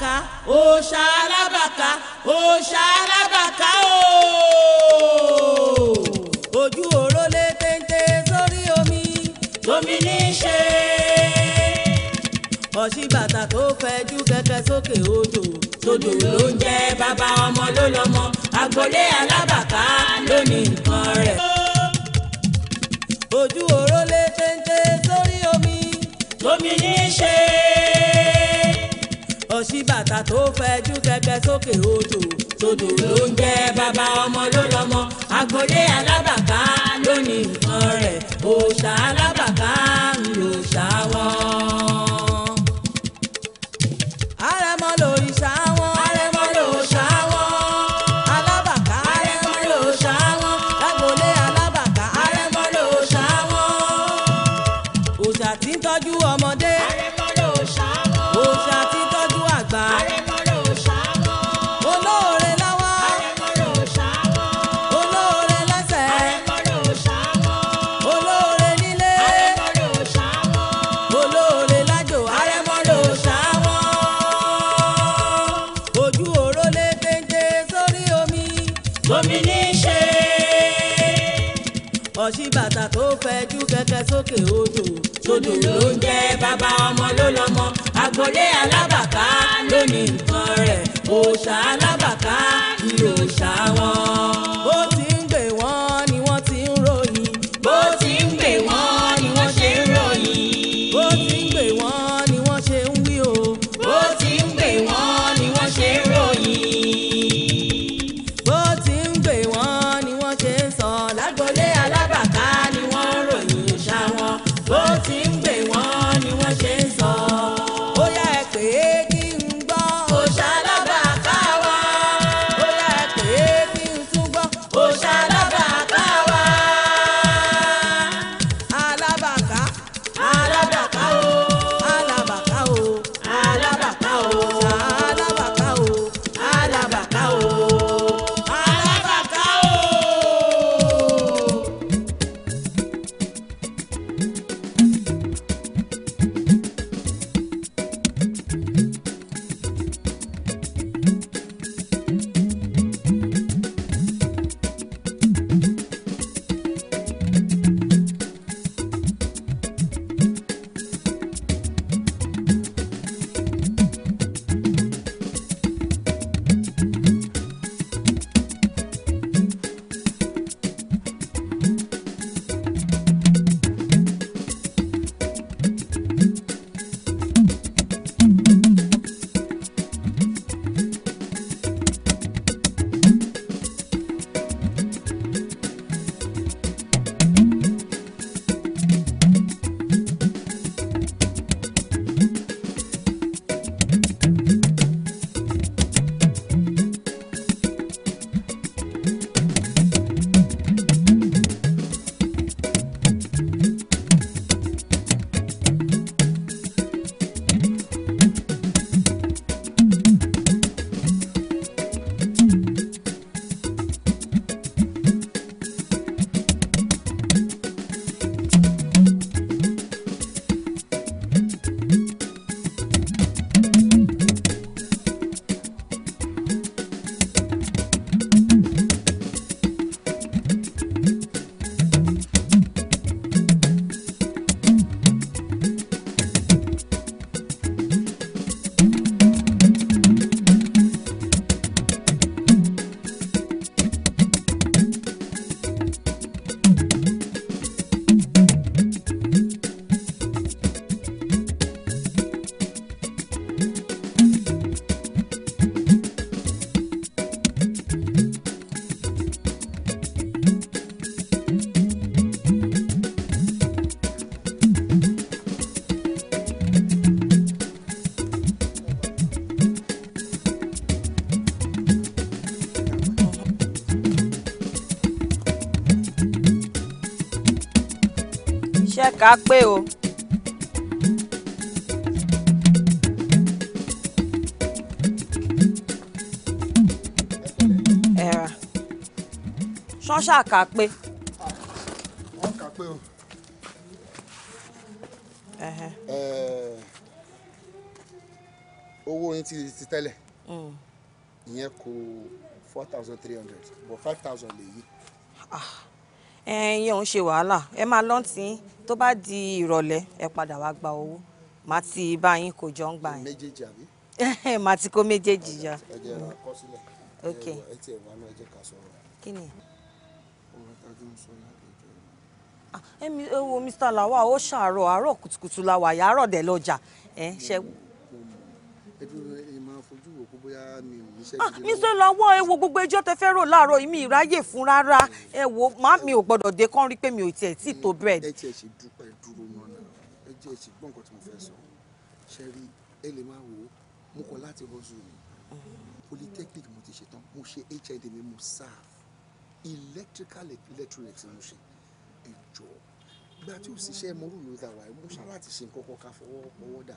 alábàká òòṣà alábàká òòṣà alábàká ooo. ojú oró lé téńté sórí omi lómi ní í ṣe. ọ̀sìn bàtà tó fẹjú kẹ̀kẹ́ sókè odò sódò ló ń jẹ́ bàbá ọmọ ló lọ́mọ agboolé alábàká ló ní nǹkan rẹ̀. ojú oró lé téńté sórí omi lómi ní í ṣe sí bàtà tó fẹjú kẹkẹ sókè odò tòdò ló ń jẹ bàbá ọmọ ló lọmọ agboolé alábàbá ló ní nǹkan rẹ̀ òòṣà alábàbá ń lòòṣà wọn. tòdò ló ń jẹ́ bàbá ọmọ ló lọ́mọ agboolé alábàká ló nǹkan rẹ̀ òòṣà alábàká ni òòṣà wọn. ká pé o. ẹ̀rà ṣọ́ṣà ká pé. wọ́n ká pé o. owó yín ti tẹ́lẹ̀ mm. ìyẹn kò four thousand three hundred but five thousand lè yí. Ah, ẹ̀yin ò ń ṣe wàhálà ẹ máa lọ́ntì tó bá di ìrọ̀lẹ́ ẹ padà wá gba owó màá ti bá yín kó jọ ń gbà yín. méjèèjì àbí. màá ti kó méjèèjì jọ. ẹ jẹ́ ra kọ sílẹ̀. ok ẹ tiẹ̀ wà ní ẹ jẹ́ ká sọ̀rọ̀. kí ni. ẹmi ewo Mr. Lawal ó ṣàárọ̀ àárọ̀ kùtùkùtù la wà yàrá ọ̀dẹ̀ lọ́jà ẹ ṣe. ẹ dúró ẹ máa fojú wò kó bóyá mi ò Ah, níṣẹ́ lọ́wọ́ ẹ wo gbogbo ẹjọ́ tẹ fẹ́ rò láàárọ̀ mi ìráyè fún rárá ẹ wo má mi ò gbọ́dọ̀ dé kán rí pé mi ò tiẹ̀ tí tó mm, bẹ́ẹ̀. ẹ tiẹ̀ ṣe dúpẹ́ dúró náà náà ẹ jẹ́ nǹkan tí mo fẹ́ sọ ṣe rí ẹ lè máa wò ó mo kọ láti rọ́ọ̀sù mi polytechnic mo ti ṣetán mo ṣe HND mi mo serve electrical electronics mo ṣe ẹjọ gba tí òṣìṣẹ́ mọ́rùn-ún ló dà mo ṣá láti ṣe nǹkan kan ká fọwọ́ pọwọ́ dà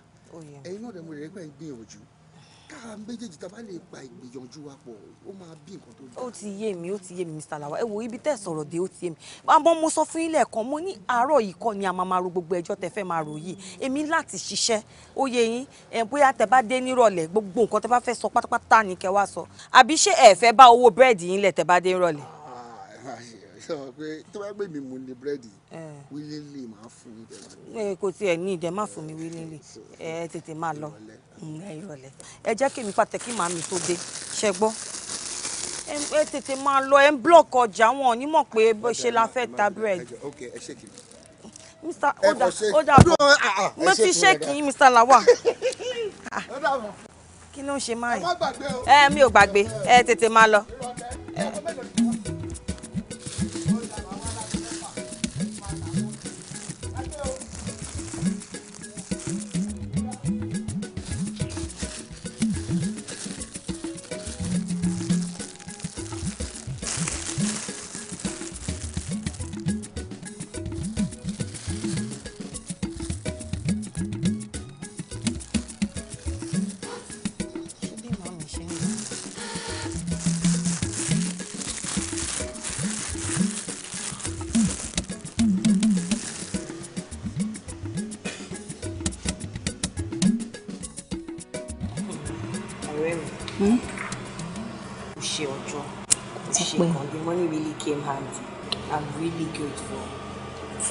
ẹ̀yin náà káà méjèèjì tá a bá lè pa ìgbìyànjú wa pọ̀ ó máa bí nǹkan tó dáa. ó ti yé mi ó ti yé mi Mr. Lawal ẹ wo ibi tẹ́ sọ̀rọ̀ dé ó ti yé mi àmọ́ mo sọ fún yín lẹ́ẹ̀kan mo ní àárọ̀ yìí kọ́ ni a máa ro gbogbo ẹjọ́ tẹ́ fẹ́ máa rò yìí èmi láti ṣiṣẹ́ ó yé yín ẹ bóyá tẹ́ bá dé nírọ̀lẹ́ gbogbo nǹkan tẹ́ bá fẹ́ sọ pátápátá ni kẹ́ wá sọ àbí ṣé ẹ fẹ́ bá owó búrẹ́dì yín lẹ̀ tẹ́ bá dé nírọ̀lẹ́. Ah, sọ pé tó bá gbé mi mú ní búrẹ́dì wílílì máa fún mi bẹ́ẹ̀. kò tiẹ̀ ní ìdẹ má fún mi wílílì ẹ tètè máa lọ ẹ yọlẹ ẹ jẹ́ kí mi pàtẹ́kì màá mi tó dé ṣẹ gbọ́ ẹ tètè máa lọ ẹ ń blọọkì ọjà wọn ò ní mọ̀ pé bó ṣe la fẹ́ ta búrẹ́dì. ok ẹ ṣe kìí mr oda oda mo ti ṣéèkì mr lawa kí ló ń ṣe máa yìí ẹ mi ò gbàgbé ẹ tètè máa lọ.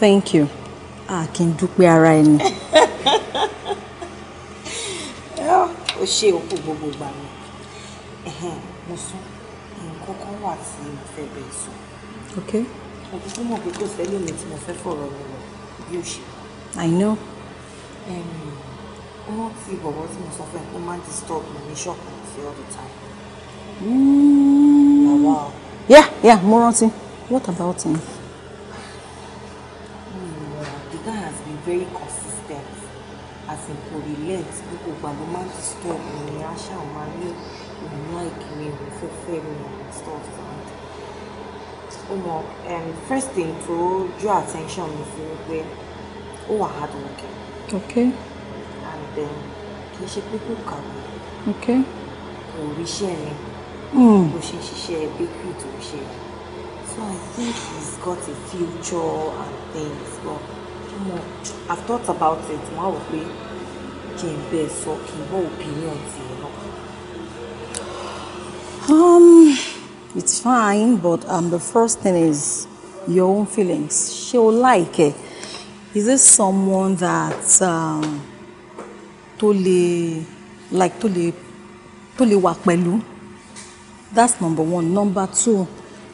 thank you a kì í dúpẹ́ ara ẹni. o ṣe òkú gbogbo ìgbà mi mo sún nǹkan kan wà tí mo fẹ́ bẹ̀rẹ̀ sọ. ok. mo kúkú mọ̀ pé kò sẹ́lẹ̀ mi tí mo fẹ́ fọ̀rọ̀ mi lọ bí o ṣe. i know. wọ́n ti bọ̀wọ́ tí mo sọ fún ẹ pé máa disturb mi ní ṣọ́ọ̀kì sí all the time. Mm. Yeah, yeah, mo rántí. What about him? tí gbogbo ìgbà ló máa ń disturb me máa ní òun like mi òun fẹ́ fẹ́ mi and ó mọ um, first thing to draw attention mi fún mi pé ó wà hard working. okay. and then kì í ṣe pé kò kàwé. okay. kò ríṣẹ́ mi. bó hmm. ṣe ń ṣiṣẹ́ bakery tó ń ṣe. so I think he's got a future and things but you know, I've thought about it mo á wò pé kí n bẹ́ẹ̀ sọ kí n bọ́ Um, it's fine, but um, the first thing is your own feelings. Ṣé o like? Is this someone that um, tó like totally totally work lè wà That's number one. Number two,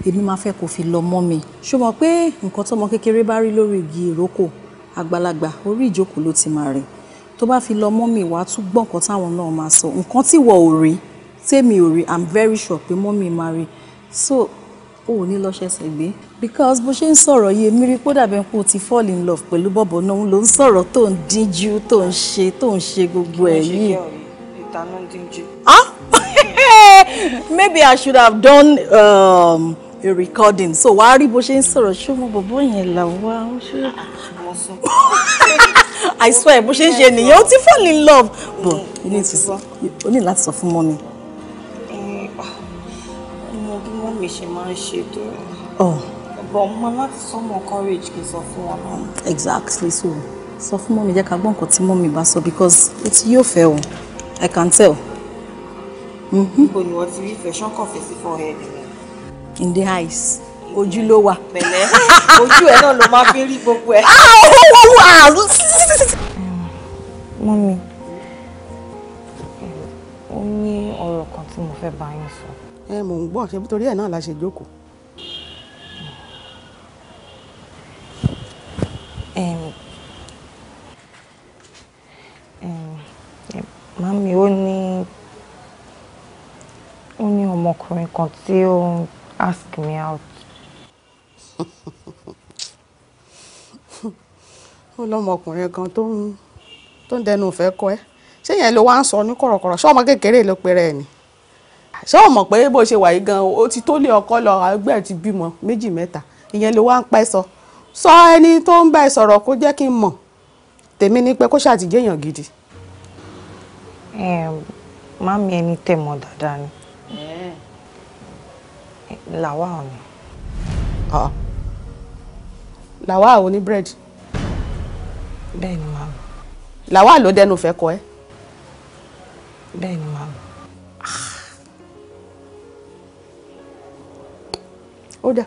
èmi máa fẹ́ kó fi lọ mọ́ mi. Ṣé o mọ̀ pé nǹkan tọmọ kékeré bá rí lórí igi ìrókò àgbàlagbà orí ìjókòó ló ti máa rìn? tó bá fi lọ mọ́mì wàá tún gbọ́ nǹkan táwọn náà máa sọ nǹkan tí wọ́n ò rí tèmi ò rí i'm very sure pé mọ́mì máa rí so ó ò ní lọ ṣẹ̀ṣẹ̀ gbé because bó ṣe ń sọ̀rọ̀ yìí èmi rí kó dàbẹ̀ pé o ti fall in love pẹ̀lú bọ́bọ̀ náà ló ń sọ̀rọ̀ tó ń díjú tó ń ṣe tó ń ṣe gbogbo ẹ̀ yìí. ah maybe i should have done um, a recording so wàá rí bó ṣe ń sọ̀rọ̀ ṣé mo bọ̀bọ̀ yẹn là wá. i swear bó ṣe ń ṣe nìyẹn ó ti fall in love but you need to o need láti sọ fún mọ́mi. mo bí mọ́mi ṣe máa ń ṣe tó ọ̀bọ̀ oh. mo láti sọ mọ́ courage kì í sọ fún wọn náà. exactly so sọ fún mọ́mi jẹ́ ká gbọ́ nǹkan tí mọ́mi bá sọ because it's your yóò fẹ́ i can tell. Mm-hmm. níbo ni wọ́n ti rí ìfẹ́ ṣọ́kàn fèsì forehead. in the eyes ojú ló wà. pẹ̀lẹ́ ojú ẹ̀ náà ló máa fi rí gbogbo ẹ̀. mọ́mi ó ní ọ̀rọ̀ kan tí mo fẹ́ bá yín sọ. ẹ mò ń gbọ́ ṣe nítorí ẹ̀ náà la ṣe jókòó. mami ó ní ó ní ọmọkùnrin kan tí ó ask me out ó lọ́mọkùnrin kan tó ń tó ń dẹnu ìfẹ́ kọ ẹ́ ṣé yẹn ló wá ń sọ ní kọ̀rọ̀kọ̀rọ̀ ṣé ọmọ kékeré ló pe rẹ̀ ni ṣé o mọ̀ pé bó ṣe wà gan o ti tó lé ọkọ lọ àgbẹ̀ ti bímọ méjì mẹ́ta ìyẹn ló wá ń pẹ́ sọ sọ ẹni tó ń bá ẹ sọ̀rọ̀ kó jẹ́ kí n mọ̀ tèmi ni pé kó ṣàtìjẹ́yàn gidi. mami ẹni tẹ̀ mọ́ dáadáa ni làwa ò ní. làwa ò ní búrẹ́dì bẹ́ẹ̀ ni màá. làwa ló dẹnu fẹ́ kọ ẹ́. bẹ́ẹ̀ ni màá. ó dà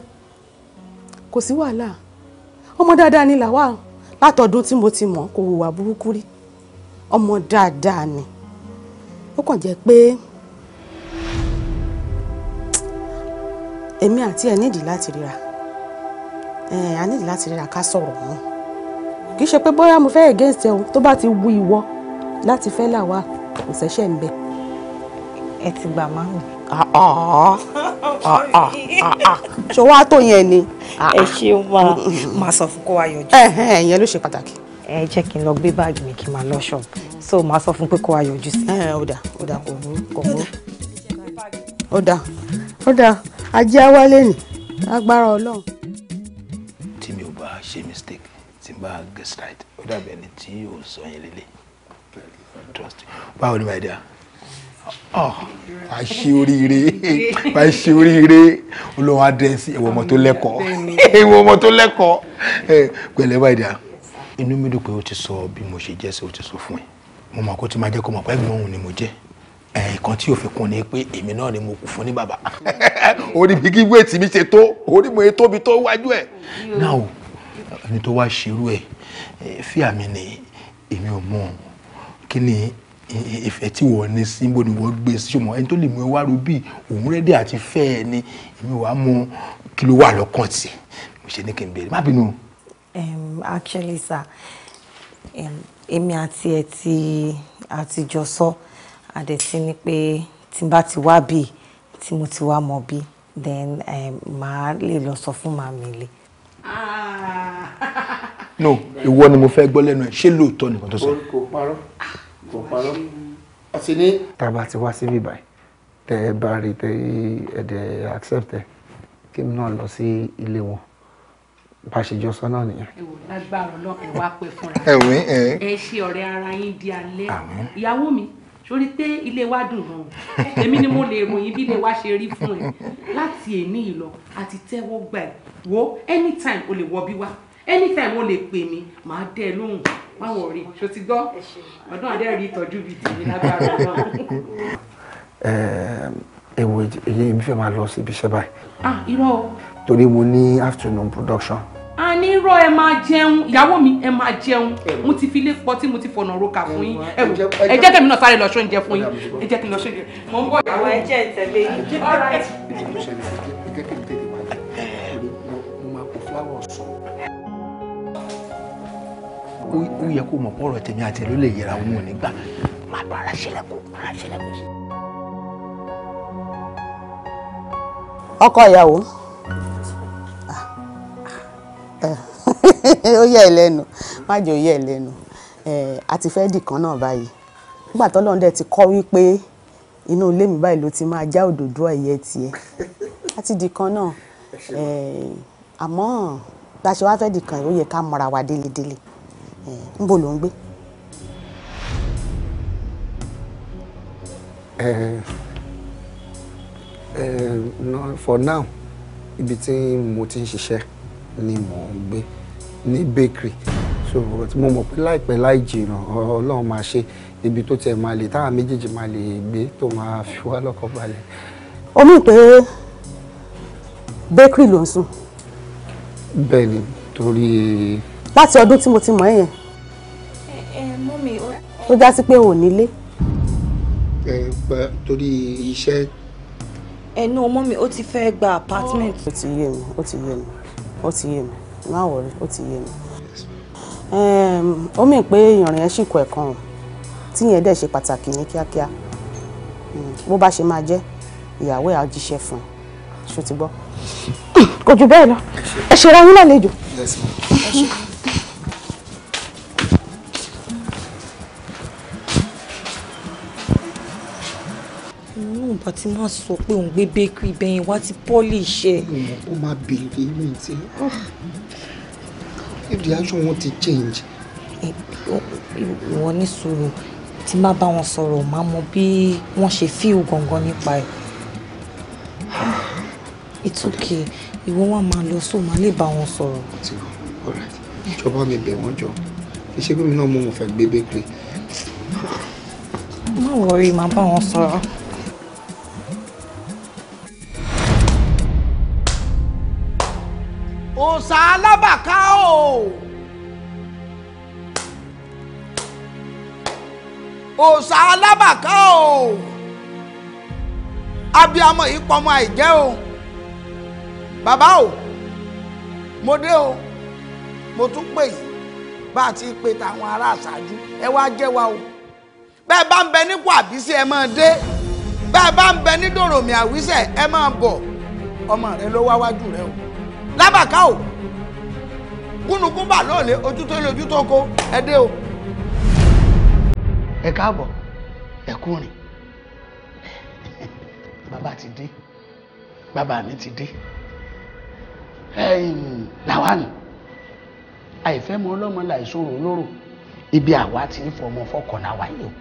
kò sí wàhálà ọmọ dáadáa ni làwa látọdún tí mo ti mọ̀ kò hùwà burúkú rí ọmọ dáadáa ni ó kàn jẹ́ pé èmi àti ẹ̀ nídìí láti ríra ẹ̀ a nídìí láti ríra ká sọ̀rọ̀ mọ́ kì í ṣe pé bóyá mo fẹ́ against ẹ o tó bá ti wu ìwọ láti fẹ́ là wá kò ṣẹ̀ṣẹ̀ ń bẹ. ẹ ti gbà máa ń. ṣò wá tó yẹn ni. ẹ ah, ah. ṣe máa máa sọ fún kó wá yọjú. Eh, eh, ìyẹn ló ṣe pàtàkì. ẹ jẹ́ kí n lọ gbé báàgì mi kí n máa lọ ṣọ́ọ̀bù so máa sọ fún pé kó wá yọjú sí. Eh, ó dà ó dà kò burú kò burú. ó dà ó dà ajé wálé ni agbára ọlọ́run. tí mi ò bá ṣe mistake tí bá guest right ó dàbí ẹni tí yóò sọ yẹn lélẹ̀ trust báwo ni my dear àṣe oh, oríire àṣe oríire olóhùn adẹ́sí ìwọ ọmọ tó lẹ́kọ̀ọ́ ìwọ ọmọ tó lẹ́kọ̀ọ́ pẹ̀lẹ́ my dear inú mi dùn pé o ti sọ bí mo ṣe jẹ́ sí o ti sọ fún ẹ mo mọ̀ kó ti máa jẹ́ kó mọ̀ pé ẹ̀gbọ́n òun ni mo jẹ́ ẹ̀ẹ̀kan tí òfin kún ni pé èmi náà ni mo kù fún ní bàbá orí bí kí wéètì mi ṣe tó orí mo tó bi tó wájú ẹ̀ náà o ẹni tó wá ṣerú ẹ̀ fí àmì ni èmi ò mọ̀ kí ni ìfẹ́ tí wọ́n ní sí bó ni wọ́n gbé sí ẹni tó lè mú ẹ wá rubí òun rẹ́dí àti fẹ́ ẹ ni èmi wàá mọ̀ kí ló wà lọ́kàn tì mo ṣe ní kí n bèrè má bínú. actually sir èmi àti ẹ ti àtijọ́ sọ àdẹ̀tí ni pé tí n bá ti wá bíi tí mo ti wá mọ̀ bíi then màá lè lọ sọ fún màmí lè. Ah. no ìwọ ni mo fẹ́ gbọ́ lẹ́nu ẹ̀ ṣé lóòótọ́ nìkan tó sọ. kò parọ́ kò parọ́ àti ní. tá a bá ti wá síbí báyìí tẹ ẹ bá rí tẹ ẹdẹ accept ẹ kí mi náà lọ sí ilé wọn bá a ṣe jọ sọ náà nìyẹn. ẹ wò lágbára Ọlọ́run ẹ wá pé fúnra ẹ ṣe ọ̀rẹ́ ara yín di alẹ́ ìyàwó mi torí pé ilé wa dùn hàn èmi ni mo lè ròyìn bí ilé wa ṣe rí fún ẹ láti èní ìlọ àti tẹ́wọ́ gbà ẹ wo anytime o lè wọ bí wa anytime o lè pè mí màá dẹ ẹ lóhùn máwọn rí ṣó ti gbọ́ ọdún adé rí ìtọ́jú bíi tèmi lágbára náà. ẹ wo èyí mi fẹ́ máa lọ síbi iṣẹ́ báyìí. ah irọ́ o. torí mo ní afternoon production onírọ̀ ẹ máa jẹun ìyàwó mi ẹ máa jẹun mo ti fi ilé pọ tí mo ti fọ̀nà roka fún yín ẹ jẹ́ kẹ́mi náà sáré lọ ṣóúnjẹ fún yín ẹ jẹ́ kí lọ ṣóúnjẹ mò ń bọ̀ ìyàwó ẹ jẹ́ ìtẹ̀lé yín ọ̀rẹ́. ó yẹ kó mọ̀ pọ̀rọ̀ tèmi àti ẹ̀ ló lè yẹra òun ò ní gbà má bá ara ṣẹlẹ̀ kó ara ṣẹlẹ̀ kó. ọkọ ìyàwó ó yẹ ẹ lẹ́nu má jẹ́ ó yẹ ẹ lẹ́nu a ti fẹ́ dìkan náà báyìí nígbà tọ́lọ́run dẹ̀ ti kọ́ wípé inú ilé mi báyìí ló ti máa já òdòdó ẹ̀yẹ tiẹ̀ a ti dìkan náà àmọ́ bá a ṣe wá fẹ́ dìkan ó yẹ ká mọra wa délédélé níbo ló ń gbé. for now ibi tí mo ti ń ṣiṣẹ́ ni mò ń gbé ní bakery so mo mọ̀ pé láìpẹ́ láì jìnnà ọlọ́run máa ṣe ibi tó tiẹ̀ máa lè táwọn méjèèjì máa lè gbé tó máa fi wá lọ́kọ̀ balẹ̀. ó mú pé bakery ló ń sùn. bẹ́ẹ̀ ni torí. láti ọdún tí mo ti mọ̀ ẹ́ yẹn. ẹ ẹ mọ́mì ó. ó já sí pé ò nílé. ẹ pẹ torí iṣẹ́. ẹnu mọ́mì ó ti fẹ́ gba apartment. ó ti yé mi ó ti yé mi ó ti yé mi má wọrí ó ti yé mi. ó mì pé ìrìn yẹn ṣìkò ẹ̀kan o tí yẹn dẹ̀ ṣe pàtàkì ní kíákíá hmm, bó bá ṣe máa jẹ́ ìyàwó ẹ̀ á jíṣẹ́ fún un ṣó ti gbọ́ kò jù bẹ́ẹ̀ lọ ẹ ṣe ra yín lálejò. ìgbà tí màá sọ pé òun gbé bakery ibẹ̀ yẹn wá ti pọ́lì iṣẹ́. ó máa béèrè mi tí ah. if the action wọn ti change. ìwọ ní sùúrù tí má bá wọn sọ̀rọ̀ máa mọ bí wọ́n ṣe feel gangan nípa ẹ̀. it's okay ìwọ wa máa lọ sóò máa lè bá wọn sọ̀rọ̀. ìjọba mi bẹ̀ wọ́n jọ ìṣègùn mi náà mú un fẹ́ gbé bakery. má wọrí máa bá wọn sọ̀rọ̀. òòsà alábàká o. òòsà alábàká o. abiyamọ yìí pọmọ àìjẹ́ o. bàbá o mo dé o mo tún pè yìí bá a ti pe tàwọn ará àṣáájú ẹ wá jẹ́ wa o bẹ́ẹ̀ bá ń bẹ nípò àbísí ẹ máa dé bẹ́ẹ̀ bá ń bẹ ní àwísẹ̀ ẹ máa bọ̀ ọmọ rẹ ló wá wájú rẹ o lábàká o kúnnukún bà lóòlé ojú tó lé ojú tó kó ẹ dé o. ẹ káàbọ̀ ẹ kú rìn bàbá ti dé bàbá mi ti dé làwọn àìfẹ́ mọ ọlọ́mọ láìṣòro olóró ibi àwa ti ń fọmọ fọkànlá wa yìí o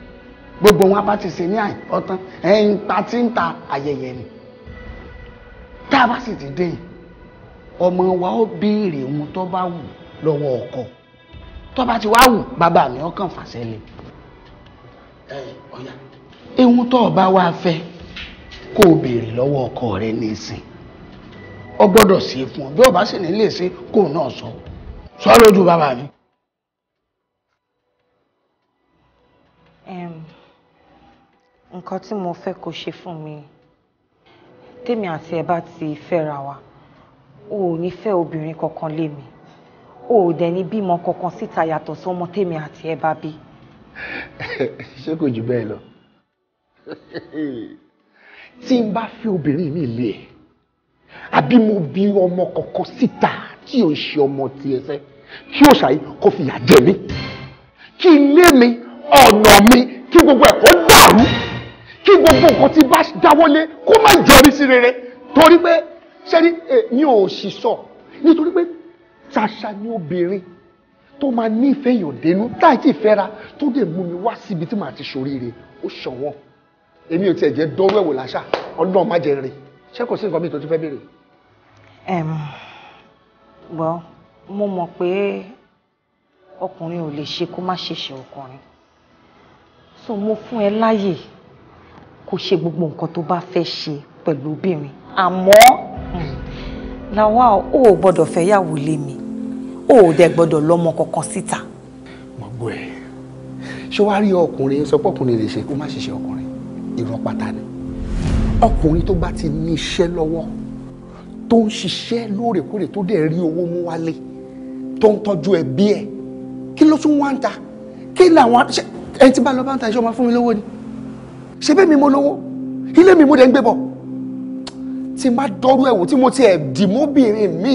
gbogbo wọn bá ti ṣe ní àìpọ́tán ẹ̀yìn pa tí ń ta ayẹyẹ ni tá a bá sì ti dé yìí ọmọ wa ó béèrè ohun tó bá wù lọ́wọ́ ọkọ tó bá ti wá wù bàbá mi ọkàn fàṣẹlẹ̀ ehun tó bá wá fẹ́ kó o béèrè lọ́wọ́ ọkọ rẹ nísìn ọ gbọ́dọ̀ sí fún ọ bí ọba sì ní lè ṣe kó náà sọ sọ lójú bàbá mi. nǹkan tí mo fẹ́ kó ṣe fún mi tèmi àti ẹ bá ti fẹ́ra wa o ò ní fẹ́ obìnrin kankan lé mi o ò dẹ̀ ní bímọ kankan síta yàtọ̀ sọmọ tèmi àti ẹ bá bí. ṣé kò jù bẹ́ẹ̀ lọ tí n bá fi obìnrin mi lé ẹ àbí mo bí ọmọ kankan síta tí ò ń ṣe ọmọ tiẹ̀ sẹ́ kí òṣà yìí kò fìyà jẹ mí kí ilé mi ọ̀nà mi kí gbogbo ẹ̀kọ́ dàrú kí gbogbo nǹkan tí bá dáwọ́lé kó má jẹ́ sí rere torí pé sẹ́ni mi ò sì sọ nítorí pé ṣàṣà ni obìnrin tó máa nífẹ̀ẹ́ èèyàn dénú táì tí fẹ́ra tó dé mú mi wá síbi tí màá ti ṣoríire ó ṣọ̀wọ́n èmi ò tiẹ̀ jẹ́ dọ́wọ́ ẹ̀wò láṣà ọlọ́run má jẹ́ rè ṣé kò sí nǹkan mi tó tún fẹ́ béèrè. well mo mọ̀ pé ọkùnrin ò lè ṣe kó má ṣe ṣe ọkùnrin so mo fún ẹ láàyè kó ṣe gbogbo nǹkan tó bá fẹ́ ṣe pẹ̀lú obìnrin àmọ́ hmm. làwa ò gbọ́dọ̀ fẹ́yàwó lé mi ò dẹ̀ gbọ́dọ̀ lọ́mọ kankan síta. gbogbo ẹ ṣé wàá rí ọkùnrin sọ pé ọkùnrin lè ṣe kó má ṣiṣẹ́ ọkùnrin irọ́ pátá ni ọkùnrin tó bá ti ní iṣẹ́ lọ́wọ́ tó ń ṣiṣẹ́ lóòrèkóòrè tó dẹ̀ rí owó mú wálé tó ń tọ́jú ẹbí ẹ̀ kí ló tún wá ń ta kí làwọn ẹni tí bá lọ bá ń ta iṣẹ́ ọmọ fún mi lówó ni ṣe mi mo lówó ilé mi mo dẹ̀ ń gbé bọ̀ tí n bá dọ́rú ẹ̀wò tí mo ti ẹ̀ dì mọ́bìnrin mi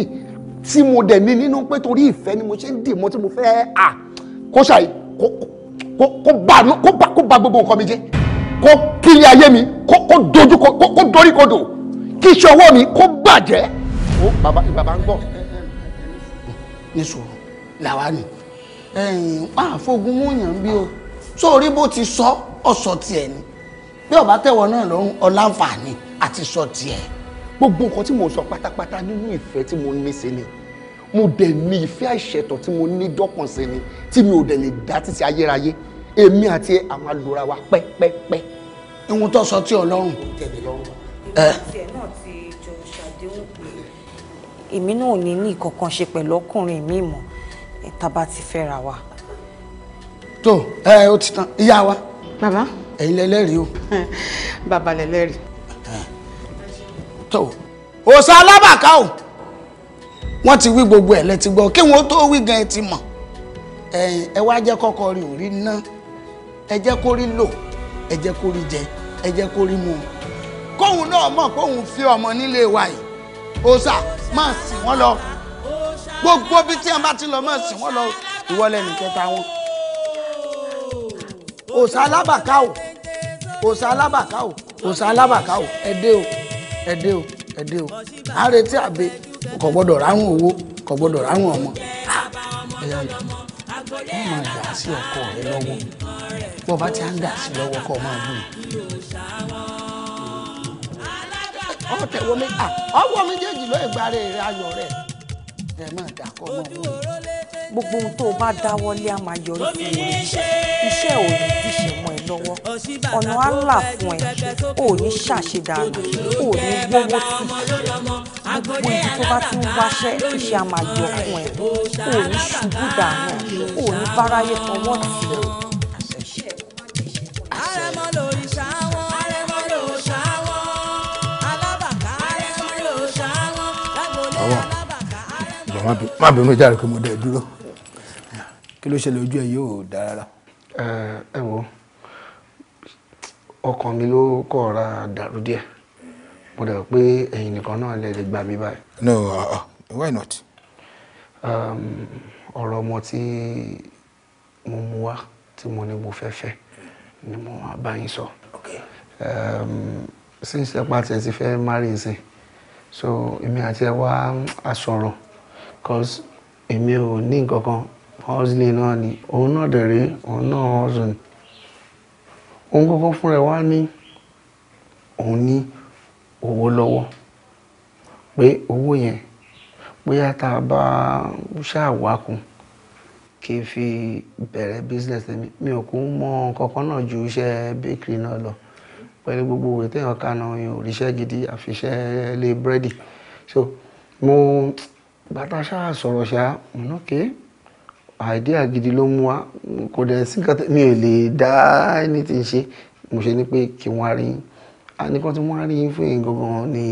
tí mo dẹ̀ ní nínú pé torí ìfẹ́ ni mo ṣe ń dì mọ́ tí mo fẹ́ à kó ṣàì kó bà gbogbo nǹkan mi jẹ́ kó kílẹ̀ ayé mi kó dojú kó dorí kodò kí iṣẹ́ ọwọ́ mi kó bàjẹ́. ó bàbá bàbá ń gbọ́. ní sòrò làwa ni àfogun mọ̀yàn bí o sórí bó ti sọ ọ̀sọ̀ tiẹ̀ ni bí ọba náà lọ́rùn ọ̀làǹfààní àti sọ tiẹ̀ gbogbo nǹkan tí mo sọ pátápátá nínú ìfẹ́ tí mo ní sí ni mo dẹ̀ ní ìfẹ́ àìṣẹ̀tọ̀ tí mo ní dọ́kàn sí ni tí mi ò dẹ̀ lè dá títí ayérayé èmi àti àwọn alòra wa pẹ́pẹ́pẹ́. ohun tó sọ tí ọlọ́run kò tẹ̀lé lọ́rùn. èmi náà ò ní ní ìkankan ṣe pẹ̀lú ọkùnrin mi mọ́ tá bá ti fẹ́ra wa. tó ẹ ó ti tán ìyá wa. bàbá. ẹ̀yin lẹ́lẹ́rìí o. bàbá lẹ́lẹ́rìí tó òòṣà alábàká o wọ́n ti wí gbogbo ẹ̀ lẹ́ti gbọ́ kí wọ́n tó wí gan ẹ ti mọ̀ ẹ wá jẹ́ kọ́kọ́ rí òrí ná ẹ jẹ́ kó rí lò ẹ jẹ́ kó rí jẹ ẹ jẹ́ kó rí mu kóhun náà mọ̀ kóhun fi ọmọ nílé wa yìí òòṣà máa sìn wọ́n lọ gbogbo bí tí a bá ti lọ máa sìn wọ́n lọ ìwọlẹ̀ nìkẹta wọn òòṣà alábàká o òòṣà alábàká o òòṣà alábàká o ẹ dé o ẹdẹ o ẹdẹ o àrètí àbẹ kò gbọ́dọ̀ ráhùn owó kò gbọ́dọ̀ ráhùn ọmọ ah, ẹyà yìí wọn máa dà sí ọkọ rẹ lọ́wọ́ bọ́ọ̀ bá ti á ń dà sí lọ́wọ́ kọ́ ọ máa bù ọmọ tẹwọ mi à ọwọ́ méjèèjì lọ ìgbàre rẹ ayọ̀ rẹ ẹ máa dà kọ mọ wọn. gbogbo ohun tó o bá dáwọ́lé a máa yọrí fún mi iṣẹ́ òòlù tíṣe lọ́wọ́ ọ̀nà á là fún ẹ ò ní ṣàṣedànù ò ní gbówó tì gbogbo ibi tó bá ti ń wáṣẹ́ iṣẹ́ a máa fún ẹ ò ní ṣubú dànù ò ní báráyé fọwọ́ tì ẹ. má bínú jáde pé mo dẹ̀ dúró kí ló ṣẹlẹ̀ ojú ẹ yóò dára. ẹ ẹ wo ọkàn mi ló kọ̀ ra dàrú díẹ̀ mo dẹ̀ pé ẹ̀yin nìkan náà lè gbà mí báyìí. no uh, uh why not. Um, ọ̀rọ̀ ọmọ tí mo mú wá tí mo ní mo fẹ́ fẹ́ ni mo wá bá yín sọ. Um, since ẹ̀pà tiẹ̀ ti fẹ́ marry nsìn so èmi àti ẹ wá àsọ̀rọ̀ cause èmi ò ní nǹkan kan hustling náà ni òun náà dẹ̀ rí òun náà hustling òun kọ́kọ́ fúnra ẹ̀ wá ní òun ní owó lọ́wọ́ pé owó yẹn bóyá tá a bá ṣàwákùn kí n fi bẹ̀rẹ̀ business mi mi ò kún mọ kankan náà ju iṣẹ́ bakery náà lọ pẹ̀lú gbogbo òwe téèyàn kà òrìṣẹ́ gidi àfiṣẹ́ lé búrẹ́dì so mo gbàtà ṣáà sọ̀rọ̀ ṣáà mọ̀nà kéé àìdíà gidi ló mú wa kò dẹ̀ sí nǹkan mi ò lè dá ẹni tí ń ṣe mo ṣe ni pé kí wọ́n á rí yín a ní kó tí wọ́n á rí fún yín gangan ni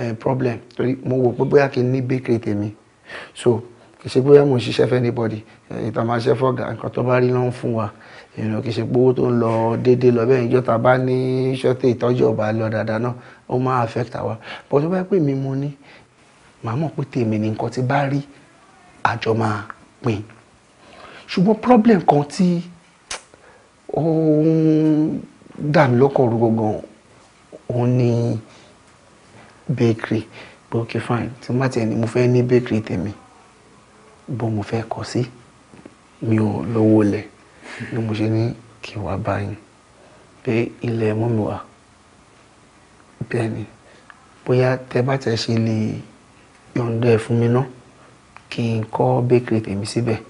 eh, problem torí mo wò pé bóyá kí n ní bakery tèmi so kì í ṣe bóyá mo ń ṣiṣẹ́ fẹ́ anybody eh, ìta máa ṣe fọ́gà nǹkan tó bá rí ló fún wa ìrìnà kì í ṣe pé owó tó ń lọ déédéé lọ bẹ́ẹ̀ ìjọta bá ní ṣọ́tẹ̀ ìtọ́jú ọba lọ dáadáa náà ó máa affect àwa but tó bá pè mí mo ní màá mọ̀ pé tèmi ni nǹkan tí bá rí àjọ máa pín ṣùgbọ́n problem kan tí ó ń dà mí lọ́kàn rú gangan òun ni bakery but okay fine tí mo bá tiẹ̀ ní mo fẹ́ ní bakery tèmi bó mo fẹ́ kọ́ sí mi ò lówó lẹ̀ ni mo ṣe ní kí wá báyìí pé ilẹ̀ mú mi wá bẹ́ẹ̀ ni bóyá tẹ bá tẹ ṣe lè yọ̀ǹda ẹ̀ fún mi ná kí n kọ́ bakery tèmi síbẹ̀. Si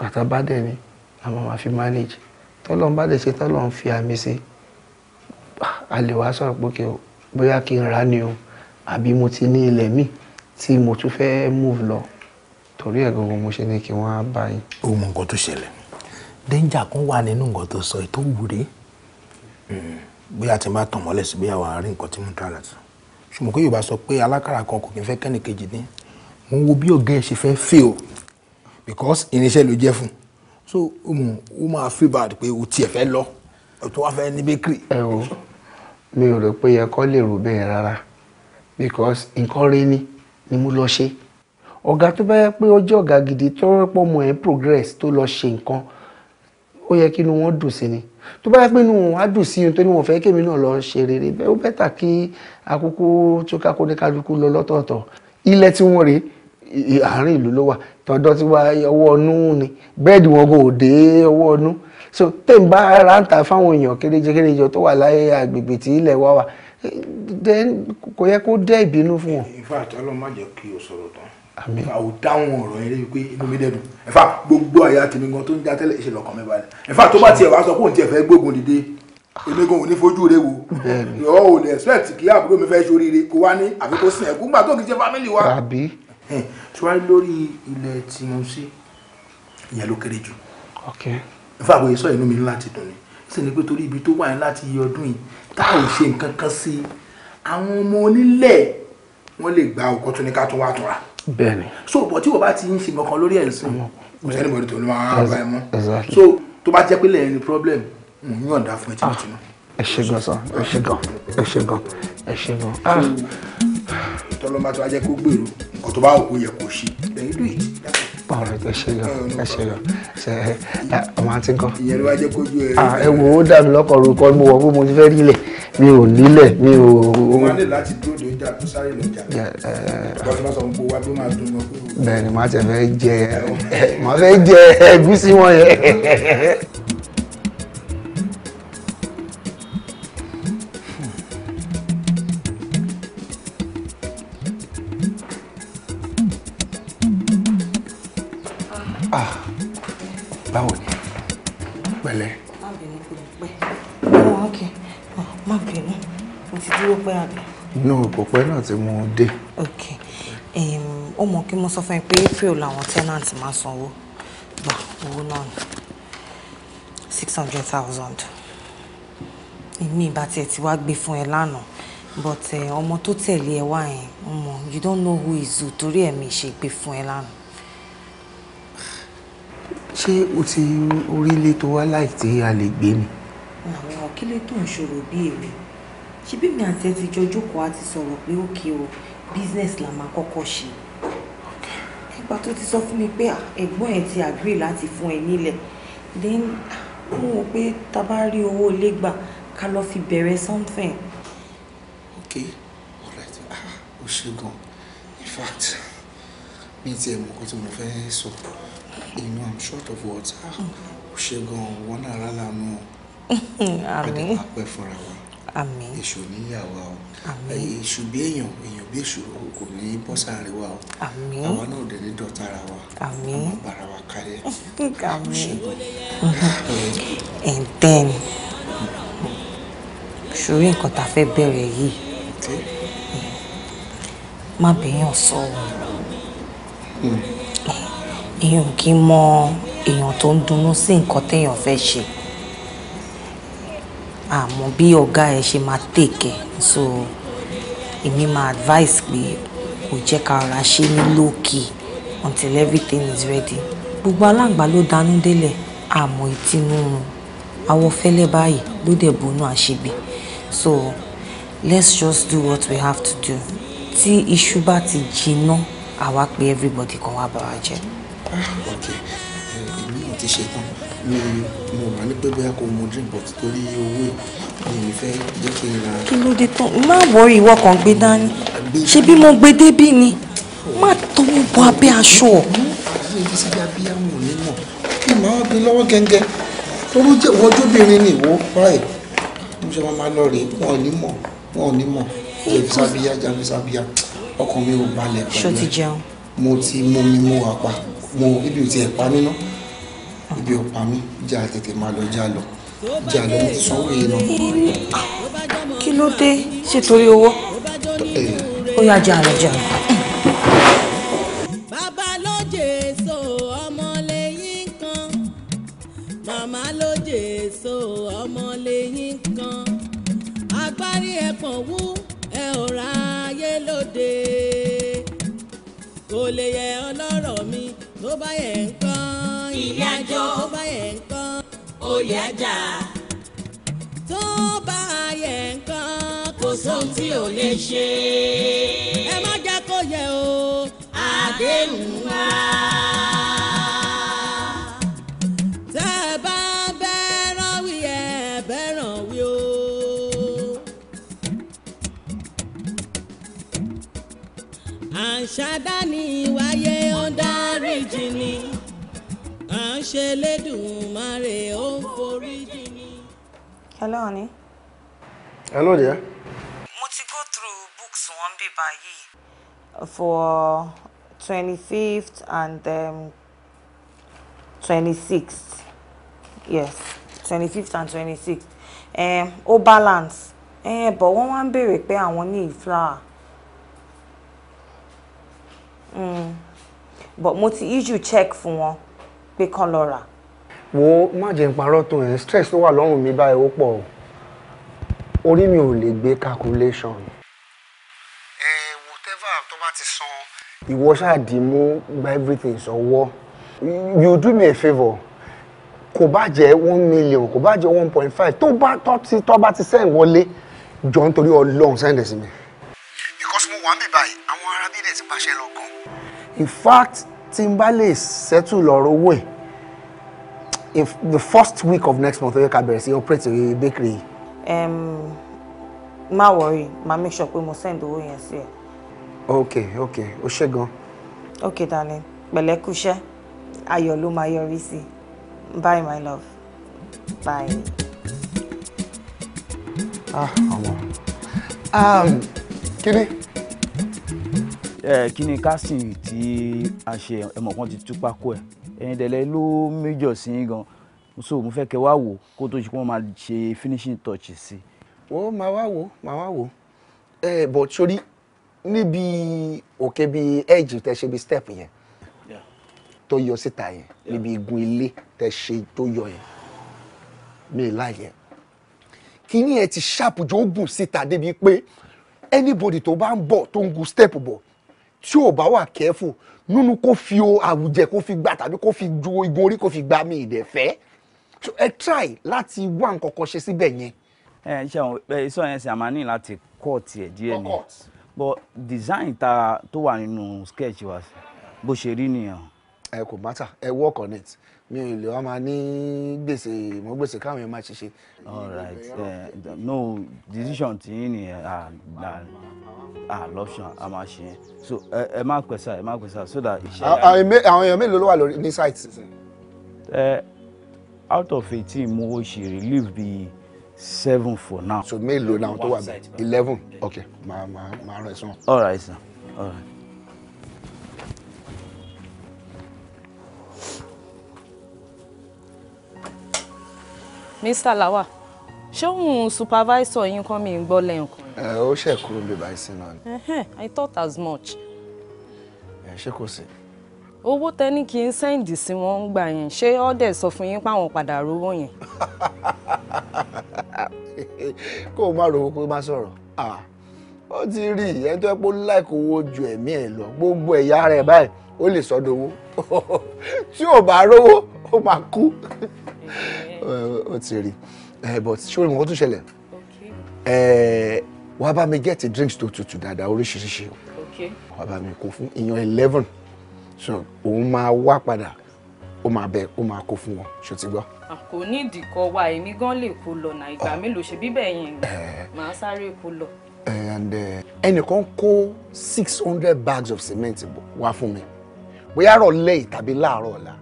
bàtà bá dẹ̀ ni làwọn máa fi manage tọ́lọ́n bá dẹ̀ ṣe tọ́lọ́n fi àmì sí a lè wá sọ̀rọ̀ pé kí o bóyá kí n ra ni o àbí mo ti ní ilẹ̀ míì tí mo tún fẹ́ move lọ torí ẹ̀ gbogbo mo ṣe ní kí wọ́n á bá yín. ó mọ nǹkan tó ṣẹlẹ̀ danger kan wà nínú nǹkan tó sọ ètò wúre hmm, bóyá tí n bá tàn mọ́lẹ̀ sí bóyá wàá rí nǹkan tí mo dára sí ṣùgbọ́n kí Yorùbá sọ pé alákàrà kan kò kí n fẹ́ kẹ́nìkejì ní mo ń wo bí ọ̀gá ẹ̀ ṣe fẹ́ fail because irinṣẹ́ ló jẹ́ fún so ó máa feel bad pé o tiẹ̀ fẹ́ lọ o tún wá fẹ́ ní bakery. ẹ o mi ò rò pé ẹkọ lè rò bẹ́ẹ̀ rárá because nǹkan rẹ ni ni mo lọ ṣe ọ̀gá tó bá yẹ pé ọjọ́ ọ̀gá gidi tó rẹ́pọ̀ mọ́ ẹ̀ progress tó lọ ṣe nǹkan ó yẹ kí inú wọn dùn sí ni tó bá yẹ pé inú wọn á dùn sí ni tó ní wọn fẹ́ kémi náà lọ ṣe rere bẹ́ẹ̀ ó bẹ́tà kí akókó tó kákó ní kálukú lọ lọ́tọ̀ọ̀tọ̀ ilẹ̀ tí wọ́n rèé àárín ìlú ló wà tọ̀dọ̀ ti wá ọwọ́ ọnú ni bẹ́ẹ̀dì wọn kò dé ọwọ́ ọnú so tẹ̀m bá ara ń ta fáwọn èèyàn kéréje kéréje tó wà láyé agbègbè tí ilẹ̀ wa wà kò yẹ kó dẹ́ ìbínú fún wọn. ìfà àtọ́lọ́ má jẹ́ kí o sọ̀rọ̀ tán ìfà ò dáhùn ọ̀rọ̀ yẹn lébi pé inú mi dẹ́dùn ìfà gbogbo àyà tèmi gan tó ń já tẹ́lẹ̀ ìṣẹ̀lẹ̀ ọkàn mi balẹ̀ ìfà tó bá tiẹ̀ wá sọ pé òun tiẹ̀ fẹ́ gbógun dìde èmi gan ò ní fojú rẹ wo ìwọ ò lè expect kí àbúrò mi fẹ́ ṣoríire kó wá ní àfikún sìn ẹ̀kú gbà tó kì í ṣe family wa tiwari lórí ilẹ̀ tí mo sí ìyẹn ló kéré jù ìfọ àbòyè sọ inú mi ní láti dùn ni sì ni pé torí ibi tó wà ní láti yí ọdún yìí tá ò ṣe nǹkan kan sí àwọn ọmọ onílẹ̀ wọ́n lè gba òkú tó ní ká tó wà tó ra. bẹ́ẹ̀ni. so bọ̀ tí wọ́n bá ti ń ṣe kankan lórí ẹ̀sìn kò sẹ́ni bọ̀dọ̀ tó ní wàá bá ẹ mọ́ so tó bá jẹ́ pé lẹ́yìn ni problem mo ń yọ̀ǹda fún ẹ tí mo ah, ti mọ̀. ẹ ṣe gan san ẹ ṣe gan ẹ ṣe gan ẹ ṣe gan. Ah, tọ́lọ́mà tó ajẹ́ kó gbèrú nǹkan tó bá wò kó yẹ kó ṣe. báwo ló tó ṣe yọ ẹ ṣe yọ ṣe ọmọ àti nǹkan. ìyẹn ló wá jẹ́ kójú ẹ. ẹ wo ó dà mí lọ́kàn orúkọ mo wọ fún mo ti fẹ́ nílẹ̀ mi ò nílẹ̀ mi ò. wọ́n lè láti dúró de ìjà tó sáré lọ jà. bẹ́ẹ̀ ni màá tẹ̀ fẹ́ jẹ màá fẹ́ jẹ ẹ̀gúsí wọn yẹn. pẹ́ àbí. inú kò pẹ́ náà tí mo dé. ok ó mọ̀ kí mo sọ fún ẹ pé april làwọn tenant máa sanwó gbà owó náà ni six hundred thousand èmi ìbá tiẹ̀ ti wá gbé fún ẹ lánàá but eh, ọmọ tó tẹ̀lé ẹ wá yẹn ọmọ you don't know who is who torí ẹ̀mí ṣe gbé fún ẹ lánàá. ṣé o ti orílẹ̀ tó wá láì tí a lè gbé ni. àwọn ọ̀kílẹ̀ tó ń ṣòro bí èmi ṣebí mi àti ẹ ti jọ jókòó àti sọ̀rọ̀ pé òkè o business la máa kọ́kọ́ ṣe nígbà tó ti sọ fún mi pé ẹ̀gbọ́n ẹ̀ ti agree láti fún ẹ nílẹ̀ then mo wò pé ta bá rí owó ilé gbà ká lọ fi bẹ̀rẹ̀ something. ok alright o ṣe gan in fact mi ti ẹ̀ mọ̀ tí mo fẹ́ sọ inú i'm short of words o ṣe gan wọn náà rálá nù àdàpọ̀ pẹ́ fúnra wa àmín èṣù níyàwó o àmín èṣù bí èèyàn èèyàn bí èṣù kò ní bọ́ sáàrin wa o àmín àwa náà dẹ̀ ní dọ̀tá ara wa àmín àmọ́ bára wa kalẹ̀ àmín and then ṣòrí nǹkan tá a fẹ́ bẹ̀rẹ̀ yìí má bẹ̀yàn sọ o hmm. èèyàn kì í mọ èèyàn tó ń dunnú sí nǹkan téèyàn fẹ́ ṣe àmọ́ bí ọ̀gá ẹ ṣe máa tèkẹ́ so èmi máa advice pé kò jẹ́ ká ọ̀rá ṣe ní lókè until everything is ready gbogbo aláǹgbá ló danú délẹ̀ àmọ́ ìtinú awọ fẹ́lẹ́ báyìí ló dẹ̀ bónú àṣebi so let's just do what we have to do tí iṣu bá ti jiná àwa pé everybody kan wá bá wa jẹ. Ah, ok èmi náà ti ṣe tán mi mo wà ní pé bóyá kò mu drink but torí owó mi ì fẹ́ jẹ́ kí n ra. kí ló dé tán má wọrí ìwọ kan gbé dání ṣé bí mo gbé débí ni má tó ń bọ abẹ́ aṣọ. àbí ibi síbi abíyáwó ni mọ̀ kí màá wá gbé lọ́wọ́ gẹ́gẹ́ torú jẹ́ wọ́jọ́bìnrin ni ìwọ báyìí mo ṣe máa lọ rèé wọn ò ní mọ̀ wọn ò ní mọ̀ jàbí sábíyá jàbí sábíyá ọkàn mi ò balẹ̀ pẹ̀lú ẹ̀ mo ti mú mi Mo, wa pa mo ibi ò ti ẹ̀ pa nínú. No? ibi ọ̀pá mi já tètè máa lọ já lọ já lọ mo sanwó yìí lọ. kí ló dé ṣe torí owó eh. ó yá já lọ já lọ. kò lè yẹ ọlọ́rọ̀ mi tó bá yẹ ń kán ilé ajó tó bá yẹ nǹkan olè ajá tó bá yẹ nǹkan kò sóhun tí ò lè ṣe. ẹ má já kó yẹ o. àdéhùn wa. tẹ́ ẹ bá bẹ́ẹ̀ o. àṣà ṣe lẹ́dùnmáre ó ń forí jì ní. hello honey. hello there. mo ti go through books wọn bí báyìí. for twenty fifth and twenty um, sixth yes twenty fifth and twenty sixth um, ó balance Eh, but wọ́n wá ń béèrè pé àwọn ní flower. Mm. but mo ti issue check fún wọn pé kán lọ rà. wo má jẹ́ n parọ́ to yẹn stress tó wà lọ́rùn mi báyìí ó pọ̀ o mi ò lè gbé calculation. ẹ whatever tó bá ti san. ìwọ ṣáà dì mú gba everything sọ́wọ́ you do me a favor. kò bá jẹ́ one million kò bá jẹ́ one point five tó bá tó bá ti sẹ́yìn wọlé jọ nítorí ọlọ́run Send dẹ̀ sí mi. because mo wà mí báyìí àwọn ará bílẹ̀ ti pàṣẹ lọ gan. in fact tí n bá lè ṣẹ́tù lọ́rọ̀ owó ẹ̀ in the first week of next month ó yẹ ká bẹ̀rẹ̀ sí operate a bakery. Um, má worry má make sure pé mo send owó yẹn sí ẹ. ok ok ó ṣe gan. ok darling pẹ̀lẹ́kùṣẹ́ ayọ̀ ló máa yọrí sí bye my love bye. ah ọmọ um, kí ni kíni kásìn tí a ṣe ẹmọ kan ti tú pákó ẹ ẹyin dẹlẹ ló méjọ sí yín gan so mo fẹ́ kẹ́ wá wò kó tó ṣe kí máa ṣe finishing touch sí. ó máa wá wò máa wá wò ẹ bọ̀ sórí níbi òkè bí edge tẹ ṣe bí step yẹn tó yọ síta yẹn níbi igun ilé tẹ ṣe tó yọ yẹn mi láyẹ kíní ẹ ti ṣàpùjọ ó gùn síta débi pé anybody tó bá ń bọ̀ tó ń gun step bọ̀ tí ò bá wà careful nínú kó fi o àwùjẹ kó fi gbà tàbí kó fi ju igun orí kó fi gbà mí ìdẹ̀fẹ́ so ẹ try láti wá nǹkan kan ṣe síbẹ̀ yẹn. ẹ ṣe àwọn iṣan yẹn ṣe àmà ní láti kọ́ tiẹ̀ díẹ̀ ni but design ta tó wà nínú sketch wa bó ṣe rí nìyẹn. ẹ kò mátà ẹ work on it mi ò lè wá máa ní gbèsè mọ́ gbèsè káwọn yẹn máa ṣiṣẹ́. all right uh, eh, no decision tí yín ni ah, ah, ah, lọ́pṣọ̀n a máa ṣe yẹn so ẹ má pẹ̀sà ẹ má pẹ̀sà so that iṣẹ́. àwọn èèyàn mélòó ló wà lórí ní site. ẹ eh, out of eighteen mo ṣe relieve bíi seven for now. so mélòó làwọn tó wà bẹ́ẹ̀ eleven okay màá màá màá rẹ̀ sàn. all right sir all right. Mr. Lawal ṣé òun supervisor yín kọ́ mi ń gbọ́ lẹ́ǹkan. ẹ ó ṣe kúrò bíbá ìsìn náà ni. I thought as much. ẹ ṣé kò sí. owó tẹ́ni kì í sẹ́ǹdì sí wọn ń gbà yẹn ṣé ọ́dẹ sọ fún yín páwọn padà rówó yẹn. kó o má ro owó kó o má sọ̀rọ̀ ó ti rí ìyẹn tó yẹ pé ó láìkó owó ju ẹ̀mí ẹ̀ lọ gbogbo ẹ̀yà rẹ̀ báyìí ó lè sọ́dọ̀ owó tí ò bá rówó ó máa kú ó ti rí eh, but ṣé mo tún ṣẹlẹ̀ eh, wàá bá mi get drinks tó tutù dáadáa oríṣiríṣi wàá bá mi kó fún ìyàn eleven so òun máa wá padà ó máa bẹ ó máa kó fún wọn ṣó ti gbọ́. kò ní ìdìkọ wa èmi gan lè kó lọ náà ìgbà ah. mélòó ṣe bíbẹ̀ yẹn eh. màá sáré kó lọ. ẹnìkan kó six hundred bags of cement wá fún mi bóyá rọ̀ lẹ́yìn tàbí láàárọ̀ ọ̀la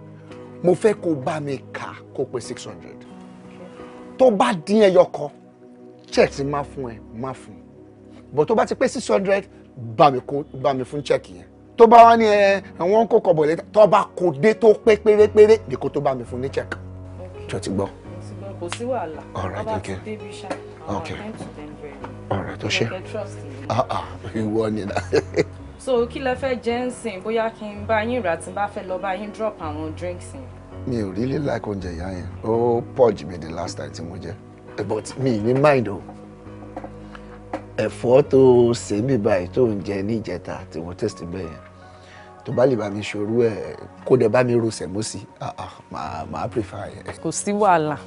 mo fẹ́ kó bá mi kà kó pé six hundred tó bá dín ẹyọ kan check ti má fún ẹ má fún but tó bá ti pé six hundred bá mi kó bá mi fún check yẹn tó bá wá ní ẹ àwọn kò kọ̀ bọ̀ lẹ́tà tó bá kò dé tó pé pérépéré nìkó tó bá mi fún ní check tó ti gbọ́. kò sí wàhálà bàbá ti débi ṣá àwọn àtẹ̀tù tẹ̀ ń bẹ̀rẹ̀ ọ̀rẹ́ tó ṣe ìwọ ni náà. so kí lẹ fẹ́ jẹ ń sìn bóyá kí n bá yín rà tí n bá fẹ́ lọ bá yín drop àwọn drinks yẹn. mi ò really like oúnjẹ ìyá yẹn ó pọ̀ jù the last time tí mo jẹ but mi ní mind o ẹ̀fọ́ tó ṣe mí báyìí tó ń jẹ ní tí mo test bẹ́ẹ̀ yẹn tó bá lè bá mi ṣòro ẹ̀ kó dẹ̀ bá mi ro sẹ̀mọ́sì ah, ah, màá prefer ẹ̀. kò sí wàhálà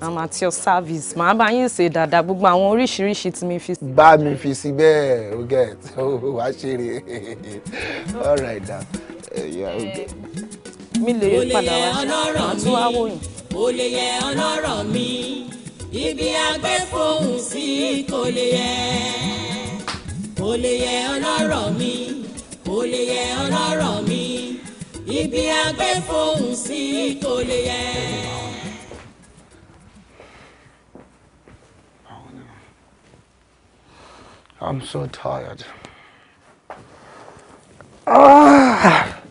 I'm at your service màá bá yín ṣe dáadáa gbogbo àwọn oríṣiríṣi tí mi fi sí. bá mi fi sí bẹ́ẹ̀ o get o wá ṣeré all right now eh, yeah, okay. mi lè padà wá ṣe àtún àwòyàn. o lè yẹ ọlọ́rọ̀ mi ibi agbẹ́fọ̀hún sí kò lè yẹ o lè yẹ ọlọ́rọ̀ mi o lè yẹ ọlọ́rọ̀ mi ibi agbẹ́fọ̀hún sí kò lè yẹ. I'm so tired. Ah!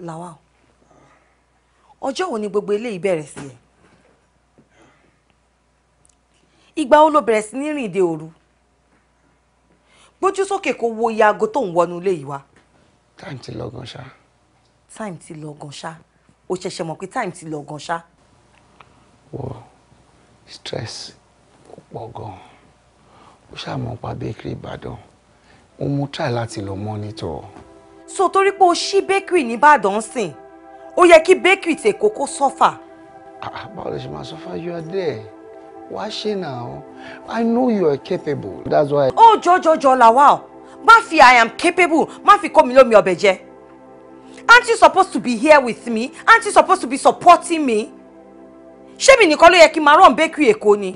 Lawal, ọjọ́ wo ni gbogbo eléyìí bẹ̀rẹ̀ sí ẹ̀? Ìgbà wo ló bẹ̀rẹ̀ sí ní rìn dé òru? Gbójú sókè kó wo iye aago tó ń wọnú ilé yìí wá. Táìmù ti lọ gan ṣá. Táìmù ti lọ gan ṣá. O ṣẹ̀ṣẹ̀ mọ̀ pé táìmù ti lọ gan ṣá. Wọ́n stress ó pọ̀ gan-an ó ṣàmọ̀ pa bakery ìbàdàn ó mú try láti lọ mọ́nítọ̀. so torí pé o ṣí bakery nìbàdàn sìn ó yẹ kí bakery tèkó kó sọ́fà. Ah, ah, báwo ló ṣe máa sọ́fà you are there wàá ṣe náà i know you are capable that's why. ó oh, jọjọjọ lawal má fi i am capable má fi kó mi lómi ọbẹ̀ jẹ aren't you supposed to be here with me aren't you supposed to be supporting me ṣé mi nìkan ló yẹ kí n máa rán bakery èkó ni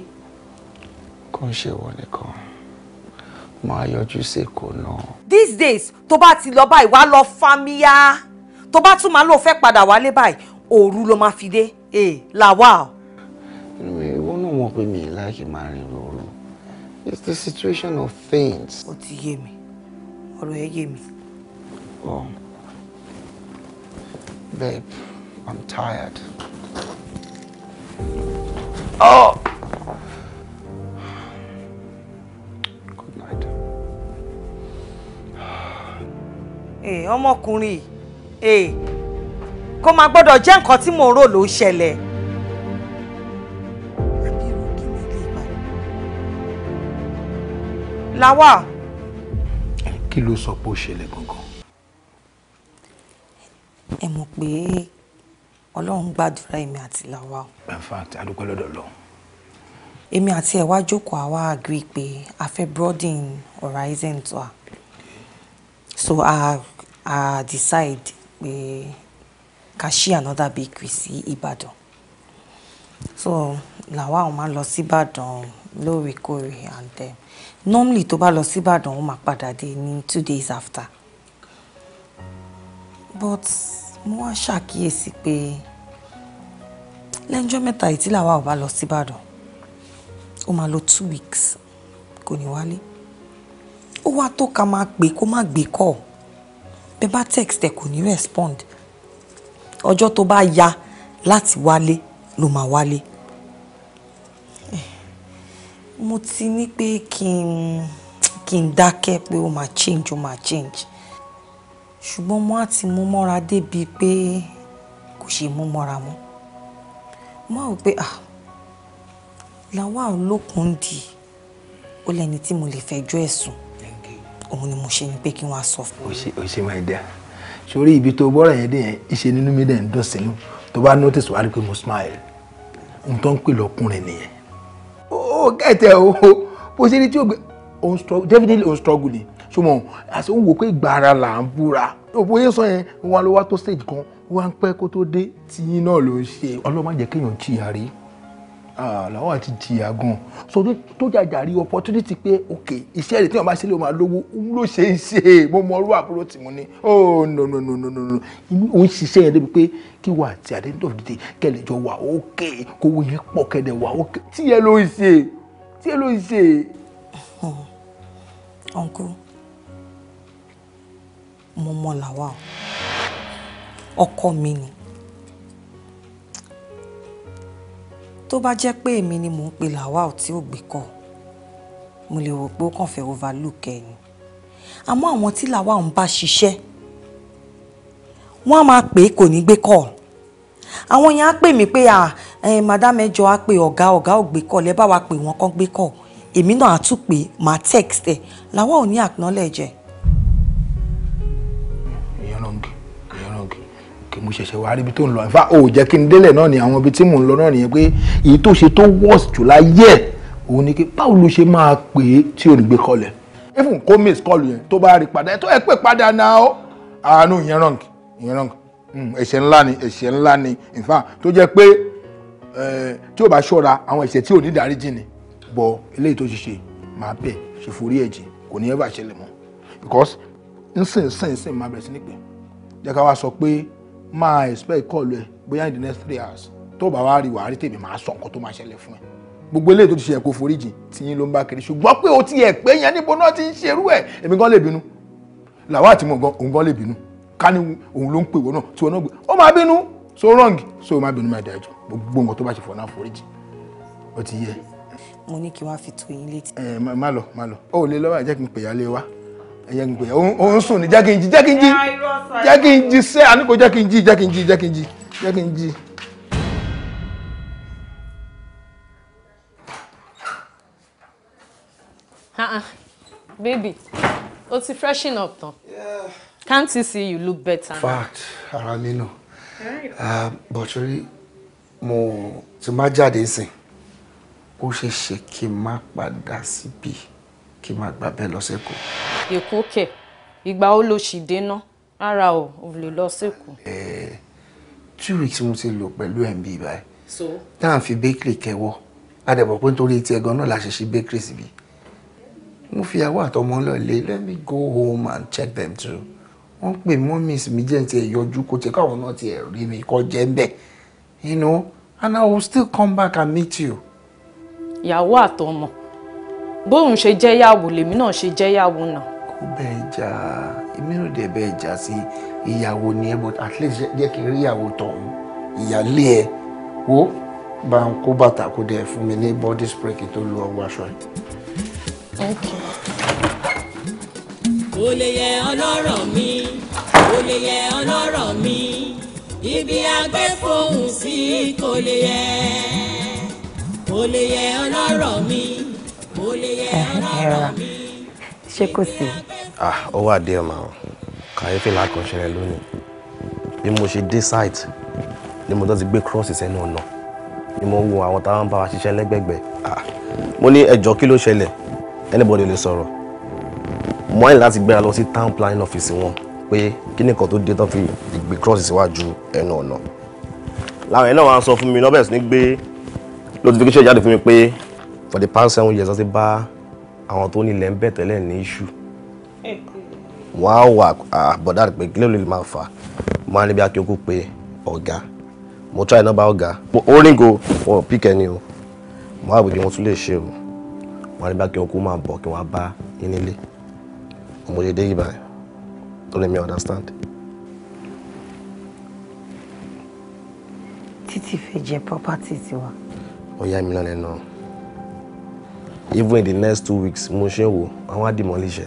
kò ń ṣe ìwọ nìkan máa yọjú sí èkó náà. these days tó bá ti lọ báyìí wàá lọ fámíyá tó bá tún máa lọ fẹ́ padà wálé báyìí òru ló máa fi dé eh làwa o. ìwọ náà mọ̀ pé mi láàkì máa rìn lóru it's the situation of things. ó ti yé mi ọ̀rọ̀ ẹ yé mi. oh babe i'm tired. oh. ọmọkùnrin yìí máa gbọ́dọ̀ jẹ́ nǹkan tí mò ń rò ló ṣẹlẹ̀. làwa. kí ló sọ pé ó ṣẹlẹ̀ gangan. ẹ mọ̀ pé ọlọ́run gbàdúrà èmi àti làwa. in fact adúpẹ́ lọ́dọ̀ lọ. èmi àti ẹ̀ wá jókòó àwa agree pé a fẹ́ broaden horizon to her so a. Uh, I decide pé ká ṣí another bakery sí Ibadan. so làwa ò máa lọ sí Ìbàdàn lóòrèkóòrè and then normally tó bá lọ sí Ìbàdàn ó máa padà dé ní two days after but mo wá ṣàkíyèsí pé lẹ́jọ́ mẹ́ta yìí tí làwa ò bá lọ sí Ibadan. ó máa lọ two weeks kò ní wálé ó wá tó ká máa pè kó má gbé kọ́ọ̀ bẹ́ẹ̀ bá text ẹ̀ kò ní respond ọjọ́ tó bá ya láti wálé ló máa wálé eh, mo ti ní pé kí n kí n dákẹ́ pé ó máa change ó máa change ṣùgbọ́n mo á ti mú mọ́ra débi pé kò ṣe mú mọ́ra mọ́ mo á wò pé ah làwa olókùn dì ó lẹ́ni tí mo lè fẹjọ́ ẹ̀sùn òun ni mo ṣe ní pé kí wọ́n á sọ fún mi. o ṣe máa dẹ́ sórí ibi tó bọ́rọ̀ yẹn dé yẹn ìṣe nínú mi dẹ̀ ń dùn sínú tó bá notice wá rí pé mo smile n tó ń pè lọ́kùnrin nìyẹn. ó kẹ̀tẹ̀ o bó ṣe ní tí o gbé o ń struggle definitely o ń struggle ni ṣùgbọ́n àti òun wò pé gbàrà là ń búra òbóyè sọ yẹn wọn lọ wá tó stage kan wọn pẹ́ kó tó dé tiyín náà ló ń ṣe ọlọ́mọ jẹ́ kéèyàn jìyà rí. Ah, làwọn àti jìyà gan so tó jàjà rí opportunity pé ok iṣẹ́ rẹ̀ tí wọ́n bá ṣe lè máa lówó òun ló ṣe é ṣe mo mọ orú àbúrò tí mo ní oh no no no no no òun ṣiṣẹ́ yẹn débi pé kí wà àti at the end of the day kẹlẹ̀ jọ wà ok kówó yẹn pọ̀ kẹlẹ̀ wà ok tí yẹn ló ń ṣe tí yẹn ló ń ṣe. ọ̀nkú mo mọ làwa ọkọ mi ni tó bá jẹ́ pé èmi ni mò ń pe lawal tí ò gbé kọ́ mo lè rò pé ó kàn fẹ́ overlook ẹ ni àmọ́ àwọn tí lawal ń bá ṣiṣẹ́ wọ́n á máa pè é kò ní gbé kọ́ àwọn yẹn á pè mí pé madam ẹjọ á pè ọ̀gá ọ̀gá ò gbé kọ́ lẹ́ bá wa pè wọ́n kàn gbé kọ́ èmi náà á tún pè máa text ẹ̀ lawal ò ní acknowledge ẹ̀ mo ṣẹ̀ṣẹ̀ wá rí ibi tó ń lọ ẹ̀fà ò jẹ́ kí n délẹ̀ náà ni àwọn ibi tí mò ń lọ náà nìyẹn pé èyí tó ṣe tó worst jù láyé ẹ̀ òun ni pé báwo ṣe máa pè é tí ò ní gbé kọlẹ̀ even kó miss call yẹn tó bá rí padà ẹ̀ tó ẹ̀ pè padà náà ó àánú ìyẹn wrong ìyẹn wrong hmm, ẹ̀ṣẹ̀ ńlá ni ẹ̀ṣẹ̀ ńlá ni in fact tó jẹ́ pé tí ò bá ṣọ́ra àwọn ẹ̀ṣẹ̀ tí ò ní dáríjì ni bọ̀ eléyìí tó ṣe ṣe máa bẹ̀ ṣe forí ẹ̀jẹ̀ kò ní ẹ̀ bá ṣẹlẹ̀ mọ́ because nsìnsìn máa bẹ̀rẹ̀ sí ní pẹ̀ jẹ́ ká wá sọ pé máa expect kọlu ẹ bóyá in the next three hours tó bá wá rí wàá rí tèmi máa sọ nǹkan tó máa ṣẹlẹ̀ fún ẹ gbogbo eléyìí tó ti ṣe ẹ̀kọ́ foríjì tìyín ló ń bá kiri ṣùgbọ́n pé o ti ẹ̀ pé yẹn níbo náà ti ń ṣerú ẹ̀ èmi gan lè bínú làwọn àti mọ̀ òun gan lè bínú ká ní òun ló ń pè wọ́n náà tí wọ́n náà gbé ó máa bínú so wrong so o máa bínú máa dájú gbogbo nǹkan tó bá ṣe fọ̀ náà foríjì ó ti yẹ. mo ní kí wàá fi tó yín létí. ẹ má lọ má lọ ó lè lọ́wọ́ àjẹkùn pèyà lé wa ẹyẹ ń gbé òun sùn ní jákèjì jákèjì jákèjì sẹ àníkò jákèjì jákèjì jákèjì jákèjì. baby o ti freshen up tán can't you see you look better. fact ara mi nù ah, bọ̀túrí mo ti má jáde sìn ó ṣeé ṣe kí n má padà síbi. Si kí n máa gbà bẹ́ẹ̀ lọ sẹ́kọ̀ọ́. èkó kẹ̀ ìgbà ó lọ sì dénà rárá o ò lè lọ sẹ́kọ̀ọ́. ẹẹ two weeks mo ti lò pẹ̀lú ẹ̀ ń bí ibà ẹ̀ tá à ń fi bakery kẹwọ́ adẹ̀bọ̀ pé nítorí tí ẹ̀gan náà la ṣe ṣe bakery síbi mo fi ìyàwó àtọmọ lọ lé let me go home and check them too wọ́n pè mọ́mìs mi jẹ́ ti ẹ̀ yọjú kó tiẹ̀ káwọn náà ti ẹ̀ rí mi kọ́ jẹ́ ń bẹ̀ you know and I will still come back and meet you. ìyàwó àtọmọ bóun ṣe jẹ́yàwó lèmi náà ṣe jẹ́yàwó náà. kò bẹ́ẹ̀ jà èmi ò dẹ̀ bẹ́ẹ̀ jà sí ìyàwó ni ẹ but at least jẹ́ kí n rí ìyàwó tọ̀hún ìyálé ẹ wo bá ń kó bàtà kó dẹ̀ fún mi ní body spray kí tó lu ọwọ́ aṣọ yìí. ó lè yẹ ọlọ́rọ̀ mi ó lè yẹ ọlọ́rọ̀ mi ibi agbẹ́fọ̀hún sí kò lè yẹ kò lè yẹ ọlọ́rọ̀ mi ẹ̀rọ ṣé kò sí. Ah, ó wà díẹ̀ mà ó kàyéfì lákan ṣẹlẹ̀ lónìí bí mo ṣe dé site ni mo tó ti gbé cross sẹ́nu ọ̀nà ni mo wo àwọn táwọn ń bá wa ṣiṣẹ́ lẹ́gbẹ̀gbẹ̀ ah, mo ní ẹjọ́ kí ló ṣẹlẹ̀ anybody lè sọ̀rọ̀ mo wáyé láti gbéra lọ sí town planning office wọn pé kí ni nǹkan tó dé tó fi gbé cross síwájú ẹnu ọ̀nà làwọn ẹ̀ náà wá sọ fún mi lọ́bẹ̀ sí ní gbé notification jáde fún mi pé for the past seven years wọ́n ti bá àwọn tó nílẹ̀ ń bẹ̀ tẹ́lẹ̀ issue. Wow, wọ́n Ah, but that rẹ̀ pé kí ló lè máa fà máa níbi pay. Oga. ọ̀gá mo try nọ́mbà Oga. ó only go for píkẹ́ ni o mo á wòye wọn tún lè ṣe o wọn á níbi akínkù máa bọ̀ kí wọ́n á bá yín nílé mo ṣe dé yìí báyìí tó lè understand. Titi, fẹ́ jẹ property tiwa. ó yá mi náà lẹ́nu. No even in the next two weeks motion ṣe ń wò àwọn á demolish ẹ̀.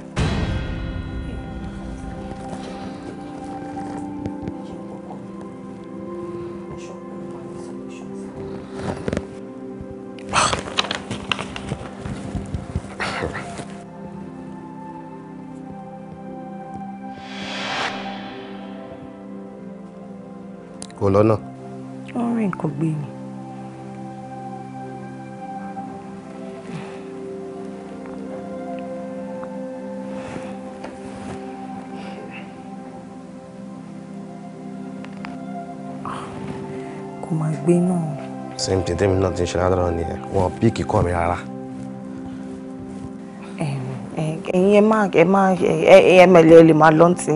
kò lọ́nà. ó rìn kò gbé ni. gbé náà. same thing tèmi náà ti ń ṣe ládàrọ nìyẹn wọn píìkì kọ mi rárá. ẹ̀yin ẹ máa ẹ máa ẹ ẹ mẹlẹ ẹ lè máa lọ ntì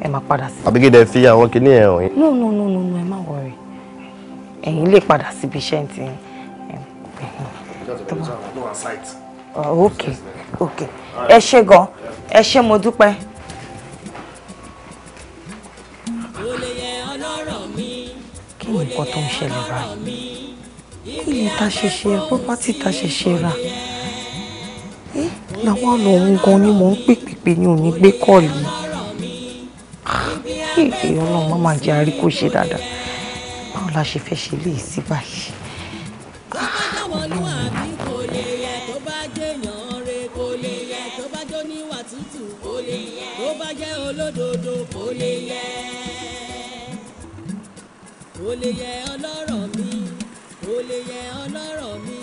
ẹ máa padà sí. àbí kéde fi àwọn kinní ẹ hàn yín. no no no no no ẹ má wọrẹ ẹ̀yin lè padà síbi iṣẹ́ ntì. Oh, ok ok ẹ ṣé gan ẹ ṣé mo dúpẹ́. nǹkan tó ń ṣẹlẹ̀ báyìí kí ni ta ṣe ṣe property ta ṣe ṣe ra làwọn àna òun gan ni mò ń pè pèpè ni ò gbé ah, kọ́ọ̀lì yìí ọlọ́run má máa jẹ àríkò ṣe dáadáa báwo la ṣe fẹ́ ṣe léyìí báyìí ah, lè yẹ ọlọ́rọ̀ mi ò lè yẹ ọlọ́rọ̀ mi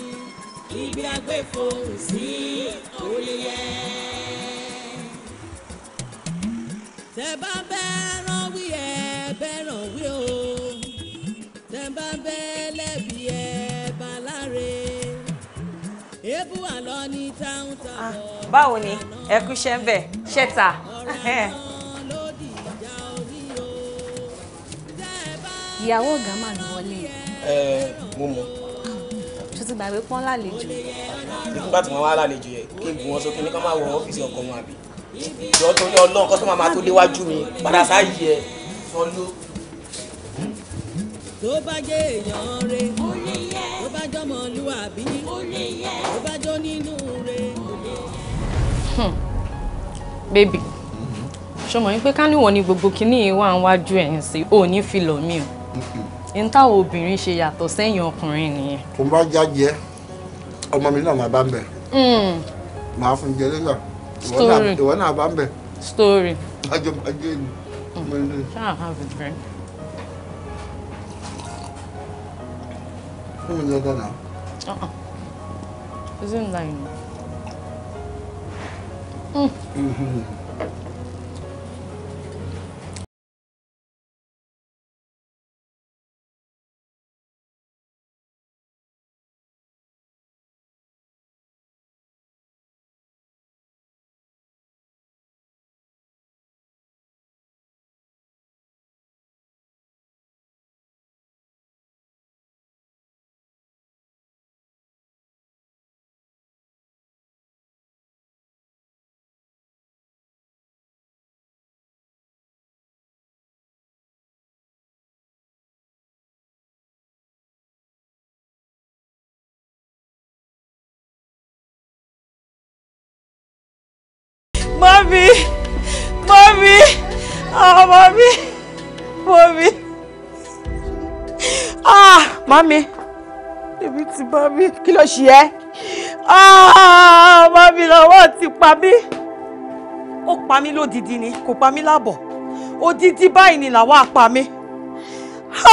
ibi agbèfò sí ò lè yẹ. tẹ bá bẹ́ẹ̀ rán wí ẹ bẹ́ẹ̀ rán wí o tẹ bá bẹ́ẹ̀ lẹ́bi ẹ bá láre èébú àlọ́ ní táwọn táwọn. Ah, báwo ni ẹ kú ń bẹ̀ ṣẹ́ta. ìyàwó ọ̀gá mà ló wọlé. ẹ mo mọ. tó ah, ti gbàgbé pọ́n lálejò. nígbà tí wọ́n wá lálejò yẹ kí n bù wọn sókè ní ká máa wọ ọ́fíìsì ọkọ wọn àbí. ìjọ tó ní ọlọ́run kọ́sọ́mà máa tó léwájú mi padà sáàyè ẹ sọ́lú. tó bá jẹ́ èèyàn rẹ̀ tó bá jọmọlúwàbí tó bá jọ nínú rẹ̀. Hmm. bébì ṣọmọ yín pé ká níwọ̀n ni gbogbo kinní wà ń wájú ẹ̀yìn sí ò ní fi lọ̀ mí o n táwọn obìnrin ṣe yàtọ̀ sẹ́yìn ọkùnrin nìyẹn. tó bá jájẹ ọmọ mi náà máa bá ń bẹ. Hmm. màá fún jẹ lẹ́yà ìwọ náà bá ń bẹ. story. ajọ ajọ ìlú. ṣáà have a drink. fún mi lọ́dọ̀ náà. Uh-uh. Isn't that enough? Mm. Mm-hmm. Mami, mami, ah mami, mami, ah mami. èmi ti mami. kí ló ṣe ẹ́ ah mami, lọ́wọ́ ti pa mí ó pa mí lódìdí ni kò pa mí lábọ̀ odidi báyìí ni làwọn àpá mi.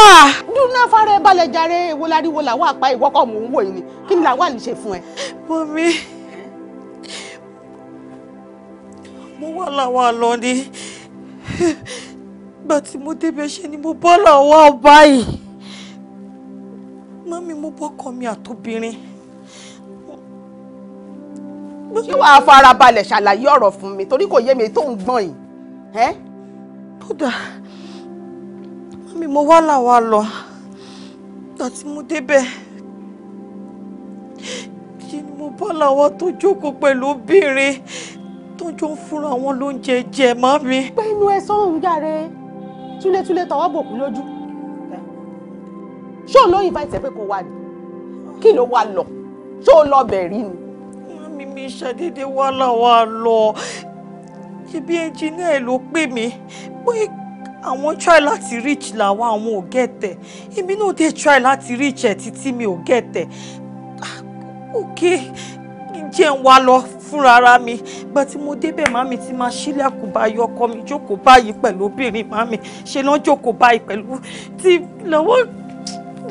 Ah. dúnà fara ẹ balẹ̀ jàre èwo láríwo làwọn àpá ìwọ́kọ̀ mò ń wò yìí ni kí ni làwọn àlè ṣe fún ẹ. mọ́mí. mo wà láwọn àlọ́ ni ìgbà tí mo débẹ̀ ṣe ni mo bọ́ làwọn àbáyìí mọ́mí mo bọ́kọ mi àtobìnrin. kí wàá farabalẹ̀ ṣàlàyé ọ̀rọ̀ fún mi torí kò yé mi tó ń gbọ́n yìí. kódà mọ́mí mo wá làwọn àlọ́ ìgbà tí mo débẹ̀ ṣe ni mo bọ́ làwọn tó jókòó pẹ̀lú obìnrin tó jọ ń fúnra wọn ló ń jẹ jẹ má mi. pé inú ẹ sọ́hún yàrá túlétúlé tọwọ́ bòkú lójú ṣó ló invite ẹ pé kó wá ní kí ló wá lọ ṣó lọ bẹ̀rí ni. mi mi ṣàdédé wá làwọn àlọ ṣebí ẹnjìnìá ló pè mí pé àwọn try láti reach làwọn àwọn ò gẹ̀tẹ̀ èmi náà dé try láti reach ẹ̀ títí mi ò gẹ̀tẹ̀ òkè ah, jẹ́ ń wá lọ fúnra ara mi gba tí mo débẹ̀ màmí tí máa ṣílẹ̀ àkùbá ayọ̀ ọkọ mi jókòó báyìí pẹ̀lú obìnrin màmí ṣe náà jókòó báyìí pẹ̀lú tí lọ́wọ́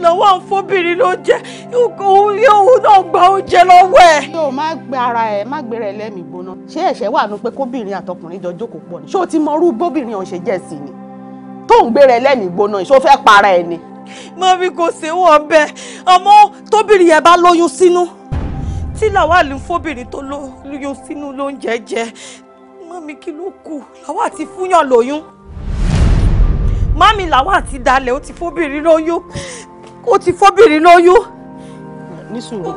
lọ́wọ́ àfọ́bìnrin ló jẹ́ òun náà gba oúnjẹ lọ́wọ́ ẹ̀. yóò má gbé ara ẹ má gbé rẹ lẹ́mìí gbóná ṣé ẹ̀ṣẹ̀ wà ní pé kóbìnrin àtọkùnrin jọ jókòó pọ̀ ni ṣé o ti mọ irú bóbìnrin ọ̀hún jẹ́ sí ni tó ń gbé rẹ lẹ́mìí gbóná ṣé o fẹ́ para ẹ ni. mọ́mí kò sí wọn bẹ́ẹ̀ ọmọ tóbìnrin yẹn bá lóyún sínú tí làwálì ń fóbìnrin tó lóyún sínú lóúnjẹ jẹ mọ́mi kí ló kù làwọn àti fúnyàn lóyún mọ́mi làwọn àti dalẹ̀ ó ti fóbìnrin lóyún ó ti fóbìnrin lóyún. ní sùúrù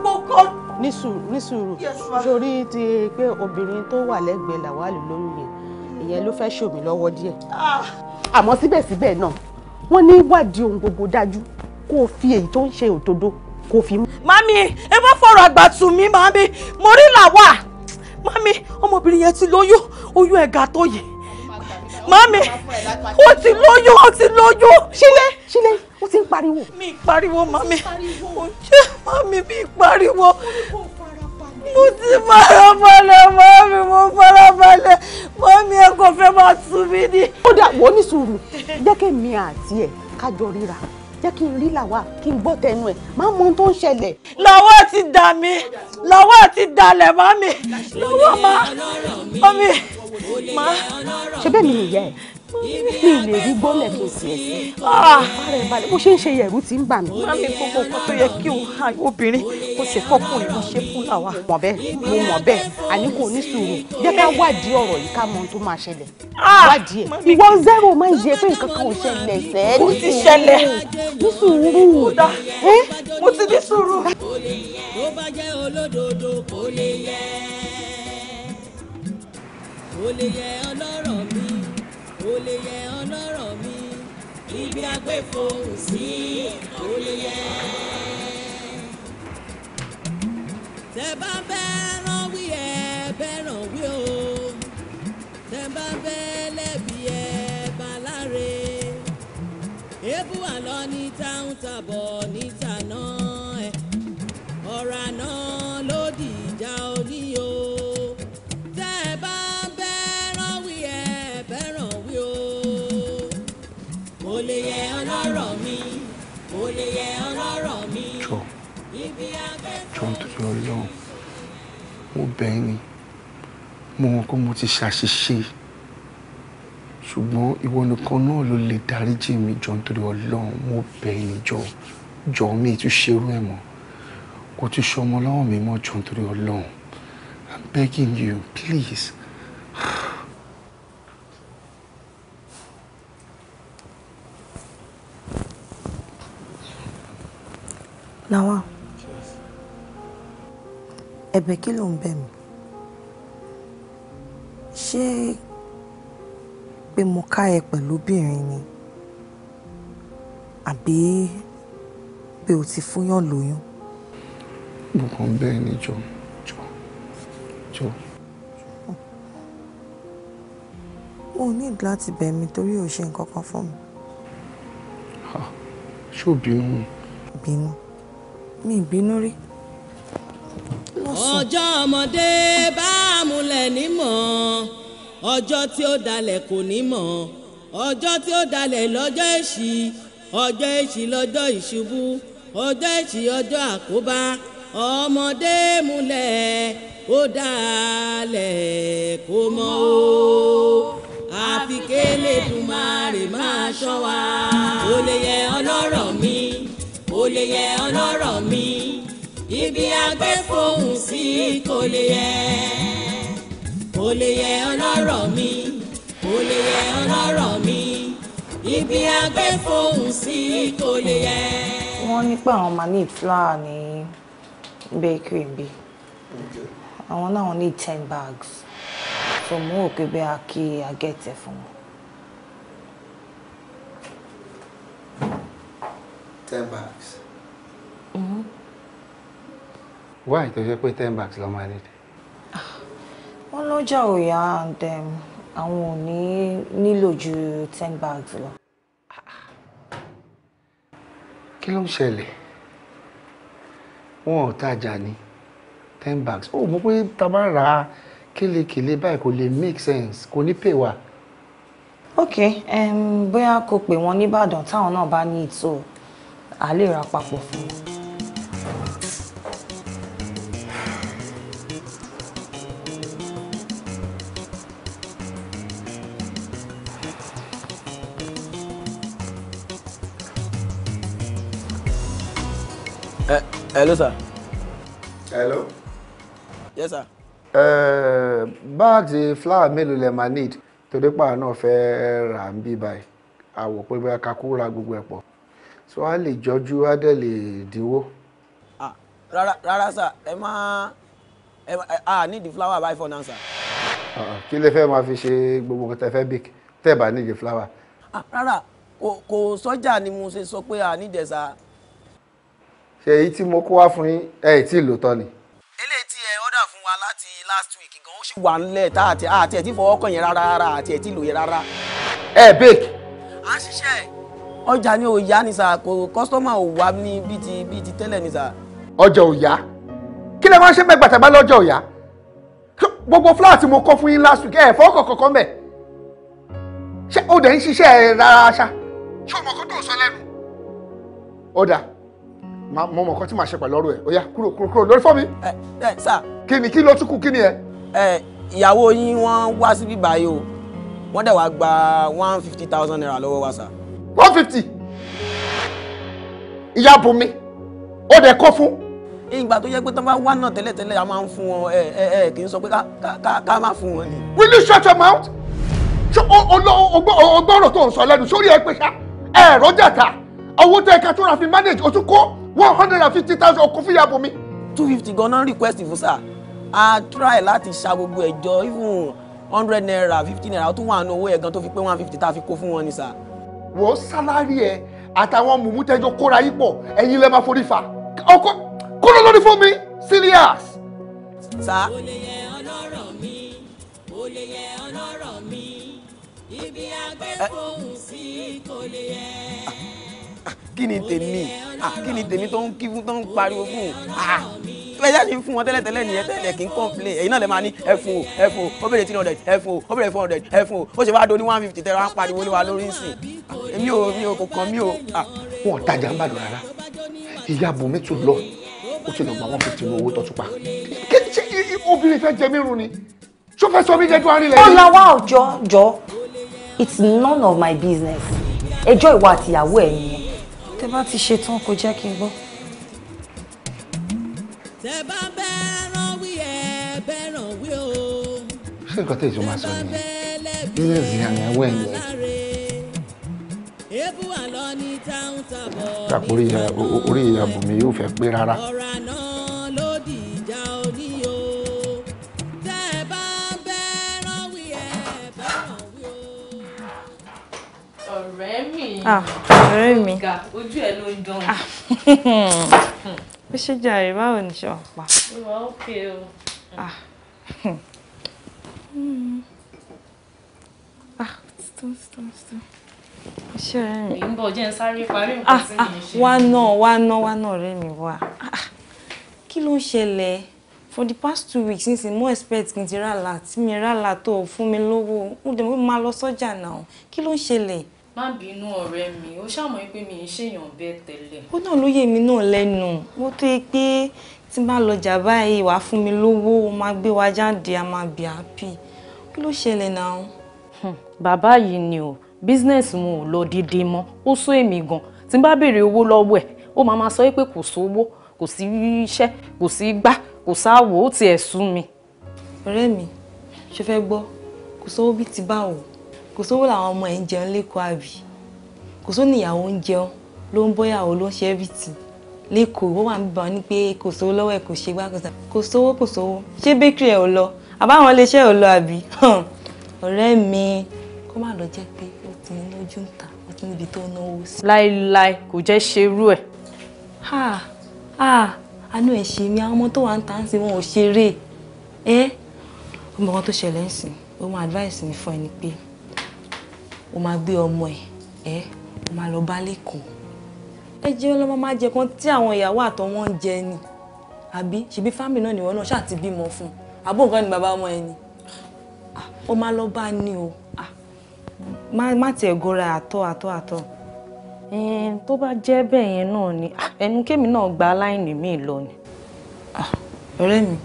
ní sùúrù ní sùúrù sórí ti pé obìnrin tó wà lẹ́gbẹ̀ẹ́ làwálì lóyún yẹn ìyẹn ló fẹ́ ṣòmí lọ́wọ́ díẹ̀ ah. àmọ́ síbẹ̀síbẹ̀ náà wọ́n ní wádìí ohun gbogbo dájú kó o fi èyí tó ń ṣe òdodo kó fi. mami ẹ má fọ̀rọ̀ àgbà tù mí mami mo rí làwà mami ọmọbìnrin yẹn ti lóyún oyún ẹ̀gà tó yìí mami ó ti lóyún ó ti lóyún. sílẹ̀ sílẹ̀ ó ti ń pariwo. mi pariwo mami ó jẹ́ mami mi pariwo mo ti farabalẹ̀ mami, mo farabalẹ̀ mami, ẹ kò fẹ́ máa tù mí ni. ó dà wọ́n ní sùúrù jẹ́ kí mi àti ẹ̀ kájọ ríra jẹ́ kí n rí làwa kí n gbọ́ tẹnu ẹ̀ má mọ ohun tó ń ṣẹlẹ̀. lọ́wọ́ ti dà mí lọ́wọ́ ti dalẹ̀ mọ́ mi lọ́wọ́ má mọ́ mi má. ṣe bẹ́ẹ̀ mi nìyẹn mi lè rí gbọ́lẹ̀ tó sí ẹ̀ sí ààrẹ ah, bó ṣe ń ṣe yẹ̀rù ti ń bà mí. má mi gbogbo nǹkan tó yẹ kí obìnrin kó ṣe fọ́kùnrin mo ṣe fún làwa. mọ̀ bẹ́ẹ̀ mo mọ̀ bẹ́ẹ̀ àní kò ní sùúrù jẹ́ ká wádìí ọ̀rọ̀ yìí ká mọ ohun tó máa ṣẹlẹ̀ ah! wádìí ẹ̀. ìwọ zero máa ń yẹ pé nǹkan kan ò ṣẹlẹ̀ sẹ́ẹ̀ ní sùúrù mo ti ní sùúrù. tó lè yẹ ọlọ́rọ̀ mi kò lè yẹ ọlọ́rọ̀ mi ibi agbèfo sí kò lè yẹ. tẹ bá bẹ́ẹ̀ rán wí ẹ bẹ́ẹ̀ rán wí o tẹ bá bẹ́ẹ̀ lẹ́bi ẹ bá láre ebú àlọ́ ní táwọn tàbọ̀ níta náà ọ̀rọ̀ àná. torí Ọlọ́run mo bẹ̀ ẹ́ ni mo mọ̀ pé mo ti ṣàṣìṣe ṣùgbọ́n ìwọ nìkan náà ló lè dáríjì mi jọ nítorí Ọlọ́run mo bẹ̀ ẹ́ ni jọ jọ mi tún ṣerú ẹ̀ mọ́ kò tún ṣọmọ lọ́wọ́ mi mọ́ jọ nítorí Ọlọ́run I'm begging you please. Now ẹ̀bẹ̀ kí ló ń bẹ̀ mí ṣé pé mo ká ẹ pẹ̀lú obìnrin ni àbí pé o ti fúnyàn lóyún. gbogbo ń bẹ́ẹ̀ ni jọ jọ jọ. mo ní ìdí láti bẹ̀ mí torí ò ṣe nǹkan kan fún mi. ṣé ò bínú. bínú mi bínú rí ọjọ́ ọmọdé bá múlẹ̀ nímọ̀ ọjọ́ tí ó dalẹ̀ kò nímọ̀ ọjọ́ tí ó dalẹ̀ lọ́jọ́ èṣì ọjọ́ èṣì lọ́jọ́ ìṣubú ọjọ́ èṣì ọjọ́ àkóbá ọmọdé múlẹ̀ ó dalẹ̀ kò mọ̀ o àfi k'Elédùmarè máa ṣọ́ wa ó lè yẹ ọlọ́rọ̀ mi ó lè yẹ ọlọ́rọ̀ mi ibi agbẹ́fọ̀hún sí kò lè yẹ kò lè yẹ ọlọ́rọ̀ mi kò lè yẹ ọlọ́rọ̀ mi ibi agbẹ́fọ̀hún sí kò lè yẹ. wọ́n ní pé àwọn máa ní flour ní bakery bí àwọn náà wọ́n ní ten bags so mo ò pé bẹ́ẹ̀ kí a gẹ̀tẹ̀ fún wọn. ten bags. Mm-hmm why Do you pé ten bags lọ́mọ ẹni dé. no lọ́jà òyà and àwọn ò ní nílò ten bags lọ. kí ló ń ṣẹlẹ̀ ten bags Oh, mọ̀ pé tá a It ra kélekèle báyìí kò lè make sense kò ní pè wá. ok um, bóyá kò pè wọ́n nìbàdàn táwọn náà bá ní ìtò a lè ra papọ̀ fún wọn. hello sir. hello. yes sir. Uh, eh, báàgì flower mélòó lẹ máa need torí pààrọ̀ náà fẹ́ rà ń bí báyìí àwọ̀ pé bóyá kakú ra gbogbo ẹ̀ pọ̀ so a lè jọjú a dẹ̀ lè dínwó. Ah, rárá rárá sà ẹ má need the flour by for now sir. Ah, ah, kí lẹ fẹ́ máa fi ṣe gbogbo nǹkan tẹ fẹ́ bake tẹ́ bá flour. Ah, rara. Ko ko sọ́jà ni mo ṣe sọ pé a need ẹ̀ sà ṣe èyí tí mo kó wá fún ẹ tí ni. tí fún wa láti last week gan ó ṣì wà nílẹ̀ tá àti àti ẹ̀ tí fọwọ́ kàn yẹn rárá rárá àti ẹ̀ tí lò yẹn rárá. ẹ bake. à ń ọjà ni ò yá ni sà kò ò wá ní ti bíi ti tẹ́lẹ̀ ni sà. ọjà ò yá kí lè máa ṣe bẹ́ẹ̀ ò yá gbogbo fúláàtì mo kọ́ fún yín last week ẹ̀ fọwọ́ kọ̀ọ̀kan bẹ̀ ṣé ó dẹ̀ ń ṣiṣẹ́ rárá ṣá ṣé mo mọ̀ kan tí màá ṣe pẹ̀lú ọ̀rọ̀ ẹ̀ ó yá kúrò kúrò kúrò lórí fọ́ mi. ẹ ẹ sà. kí ni kí ló tún kù kí ni ẹ. ẹ ìyàwó yín wọ́n wá síbí báyìí o wọ́n dẹ̀ wá gba one fifty thousand naira lọ́wọ́ wa sà. one fifty ìyá bùnmi ó dẹ̀ kó fún. ìgbà tó yẹ pé tó bá wá náà tẹ́lẹ̀tẹ́lẹ̀ a máa ń fún wọn ẹ ẹ ẹ kì í sọ pé ká má fún wọn ni. will you shut your mouth? ṣé ọgbọ́n ọ̀rọ̀ tó ń sọ lẹ́nu sórí ẹ pé ṣá ẹ̀rọ jàtà owó tẹ ẹ̀ka tó ra fi manage o tún kó one hundred and fifty thousand okun fìyà bò mí. two fifty gan-an request fún sir a try láti ṣa gbogbo ẹ̀jọ́ even hundred naira fifty naira ó tún wà nínú owó ẹ̀ gan tó fi pé one fifty tá a fi kó fún wọn ni sir. wò ó sálárì ẹ àtàwọn mùmú tẹjọ kóra yìí pọ̀ ẹ̀yin lẹ máa forí fa ọkọ kó lọ lórí fún mi serious. sá. olè yẹ ọlọ́rọ̀ sí kò lè yẹ kí ni tèmi kí ni tèmi tó ń kí fún tó ń pariwo fún o ẹja ti fún wọn tẹ́lẹ̀tẹ́lẹ̀ nìyẹn tẹ́lẹ̀ kí n complain èyí náà lè máa ní ẹfun o ẹfun o ó bèrè three hundred ẹfun o ó bèrè four hundred ẹfun o ó ṣe wá do ní one fifty tẹ́lẹ̀ wá ń pariwo lé wa lórí nsìn èmi ò mi ò kò kàn mí o. wọn ò tajà ń bàdàn rárá ìyá bùnmi tún lọ ó ti lọ gba one fifty ní owó tó tún pa kí ṣe obìnrin fẹ́ jẹ mí run ni ṣó fẹ́ sọ mí jẹ́ dúwárí lẹ́yìn. ọ̀làwà ọjọ́ jọ it's none of my business ẹjọ́ ìwà àtìyàwó ẹ̀ nìyẹn tẹ bá ti ṣetán kò jẹ́ kí n gbọ́. tẹ bá bẹ́ràn wí ẹ bẹ́ràn wí o. ṣé nǹkan tẹ̀ ìjọba sọ nìyẹn nílẹ̀ ìrìn àmì ẹ̀wọ̀ ẹ̀yẹ. àpò orí ìyàbò mi yóò fẹ́ pé rárá. Ah, ọ̀rẹ́ mi oh ojú ẹ̀ ló ń dán. ó ah. ṣe jàre báwo ni ṣe ọ̀pá. ìwà ó pè o. Ah. Ṣé ọ̀rẹ́ mi? Ìbọn jẹ́ ń sáré parí nǹkan tí mi ṣe. Wá náà, wá náà, wá náà ọ̀rẹ́ mi wá. Kí ló ń ṣẹlẹ̀? for the past two weeks since mo expect kí n ti rà láà tí mi rà láà tó fún mi lówó mo dẹ̀ mo máa lọ sọ́jà náà kí ló ń ṣẹlẹ̀? má bínú ọ̀rẹ́ mi ó ṣàmọ́ pé mi ì ṣèyàn bẹ́ẹ̀ tẹ́lẹ̀. ó náà ló yé mi náà lẹ́nu mo tó yẹ pé tí n bá lọ jà báyìí wàá fún mi lówó o máa gbé wa jáde a máa bì happy kí ló ṣẹlẹ̀ náà. Hmm, bàbá yìí ni o bísínẹ́sì mo ò lọ dídí mọ́ ó sún èmi gan tí n bá béèrè owó lọ́wọ́ ẹ̀ ó máa máa sọ pé kò sówó kò sí iṣẹ́ kò sí gbá kò sáwò ó tiẹ̀ sú mi. ọ̀rẹ́ mi ṣe fẹ́ gbọ́ kò sówó bí ti bá òun kò sówó làwọn ọmọ ẹ̀ ń jẹun lẹ́kọ̀ọ́ àbí kò sówó níyàwó ń jẹun ló ń bọ́yàwó ló ń ṣe everything lẹ́kọ̀ọ́ wọ́n wà ń bíbọn ní pé kò sówó lọ́wọ́ ẹ̀ kò ṣe gbá kòsà kò sówó kò sówó ṣé bakery ẹ̀ ò lọ àbáwọn iléeṣẹ́ ò lọ àbí ọ̀rẹ́ mi kó má lọ jẹ́ pé ó ti ní lójú ń ta ó ti níbi tó náwó sí. láéláé kò jẹ́ ṣerú ẹ̀. àánú ẹ̀ ṣe mi àwọn ọmọ tó wà ń ta ń sin wọn ò ṣeré ẹ́ ọmọ kan tó ṣẹlẹ̀ ń sìn ó advice mi fún ẹ ni pé o máa gbé ọmọ ẹ̀ ẹ́ o máa lọ bá lẹ́kọ̀ọ́ ẹ jẹ́ ọlọ́mọ máa jẹ kan tí àwọn ìyàwó àtọwọ́n ń jẹ ni àbí ṣebí fámìlì náà nìwọ náà ṣáà ti bímọ fún un àbó nǹkan ni bàbá ọmọ ẹ ni ah, ó máa lọ bá ní o ah, má tiẹ̀ gora àtọ́ àtọ́ àtọ́. tó bá jẹ́ bẹ́ẹ̀ yẹn náà ni ah, ẹnu kémi náà gba aláìní mi lọ ni. ọ̀rẹ́ mi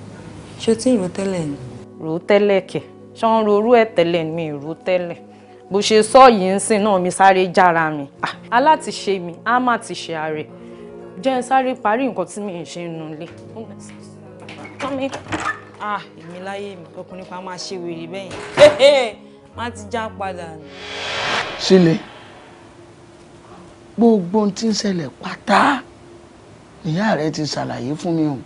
ṣé o ti ń rò tẹ́lẹ̀ ni. rò tẹ́lẹ̀ kẹ̀ ṣé wọ́n rorú ẹ̀ tẹ́lẹ̀ mi rò tẹ́lẹ̀ bó ṣe sọ yìí ń sìn náà mi sáré jára mi ah, aláti ṣe mi á má ti ṣe ààrẹ jẹ́ ń sáré parí nǹkan tí mi ń ṣe nù lé. ah èmi láyé mi ọkùnrin kan máa ṣe wèrè bẹ́yìn má ti já padà nù. sílẹ̀ gbogbo ohun tí ń ṣẹlẹ̀ pátá ìyá rẹ ti ṣàlàyé fún mi o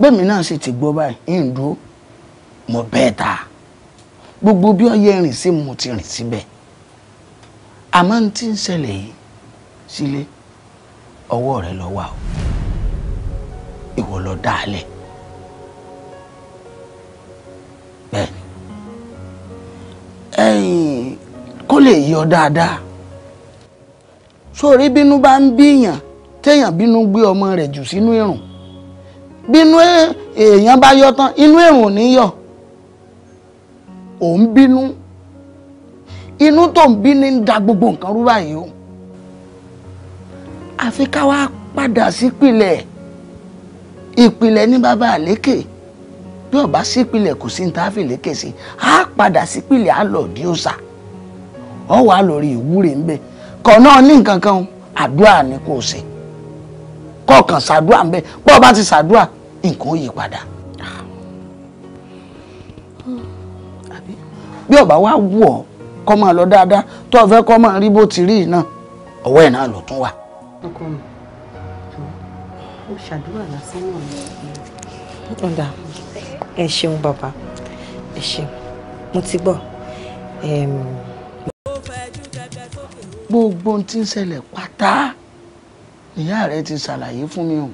bẹ́ẹ̀ mi náà sì ti gbọ́ báyìí ń dúró mo bẹ́ẹ̀ ta gbogbo bí ọyẹ rìn sí mo ti rìn síbẹ̀ àmọ́ n ti ń ṣẹlẹ̀ yìí sílé ọwọ́ rẹ lọ wà o ìwọ lọ dálẹ̀ bẹ́ẹ̀ni ẹ̀yìn kó lè yí ọ dáadáa sórí bínú bá ń bíyàn téèyàn bínú gbé ọmọ rẹ̀ jù sínú ìrùn bínú èèyàn bá yọ tán inú ìrùn ò ní yọ ò ń bínú inú tó ń bí ní ń da gbogbo nǹkan rú báyìí o àfi ká wá padà sípìlẹ̀ ìpìlẹ̀ ní bàbá àlékè bí ọba sípìlẹ̀ kò sí ní tá a fi lékè sí á padà sípìlẹ̀ á lọ di òòṣà ọ wà lórí ìwúre ń bẹ kọ náà ní nǹkan kan àdúrà ni kò ṣe kọ̀ọ̀kan ṣàdúrà ń bẹ bọ́ọ̀ bá ti ṣàdúrà nǹkan ó yí padà. bí ọba wa wù ọ kọ máa lọ dáadáa tó o fẹ́ kọ máa rí bó ti rí yìí náà ọwọ́ ẹ̀ náà ló tún wà. ọkọ mi ó ṣàdúrà lásán náà ni. ọ̀dà ẹ ṣeun bàbá ẹ ṣeun mo ti gbọ́. gbogbo ohun tí ń ṣẹlẹ̀ pátá ìyá rẹ ti ṣàlàyé fún mi o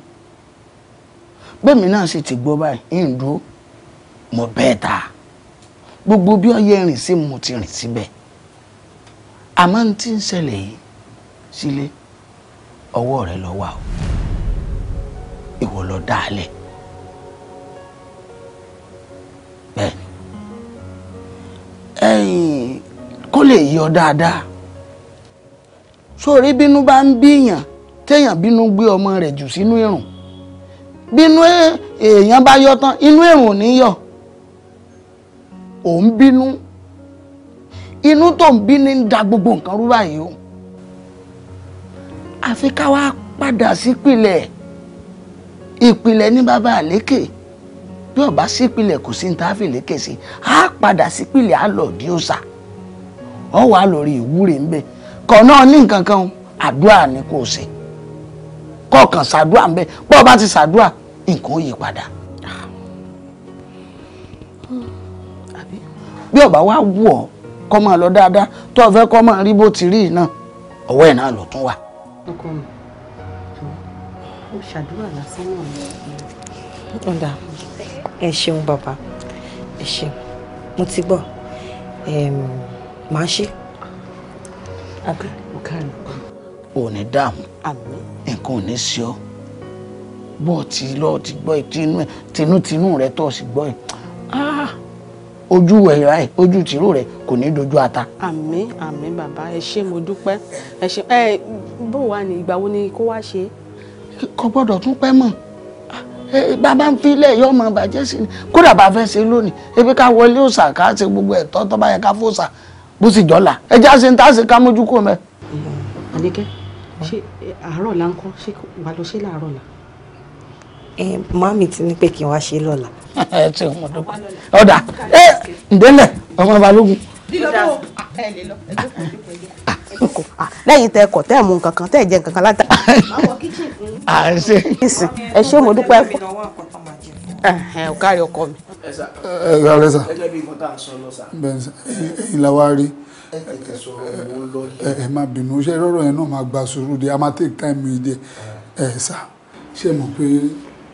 bẹ́ẹ̀ mi náà sì ti gbọ́ báyìí ń dúró mo bẹ́ẹ̀ ta gbogbo bí ọyẹ rìn sí mo ti rìn síbẹ̀ àmọ́ n tí ń ṣẹlẹ̀ yìí sílé ọwọ́ rẹ lọ wà o ìwọ lọ dá a lẹ̀ bẹ́ẹ̀ ẹ̀yìn kó lè yí ọ dáadáa sórí bínú bá ń bíyàn téèyàn bínú gbé ọmọ rẹ̀ jù sínú ẹ̀rùn bínú èèyàn bá yọ tán inú ẹ̀rùn ò ní yọ ò ń bínú inú tó ń bínú ń da gbogbo nǹkan rú báyìí o àfi ká wá padà sípìlẹ̀ ìpìlẹ̀ ní bàbá àlékè bí ọba sípìlẹ̀ kò sí ní tá a fi lékè sí á padà sípìlẹ̀ á lọ di òòṣà ọ wà lórí ìwúre ńbẹ kọ náà ní nǹkan kan àdúrà ni kò ṣe kọkàn ṣàdúrà ńbẹ bọ́ọ̀ bá ti ṣàdúrà nǹkan ó yí padà. bí ọba wa wù ọ kọ́ máa lọ dáadáa tó o fẹ́ kọ́ máa rí bó ti rí iná ọwọ́ ẹ̀ náà ló tún wà. ọkọ mi ó ṣàdúrà lásán náà ni. ọ̀dà ẹ ṣeun bàbá ẹ ṣeun mo ti gbọ́ màá ṣe o ọ̀kàrin. ní dààmú nǹkan ò ní sí ọ bó o ti lọ ti gbọ́ ẹ tinú tinú rẹ tó o sì gbọ́ ẹ ojú ẹ̀rọ ẹ̀ ojú tìró rẹ̀ kò ní dojú ata. àmín àmín bàbá ẹ ṣé mo dúpẹ́ ẹ ṣé ẹ bó wà ní ìgbà wo ni kó wá ṣe. kò gbọ́dọ̀ tún pẹ́ mọ́ bàbá ń filẹ̀ yọ ọmọ bàjẹ́ sí ni kódà bá fẹ́ ṣe lónìí ebi ká wọlé òòsà ká ṣe gbogbo ẹ̀tọ́ tó bá yẹ ká fòòsà bó sì jọ́la ẹjẹ́ àṣẹ ń tá ṣe ká mójú kò mẹ́. àdékẹ́ ṣé àárọ̀ là ń kọ́ ṣé wàá lọ ṣe láàárọ̀ là mami ti ní pé kí n wá ṣe lọ́la. ẹ ti ọmọ ọdún ọ̀dà ẹ ǹdẹ́lẹ̀ ọmọ balógun. Ah, ah, lẹ́yìn tẹ ẹkọ̀ tẹ́ ẹ̀ mú nǹkan kan tẹ́ ẹ̀ jẹ nǹkan kan látà. à ń ṣe. ẹ ṣé mo dúpẹ́ fún. ẹ ò kárí ọkọ mi. ẹ ká rẹ sà. ẹ̀yin la wá rí ẹ má bínú ṣe rọrọ yẹn náà máa gba sùúrù de a máa take time yìí de ẹ sà ṣe mọ̀ pé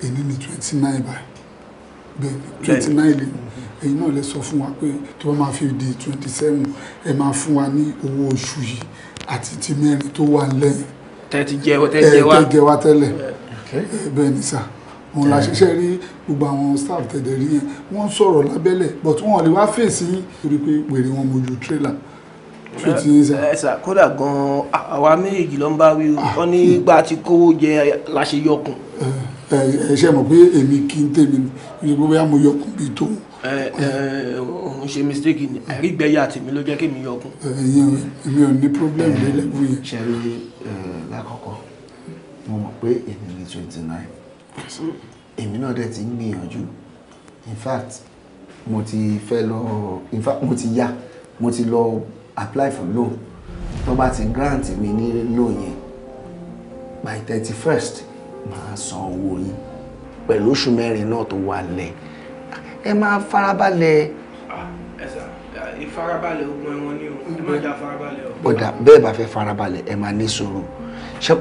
èyí ni twenty nine báyìí bẹ́ẹ̀ ni twenty nine lè mm-hmm. ẹ̀yin náà lè sọ fún wa pé tí wọ́n máa fi di twenty seven ẹ máa fún wa ní owó oṣù yìí àti ti mẹ́rin tó wà lẹ́yìn. tẹ́tí jẹ wa tẹ́tí jẹ wa tẹ́tí jẹ wa tẹ́lẹ̀ bẹ́ẹ̀ ni sà òun la ṣiṣẹ́ rí gbogbo àwọn staff tẹ̀dẹ̀ rí yẹn wọ́n sọ̀rọ̀ lábẹ́lẹ̀ but wọn ò lè wá fèsì yín torí pé wèrè wọn mojú tírélà ẹsà kódà gan-an àwa méjì ló ń bá wí ah. ọ nígbà tí kówó jẹ láṣeyọkùn ẹ ṣe mọ̀ pé èmi kí n tèmi ní gbogbo yà mo yọkùn bíi tóun. òun ṣe mistake ni àrígbẹ́yà tèmi ló jẹ́ kémi yọkùn. ẹyin mi ò ní problem lẹ́lẹ́gùn yẹn. ṣe lákọ̀ọ́kọ́ mo mọ̀ pé èmi ní twenty nine èmi náà dẹ̀ ti ń gbìyànjú in fact mo ti fẹ́ lọ in fact mo ti yá mo ti lọ apply for loan tó bá ti grant mi ní loan yẹn by thirty first máa san owó yín pẹ̀lú oṣù mẹ́rin náà tó wà lẹ̀ ẹ máa farabalẹ̀. Ah, ìfarabalẹ̀ ogun ẹ̀wọ̀n ni o ẹ má jà farabalẹ̀ o. bọ́dà bẹ́ẹ̀ bá fẹ́ farabalẹ̀ ẹ máa ní sùúrù ṣe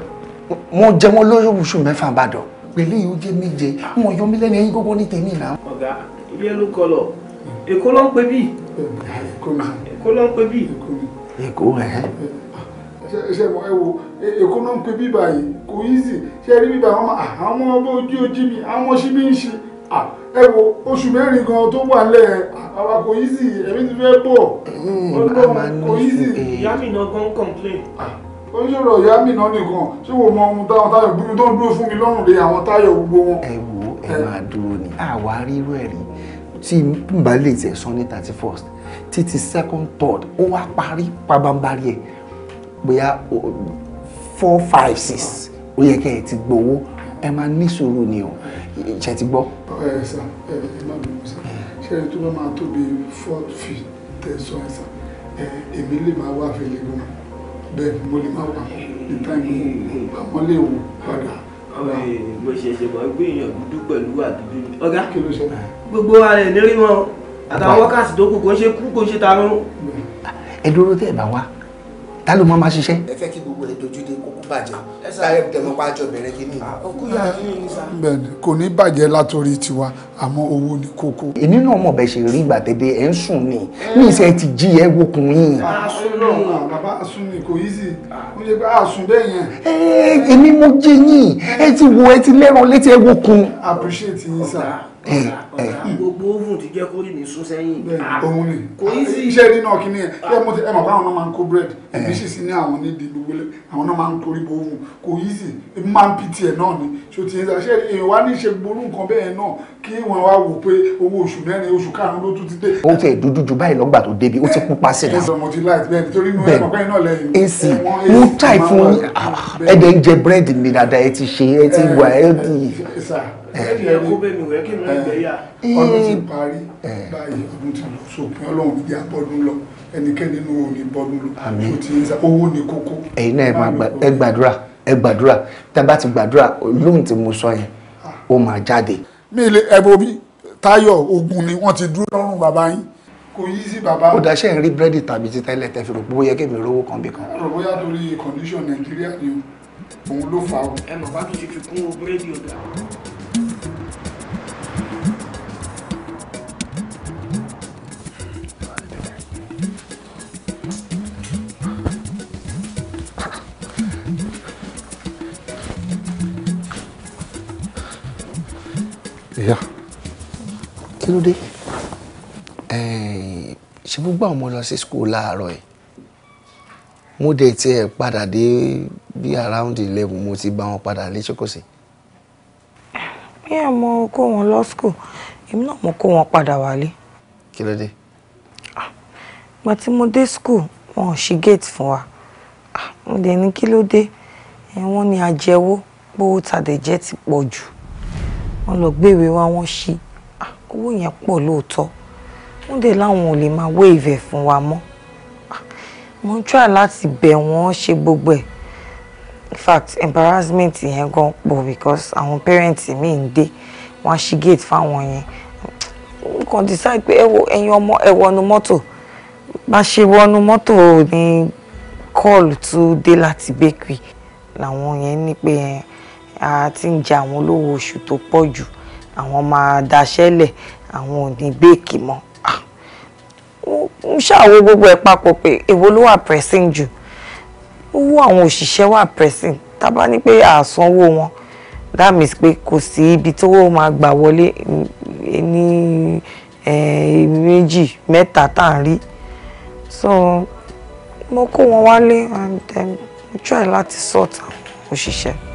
mo jẹ wọn lórí oṣù mẹ́fà bàdàn pẹ̀lú ìyó jẹ́ méje wọn yọ mí lẹ́nu ẹyin gbogbo ní tèmi náà. ọ̀gá yẹ́lò kọlọ̀ èkó ló ń pè bí èkó ló ń pè bí. èkó ẹ̀hẹ́ ṣe mọ ẹ wo èkó náà ń pe bíbà yìí kò easy ṣe rí bíbà àwọn àwọn ọmọ ojú ojú mi àwọn ṣí mi ń ṣe ẹ wo oṣù mẹ́rin gan tó wà lẹ̀ àwa kò easy ẹ̀mí ti fẹ́ pọ̀ hmm, ọlọ́run kò easy. ìyá mi náà gan complain oníṣòro ìyá mi náà nìkan ṣé wo mọ ohun táwọn táyọ̀ gbúdú tó ń dúró fún mi lọ́rùn rè àwọn táyọ̀ gbogbo wọn. ẹ wo ẹ máa dúró ní àwa rírú ẹ tí n bá ní thirty first títí second third ó wá parí pabambari ẹ̀ bóyá four five six ó yẹ kẹ́ ẹ ti gbowó ẹ máa ní sùúrù ni o ṣe ti gbọ́. ẹ ẹ sá ẹ ẹ má bẹ mọ sá ṣe é tó bá máa tóbi four feet tẹ̀sán ẹ sá ẹ èmi lè máa wá àfẹlẹ gan bẹ́ẹ̀ mo lè má wà ní táìmù àmọ́ lè wò padà. ọ̀rọ̀ mo ṣẹ̀ṣẹ̀ mọ̀ gbé èèyàn dúdú pẹ̀lú àdúdú ni. ọ̀gá gbogbo alẹ̀ lérí wọn àtàwọn wákàtí tó kù kò ń ṣe kú kò ń ṣe ta ẹ dúró tẹ́ ẹ bá wá ta ló máa ma ṣiṣẹ́. ẹ fẹ́ kí gbogbo ẹ dojú dé kókó bàjẹ́ sáré tẹmọpá àjọ bẹ̀rẹ̀ kí ni. Ah, bẹ́ẹ̀ni kò ní bàjẹ́ látòrí tiwa àmọ́ owó ni kókó. èmi náà mọ̀ bẹ́ẹ̀ ṣe rí ìgbà tẹ́tẹ́ ẹ̀ ń sùn ni ní eh. ìṣe ti jí ẹ wokùn yín. àsùnlọ́run ah, ah, bàbá àsùn ni kò easy ó ṣe pé àsùn bẹ́ẹ̀ yẹn. ẹ eh, èmi mo jẹ yín ẹ ti wo ẹ ti lẹ́ràn létí ẹ wokùn. appreciate yín sir. Eh, eh. gbogbo oven ti jẹ́ kórìí ní sún sẹ́yìn. Ah, òun ni iṣẹ́ nínú ọ̀kìnní ẹ̀ ẹ mọ̀ ẹ mọ̀ pé àwọn náà máa ń kó bread eh. èmi sì sí ní àwọn nídìí gbogbo lẹ́ àwọn náà máa ń kórìí bo oven kò easy èmi máa ń pìtì ẹ̀ náà ni ṣó ti yẹn ṣe èèyàn wá ní ṣe gbolú nǹkan bẹ́ẹ̀ náà kí wọ́n wá wò pé owó oṣù mẹ́rin oṣù karùn-ún ló tún ti dé. ó ń fẹ́ dúdú ju báyìí lọ́gbà tó débi ó ti pupa sí i. ẹ̀sán mo ti láì bẹ́ẹ̀ nítorí inú ẹ̀ pàpẹ́ náà lẹ́yìn. èsì mo táì fún ah, ẹ̀dẹ̀ ń jẹ búrẹ́dì mi dáadáa ẹ ti ṣe ẹ ti wà ẹ ti ẹ̀ẹ́dì eh. ẹ̀kọ́ bẹ́mi wẹ́ kí n rẹ̀ gbẹ̀yà. ọdún ti parí eh. báyìí ọdún ti lọ sópin ọlọ́run ìdí abọ́dún lọ ẹnikẹ́ni inú òní bọ́dún lọ tó ti ń sa owó ní kókó. ẹ̀yin náà ẹ gbàdúrà ẹ gbàdúrà tá a bá ti gbàdúrà lóhùn tí mo sọ yẹn ó máa jáde. mi ilé ẹbọ mi Táyọ̀ ogun condition Nàìjíríà ni òun ló fà á. ẹ mọ̀ ìyá kí ló dé ṣe gbogbo àwọn ọmọ lọ sí school láàárọ̀ ẹ̀ mo dé tiẹ̀ padà dé bí around eleven mo ti bá wọn padà lé ṣókòsí. mi ò mọ kó wọn lọ school èmi náà mo kó wọn padà wálé. kí ló dé. Ah, ìgbà tí mo dé school wọn ò ṣí gate fún wa ah, mo dẹ̀ ní kí ló dé wọ́n ní ajẹ́wó pé owó tàdé jẹ́ ti pọ̀ jù wọ́n lọ gbéwèé wá wọ́n ṣí ah, owó yẹn pọ̀ lóòótọ́ wọ́n dẹ̀ láwọn ò lè máa wé ìvẹ̀ fún wa mọ́ ah, mo ń try láti bẹ̀ wọ́n ṣe gbogbo ẹ̀ in fact embarrassment yẹn gan pọ̀ because àwọn parents mi ń dé wọ́n á ṣí gate fáwọn yẹn mo kàn decide pé ẹ wo ẹ̀yin ọmọ ẹ wọnú mọ́tò bá ṣe wọnú mọ́tò ní call tó dé láti bakery làwọn yẹn ní pé a ti ń jẹ àwọn olówó oṣù tó pọ̀ jù àwọn máa daṣẹ́lẹ̀ àwọn ò ní bẹ́ẹ̀kì mọ́ ń ah, ṣàwo gbogbo ẹ̀ papọ̀ pé èwo ló wà pressing jù owó àwọn òṣìṣẹ́ wà pressing tá bá ní pé àsanwó wọn that means pé kò sí ibi tó máa gbà wọlé ní méjì mẹ́ta tá à ń rí so mo kó wọn wálé and then mo try láti sort àwọn òṣìṣẹ́.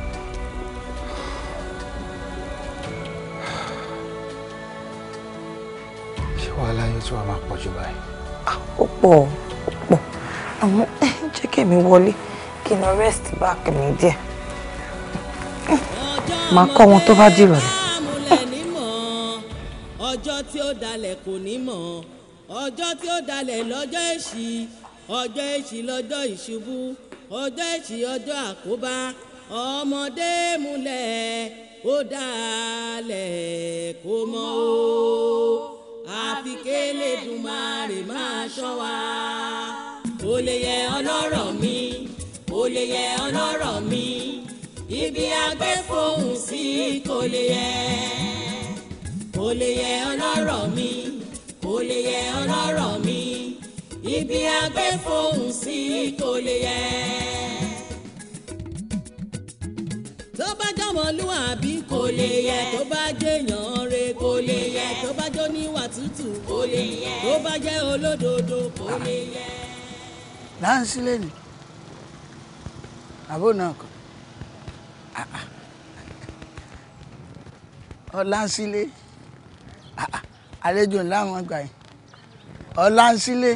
wàhálà yóò tún wà máa pọ̀ jù báyìí. Ah, ó pọ̀ ó pọ̀ àwọn jẹ́ kí èmi wọlé kí n rest back mi díẹ̀ máa kọ́ wọn tó bá dìrọ̀lẹ́. ọjọ́ tí ó dalẹ̀ kò ní mọ̀ ọjọ́ tí ó dalẹ̀ lọ́jọ́ èṣì ọjọ́ èṣì lọ́jọ́ ìṣubú ọjọ́ èṣì ọjọ́ àkóbá ọmọdé múlẹ̀ ó dalẹ̀ kó mọ́ o àfi k'Ẹlẹ́dùmarè máa ṣọ́ wa. ó lè yẹ ọlọ́rọ̀ mi ó lè yẹ ọlọ́rọ̀ mi ibi agbẹ́fọ̀hún sí kò lè yẹ. ó lè yẹ ọlọ́rọ̀ mi ó lè yẹ ọlọ́rọ̀ mi ibi agbẹ́fọ̀hún sí kò lè yẹ tó bá jọmọlúwàbí kò lè yẹ tó bá jẹyàn re kò lè yẹ tó bá jó níwà tútù kò lè yẹ tó bá jẹ olódodo kò lè yẹ. láǹsí lẹ́nu àbó náà kọ ọlánsílé àlejò láwọn gbà yín ọlánsílé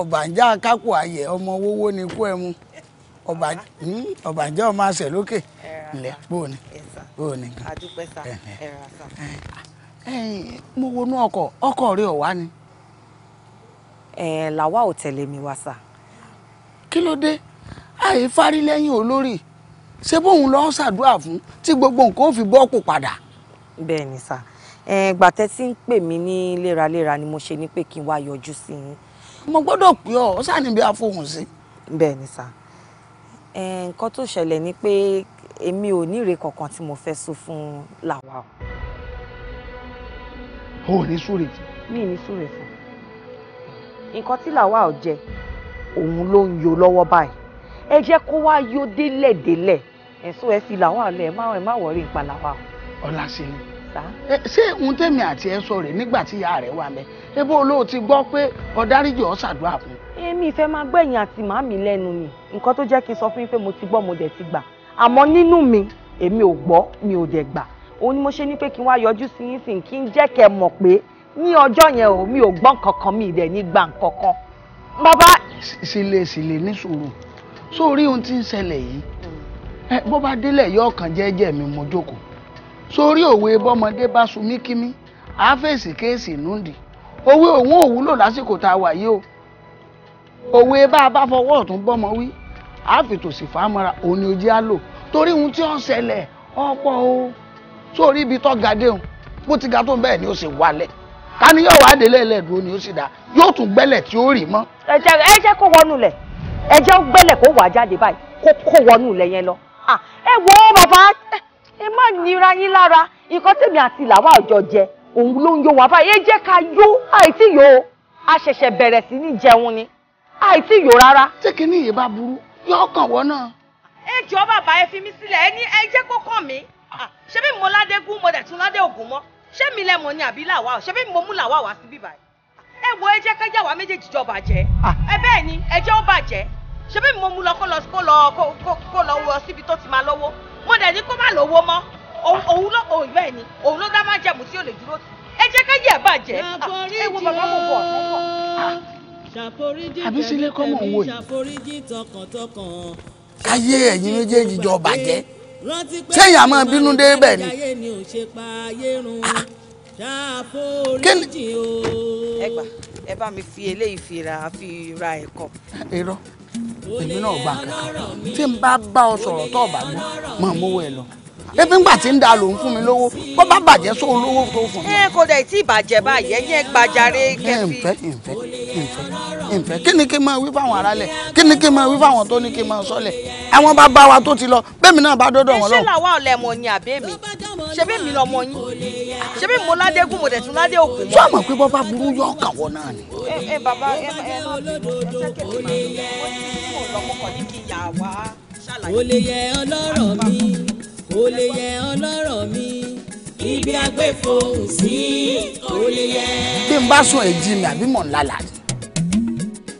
ọbànjá kápò àyè ọmọ wọ́wọ́ ni kú ẹ mu ọ̀bànjẹ́ ọmọ àṣẹ lókè ńlẹ̀ bóòní bóòní kan. mo wọnú ọkọ ọkọ rẹ ò wá ni. làwa ò tẹ̀lé mi wá sà. kí ló dé àì fárí lẹ́yìn olórí ṣé bóun lọ́ọ́ ṣàdúrà fún tí gbogbo nǹkan ò fi bọ́ọ̀kù padà. bẹ́ẹ̀ ni sà ìgbà tẹ́ tí ń pè mí ní léraléra ni mo ṣe ní pé kí n wá yọjú sí yín. mo gbọ́dọ̀ pé ọ ọ sáà níbi àfohùn sí. bẹ́ẹ̀ ni sà. Eh, nǹkan tó ṣẹlẹ̀ ni pé èmi ò ní ìre kankan tí mo fẹ́ sọ fún làwa. o ò ní súre fún. mi ní súre fún nǹkan tí làwa ò jẹ òun ló ń yọ lọ́wọ́ báyìí ẹ jẹ́ kó wá yọ délẹ̀délẹ̀ ẹ̀sùn ẹ fi làwa lẹ̀ ẹ má wọrí nípa ọlá ṣe ni bàbá. ṣé ohun tèmi àti ẹ sọ rè nígbà tí ìyá rẹ wà mẹ ebó olóò ti gbọ́ pé ọdáríjì ọ ṣàdúrà fún. èmi ìfẹ́ máa gbẹ̀yìn àti màmí lẹ́nu mi nǹkan tó jẹ́ kí n sọ fún yín pé mo ti gbọ́ mo dẹ̀ ti gbà àmọ́ nínú mi èmi ò gbọ́ mi ò dẹ̀ gbà òun ni mo ṣe ní pé kí n wá yọjú sí yín sìn kí n jẹ́ kẹ́ mọ̀ pé ní ọjọ́ yẹn ò mi ò gbọ́ kankan sórí òwe bọ́mọdé bá sunmí kímí á fèsì kéèsì núndì òwe òun ò wúlò lásìkò tá a wà yìí o òwe bá a bá fọwọ́ ọ̀tún bọ́mọ wí á fìtòsí fámọ́ra òun ni ojú á lò torí ohun tí ó ṣẹlẹ̀ ọ̀pọ̀ o sórí ibi tó ga déhùn bó ti ga tó bẹ́ẹ̀ ni ó sì wálẹ̀ ká ní yóò wá délé ẹlẹ́dùn ni ó sì dá yóò tún gbẹ́lẹ̀ tí ó rì mọ́. ẹ jẹ́ ẹ jẹ́ kó wọnú lẹ̀ ẹ jẹ́ gbẹ́lẹ̀ kó wà jáde báyìí kó kó wọnú lẹ̀ yẹn lọ ẹ wo bàbá ẹ má nira yín lára ikọ́ tèmi àti làwa ọ̀jọ̀ jẹ òun ló ń yó wá báyìí ẹ jẹ́ ká yó àìtí yó a ṣẹ̀ṣẹ̀ bẹ̀rẹ̀ sí ní jẹun ni àìtí yó rárá. tí kinní yìí bá burú yóò kàn wọ́n náà. ẹ jọ bàbá ẹ fi mí sílẹ̀ ẹ ní ẹ jẹ́ kó kàn mí ṣé bí mo ládé gún mo dẹ̀ tún ládé ògùn mọ́ ṣé mi lẹ́mọ̀ ni àbí làwa ọ̀ ṣé bí mo mú làwa wá síbí báyìí ẹ wo ẹ jẹ́ ká yàwá méjèèjì jọ bàjẹ́ ẹ bẹ́ẹ̀ ni ẹ jẹ́ ó bàjẹ́ ṣé bí mo mú lọ kó lọ kó lọ kó lọ wọ síbi tó ti máa lówó mo dẹ̀ ní kó má lówó mọ́ òun ló òun bẹ́ẹ̀ ni òun ló dá má jẹ̀mú tí ò lè dúró tì ẹ jẹ́ ká yẹ̀ bàjẹ́ ah, ẹ wo bàbá mo bọ̀ ọ̀tọ̀ ah. àbí sílé kọ́ mọ̀ wò yìí ayé ẹ̀yin méjèèjì jọ bàjẹ́ sẹ́yìn àmọ́ bínú dé bẹ́ẹ̀ ni ah. kí ẹ gbà ẹ bá mi fi eléyìí fi ra fi ra ẹ̀kọ èmi náà gbà kankan tí n bá bá ọ sọ̀rọ̀ tó ọ̀bà gbọ́ mọ̀ mówó ẹ lọ ebi ńgbà tí ń da lòun fún mi lówó bó bá bàjẹ́ sóun lówó tó fún mi. ẹ kò dẹ̀ tí ìbàjẹ́ báyìí ẹ jẹ́ gbajàre kẹfì. ìfẹ́ ìfẹ́ ìfẹ́ kí ni kí n máa wí fáwọn aráàlẹ̀ kí ni kí n máa wí fáwọn tó ní kí n máa sọ́lẹ̀ àwọn bàbá wa tó ti lọ bẹ́ẹ̀mi náà bá dọ́dọ̀ wọn lọ. ṣé làwa ọ̀lẹ̀ mọ̀ olè yẹ ọlọ́rọ̀ mi kò lè yẹ ọlọ́rọ̀ mi ibi agbèfò sí kò lè yẹ. bí n bá sùn èjì mi àbí mọ̀ ń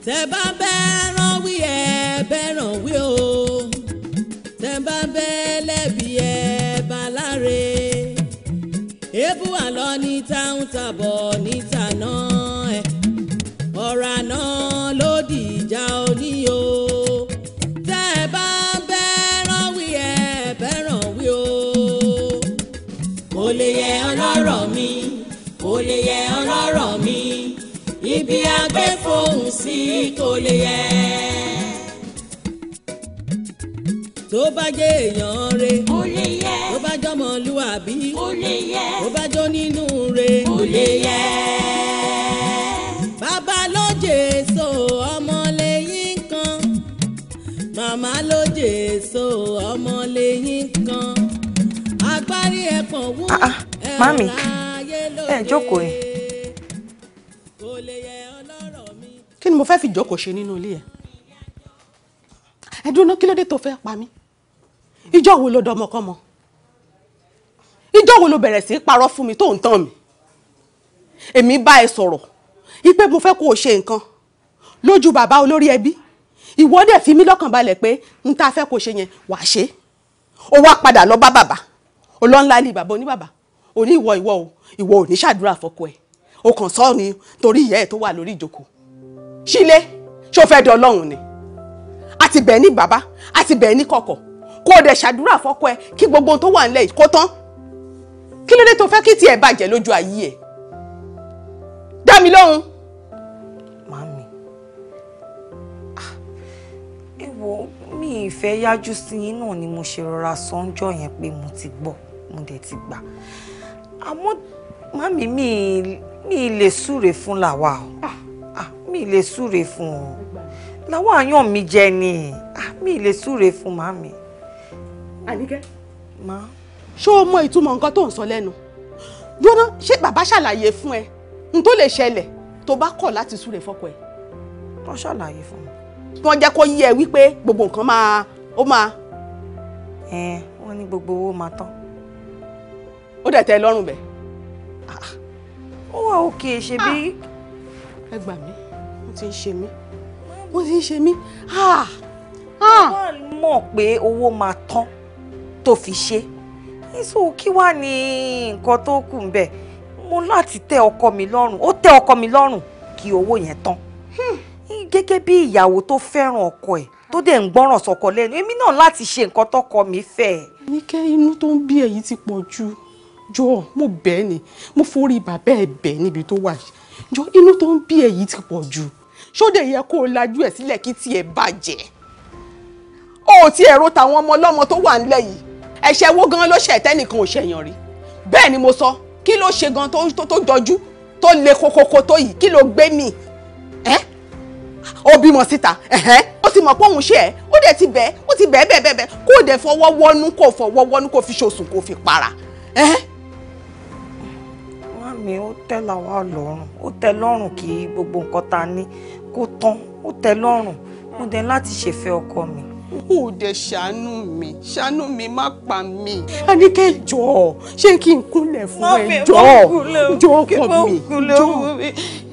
tẹ bá bẹ́ẹ̀ rán wí ẹ bẹ́ẹ̀ rán wí o tẹ bá bẹ́ẹ̀ lẹ́bi ẹ bá láre èébú àlọ́ ní táwọn tàbọ̀ níta náà. èyí kò lè yẹ. tó bá jẹ́ èèyàn re ó lè yẹ. tó bá jọmọlúwàbí ó lè yẹ. tó bá jọ nínú re ó lè yẹ. bàbá ló jèso ọmọ lẹ́yìn kan màmá ló jèso ọmọ lẹ́yìn kan agbárí ẹ̀pọ̀n wú ah, ah, ẹ̀rọ ayé lóde. mami ẹ jókòó yìí. kí ni mo fẹ́ fi jókòó ṣe nínú ilé ẹ̀ ẹ dúró kí ló dé tó fẹ́ pa mí ìjọ wo ló dọmọkọmọ ìjọ wo ló bẹ̀rẹ̀ sí í parọ́ fún mi tó ń tàn mi èmi bá ẹ sọ̀rọ̀ ipe mo fẹ́ kó o ṣe nǹkan lójú bàbá olórí ẹbí ìwọ dẹ̀ fi mí lọ́kàn balẹ̀ pé n ta fẹ́ kó o ṣe yẹn wàá ṣe ó wá padà lọ bá bàbá ọlọ́nlá ni bàbá oníbàbá òní ìwọ ìwọ o ìwọ ò ní ṣàdúrà fọkọ ẹ o kàn sọ ni torí ìyá ẹ tó wà lórí ìjókòó sílé ṣó fẹ́ dán ọlọ́run ni àti bẹ́ẹ̀ ní bàbá àti bẹ́ẹ̀ ní kọ̀kọ̀ kó o dẹ̀ ṣàdúrà fọ́kọ ẹ kí gbogbo ohun tó wà nílẹ̀ kó tán kí ló dé tó fẹ́ kí tiẹ̀ bàjẹ́ lójú ayé ẹ̀ dá mi lóhùn. màámi ah, ẹ mi ìfẹ́ yájú sí yín náà ni mo ṣe rọra sọ́njọ́ yẹn pé mo ti gbọ́ mo dẹ̀ ti gbà àmọ́ màámi mi ì lè súre fún làwa o. Ah, mi lè súre fún ọ làwọn àyàn mi jẹ ni ah, mi lè súre fún màmí. àníkẹ́. má. ṣé o mọ ìtumọ̀ nǹkan tó ń sọ lẹ́nu gbóná ṣé bàbá ṣàlàyé fún ẹ n tó lè ṣẹlẹ̀ tó bá kọ̀ láti súre fọ́kọ ẹ. wọ́n ṣàlàyé fún mi. wọ́n jẹ́ kó yí ẹ wípé gbogbo nǹkan máa ó máa. ẹ wọ́n ní gbogbo owó máa tán. ó dẹ̀ tẹ́ ẹ lọ́rùn bẹ́ẹ̀. Ah, ó wà òkè ṣebí. Ah, ẹ gbà mí ti ń ṣe mí wọ́n ti ń ṣe mí. Ah! Ah! wọ́n mọ̀ pé owó máa tán tó fi ṣe èso kí wàá ní nǹkan tó kù ń bẹ̀ mo láti tẹ ọkọ mi lọ́rùn ó tẹ ọkọ mi lọ́rùn kí owó yẹn tán hmm. gẹ́gẹ́ bí ìyàwó tó fẹ́ràn ọkọ ẹ̀ tó dẹ̀ ń gbọ́ràn sọ́kọ lẹ́nu èmi náà láti ṣe nǹkan tọ́kọ mi fẹ́. níkẹ́ inú tó ń bí èyí ti pọ̀ jù jọ mo bẹ́ẹ̀ ni mo forí bàbá ẹ̀ bẹ́ẹ̀ níbi tó wà jọ inú tó ń bí èyí ti pọ̀ jù ṣóde yẹ kó o lajú ẹ̀ sílẹ̀ kí tiẹ̀ bàjẹ́ o ò tiẹ̀ ro tàwọn ọmọ ọlọ́mọ tó wà nílẹ̀ yìí ẹ̀ṣẹ̀ wo gan ló ṣe ẹ̀tẹ́nìkan ò ṣẹ̀yàn rí bẹ́ẹ̀ ni mo sọ kí ló ṣe gan tó jọjú tó le kokoko tó yìí kí ló gbé mi ó bímọ síta ó ti mọ̀ pé òun ṣe ẹ́ ó dẹ̀ ti bẹ́ẹ̀ ó ti bẹ́ẹ̀ bẹ́ẹ̀ bẹ́ẹ̀ kó o dẹ̀ fọwọ́ wọnú kó o fọwọ́ wọnú kó o fi ṣòṣùn kó o fi para. wá ó tẹ́ làwa lọ́rùn ó tẹ́ lọ́rùn kí gbogbo nǹkan ta ní kó tán ó tẹ́ lọ́rùn mo dẹ̀ láti ṣèfẹ́ ọkọ mi. ó dẹ̀ ṣàánú mi ṣàánú mi má pa mi. a ní kẹ́ jọ ṣé kí n kúnlẹ̀ fún ẹ jọ jọ ọkọ mi jọ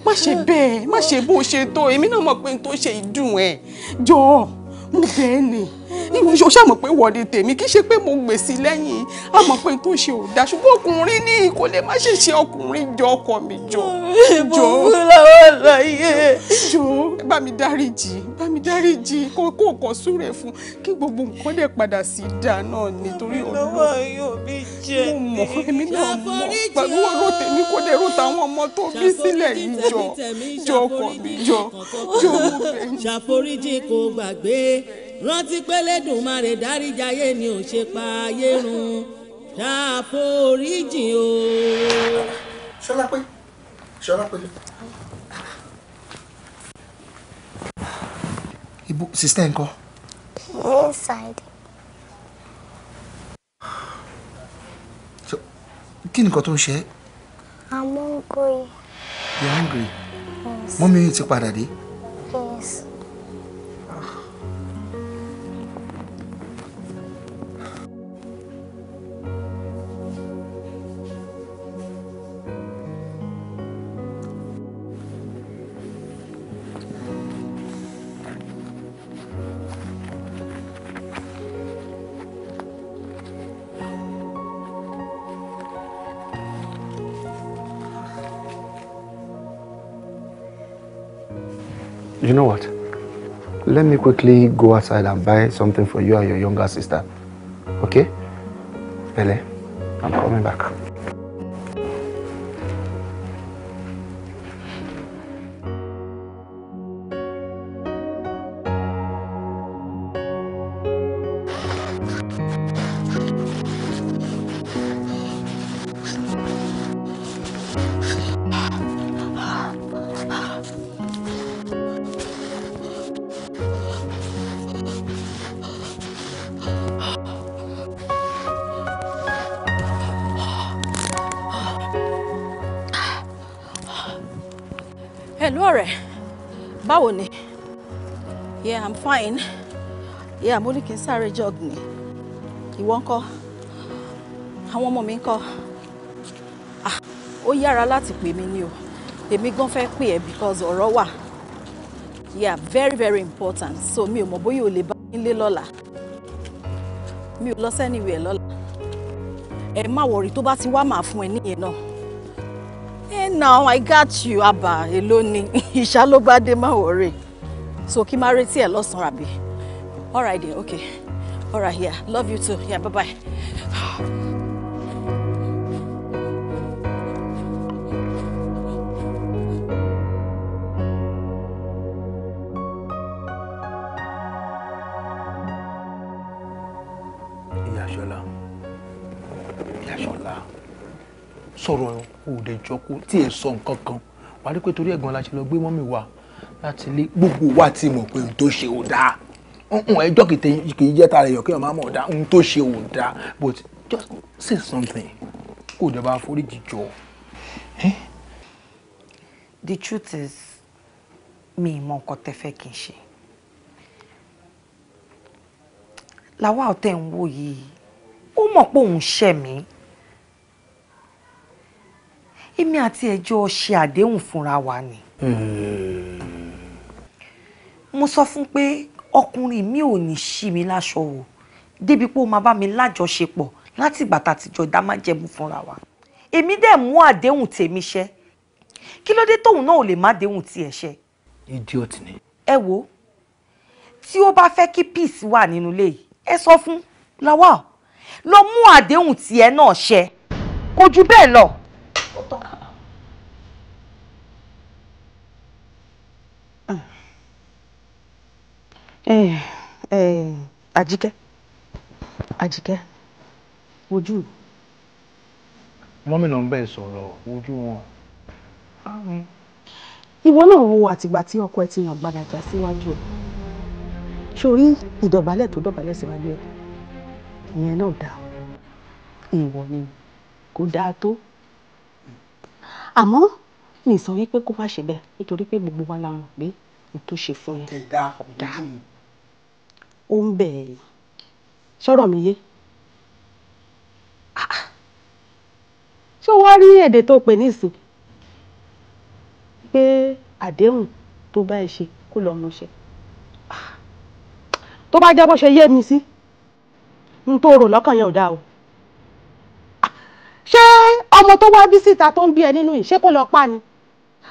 má ṣe bẹ́ẹ̀ má ṣe bó ṣe tó èmi náà mọ̀ pé n tó ṣe ìdùn ẹ̀ jọ mo bẹ́ẹ̀ ni o ṣàmọ̀ pé wọ́n ni tèmi kì í ṣe pé mo gbèsè lẹ́yìn a pé n tó ṣe ò dáa ṣùgbọ́n ọkùnrin ní kò lè má ṣe ṣe ọkùnrin jọ ọkọ mi jọ. jọ jọ bá mi dáríjì bá mi dáríjì kó kó kọ súre fún kí gbogbo nǹkan dẹ̀ padà sí dáa náà nítorí ọlọ́run mo mọ̀ èmi náà mọ̀ pẹ̀lú ọ̀rọ̀ tèmi kó dẹ̀ rò táwọn ọmọ tó bí sílẹ̀ yìí jọ jọ ọkọ mi jọ jọ mo bẹ̀ rántí pé lẹ́dùnmarè dáríjayé ni ò ṣe pa ayé run ṣàforíjìn o. ṣọlá pé ṣọlá pé. ibu sista ńkọ́. inside. kí ni nǹkan tó ń ṣe i'm hungry. you're hungry. yes. mọ́mí ti padà dé. yes. let me quickly go outside and buy something for you and your younger sister. Okay? Pele, I'm coming back. báwo ni yeah i'm fine yeah mo ní kí n sáré jog ni ìwọ ńkọ́ àwọn ọmọ mi ńkọ́ ah ó yára láti pè mí ni o èmi gan fẹ́ pè ẹ́ because ọ̀rọ̀ wà yeah very very important so mi ò mọ̀ bóyá o lè bá nílé lọ́la mi ò lọ sẹ́niwẹ̀ẹ́ lọ́la ẹ má wọ̀rí tó bá ti wá màá fún ẹ níyẹn náà now i got you abba èló ni ìṣá ló bá dé má so kí má retí ẹ lọ́sàn-án all right then okay all right yeah. love you too yeah bye bye. dẹ̀ jọ tí ẹ sọ nǹkan kan wà pé torí ẹ̀gbọ́n la ṣe lọ gbé mọ́mì wa láti ilé gbogbo wa ti mọ̀ pé ohun tó ṣe ò dáa ọ̀hún ẹjọ́ kì í jẹ́ tara ẹ̀yọ̀ kí ọ̀ máa mọ̀ ohun tó ṣe ò dáa but just say something kó dẹ̀ foríjì jọ. the truth is mi ì mọ nǹkan tẹ́ fẹ́ kí n ṣe làwa ọ̀tẹ̀ ń wò yìí ó mọ̀ pé òun ṣẹ̀ mí èmi àti ẹjọ́ ṣe àdéhùn fúnra wa ni. Hmm. mo sọ fún pé ọkùnrin mi ò ní ṣí mi láṣọ o débi pé ó máa bá mi lájọṣepọ̀ láti ìgbà tàtijọ́ ìdá máa jẹ́mu fúnra wa èmi dẹ̀ mú àdéhùn tèmi ṣẹ kí ló dé tóun náà ò lè má déhùn tiẹ̀ ṣẹ. idiot ni. ẹ wo tí ó bá fẹ́ kí peace wà nínú ilé yìí ẹ sọ fún Lawal lọ mú àdéhùn tiẹ̀ náà ṣẹ kò jù bẹ́ẹ̀ lọ sọ́tọ̀. Àjíkẹ́ Àjíkẹ́ wojú. Mọ́mí ló ń bẹ́ẹ̀ sọ̀rọ̀ wojú wọn. Ìwọ náà wo àtìgbà tí ọkọ ẹ ti yàn gbàgàjà síwájú ẹ̀. Sórí ìdọ̀bálẹ̀ tó dọ̀bálẹ̀ síwájú ẹ̀. Ìyẹn náà dáa. Ìwọ ni kò dáa tó àmọ́ mi sọ wípé kó má ṣe bẹ́ẹ̀ nítorí pé gbogbo wa la rò pé n tó ṣe fún ẹ ọ̀dà ó ń bẹ̀ ẹ́ sọ̀rọ̀ mi yé ṣé o wá rí èdè tó pè nísìn pé àdéhùn tó bá ẹ ṣe kó lọ́ọ́ mú ṣe ah. tó bá jẹ́ bó ṣe yé mi sí n tó rò lọ́kàn yẹn ò dáa o ah. ṣé ọmọ tó wá bí síta tó ń bí ẹ nínú yìí ṣé kó lọ pa ni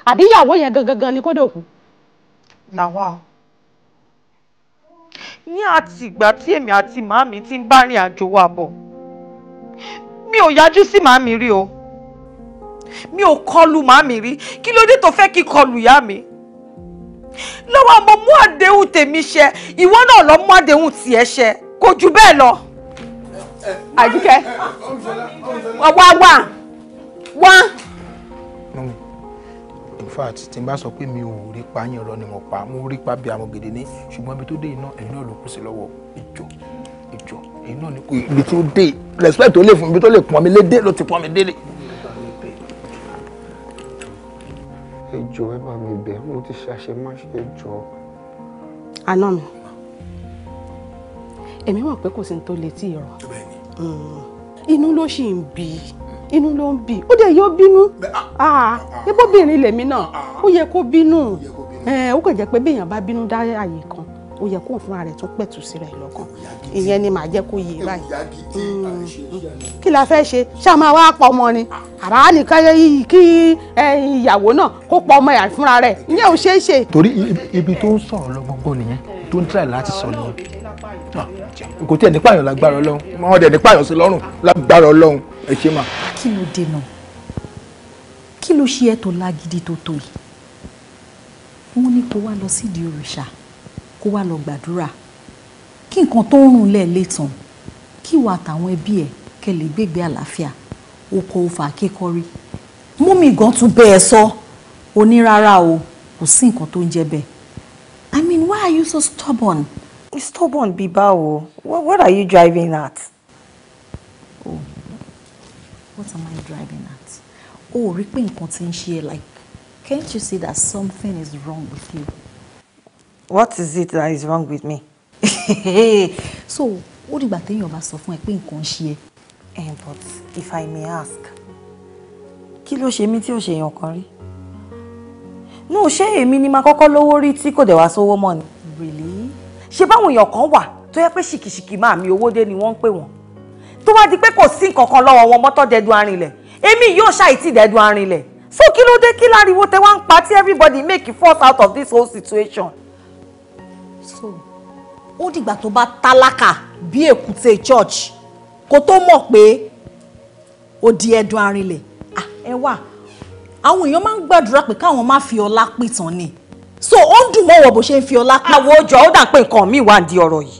àbí ìyàwó yẹn gangan ni kó dòkú. làwa ní àti ìgbà tí èmi àti màámi ti ń bá rìn àjò wa bọ̀ mi ò yájú sí màámi rí o mi ò kọlù màámi rí kí ló dé tó fẹ́ kí kọlù ìyá mi lọ́wọ́ mo mú àdéhùn tèmi ṣẹ ìwọ náà lọ mú àdéhùn tiẹ̀ ṣẹ kò jù bẹ́ẹ̀ lọ. àdìkẹ́ wá wá wá. mọ́mí in fact tí n bá sọ pé mi ò rí pa yín ọ̀rọ̀ ni mo pa mo rí pa bí àwọn gèdè ní ṣùgbọ́n ibi tó dé iná ẹ̀yin náà ló kù sí lọ́wọ́ ìjọ ìjọ ẹ̀yin náà ni kò ibi tó dé respect tó lè fún ibi tó lè pọ́n mi lédè ló ti pọ́n mi délé. ẹ jọ̀ọ́ ẹ bá mi bẹ̀ mo ti ṣàṣemáṣe ẹ jọ̀ọ́. àná mi èmi mọ̀ pé kò sí ní tó létí ọ̀rọ̀ hmm. inú ló ṣì ń bí i inú ló ń bì ó dẹ̀ yóò bínú ebóbìnrin ah, ah, ah, lèmi náà ó yẹ kó bínú eh, ó kàn jẹ́ pé béèyàn bá bínú dá àyè kan ó yẹ kó fúnra rẹ̀ tún pẹ̀tù sí rẹ̀ lọ́kàn ìyẹn ni màá jẹ́ kó yé báyìí hmm. kí la fẹ́ ṣe ṣá máa wá pa ọmọ ni àbá nìkan kí eh, ìyàwó náà kó pa ọmọ yàrá fúnra rẹ̀ ìyẹn ò ṣeé ṣe. torí ibi tó ń sọ̀rọ̀ lọ gbọ́ngbọ́n nìyẹn tó ń tíráì láti sọ nìyẹn kò tí ẹ̀ nípa àyàn lágbára ọlọ́run wọn ò nípa àyàn sí lọ́rùn lágbára ọlọ́run ẹ ṣe máa kí ló dènà kí ló ṣe ẹ́ tó lágídí tó tó yìí wọ́n ní kó wá lọ sídìí òrìṣà kó wá lọ gbàdúrà kí nǹkan tó ń rùn lẹ̀ létan kí ìwà àtàwọn ẹbí ẹ̀ kẹ́ lè gbégbé àlàáfíà oko òfà kékọ́rí mú mi gan tún bẹ́ẹ̀ sọ onírárá o kò sí nǹkan tó ń jẹ bẹ́ẹ̀ I mean why are you so stubborn. stubborn bíbá o what, what are you driving at. Oh what am I driving at Oh, ripping rí like can't you see that something is wrong with you. what is it that is wrong with me. so what dìgbà téèyàn bá sọ about ẹ pé nǹkan And eh, but if I may ask kilo ló ṣe mí tí ò ṣe èèyàn kan rí nù ṣé èmi ni máa kọ́kọ́ really ṣé báwọn èèyàn kan wà tó shiki pé ṣìkìṣìkì mi owo de ni wọ́n ń pè tó wá di pé kò sí nǹkan kan lọ́wọ́ wọn mọ́tọ́ dẹ́dun arinlẹ̀ èmi yóò ṣàì tí dẹ́dun arinlẹ̀ so kí ló dé kí láriwo tẹ wá ń pa tí everybody make it force out of this whole situation. so ó dìgbà tó bá tálákà bí èkúté church kó tó mọ̀ pé ó di ẹ̀dùn arinlẹ̀ ah, ẹ wà àwọn èèyàn máa ń gbàdúrà pé káwọn má fi ọlá pìtàn ni so ó ń dùn mọ́wọ́ bó ṣe ń fi ọlá pìtàn. àwọn ojú ọ̀dà pé nǹkan mi wà ń di ọ̀rọ̀ yìí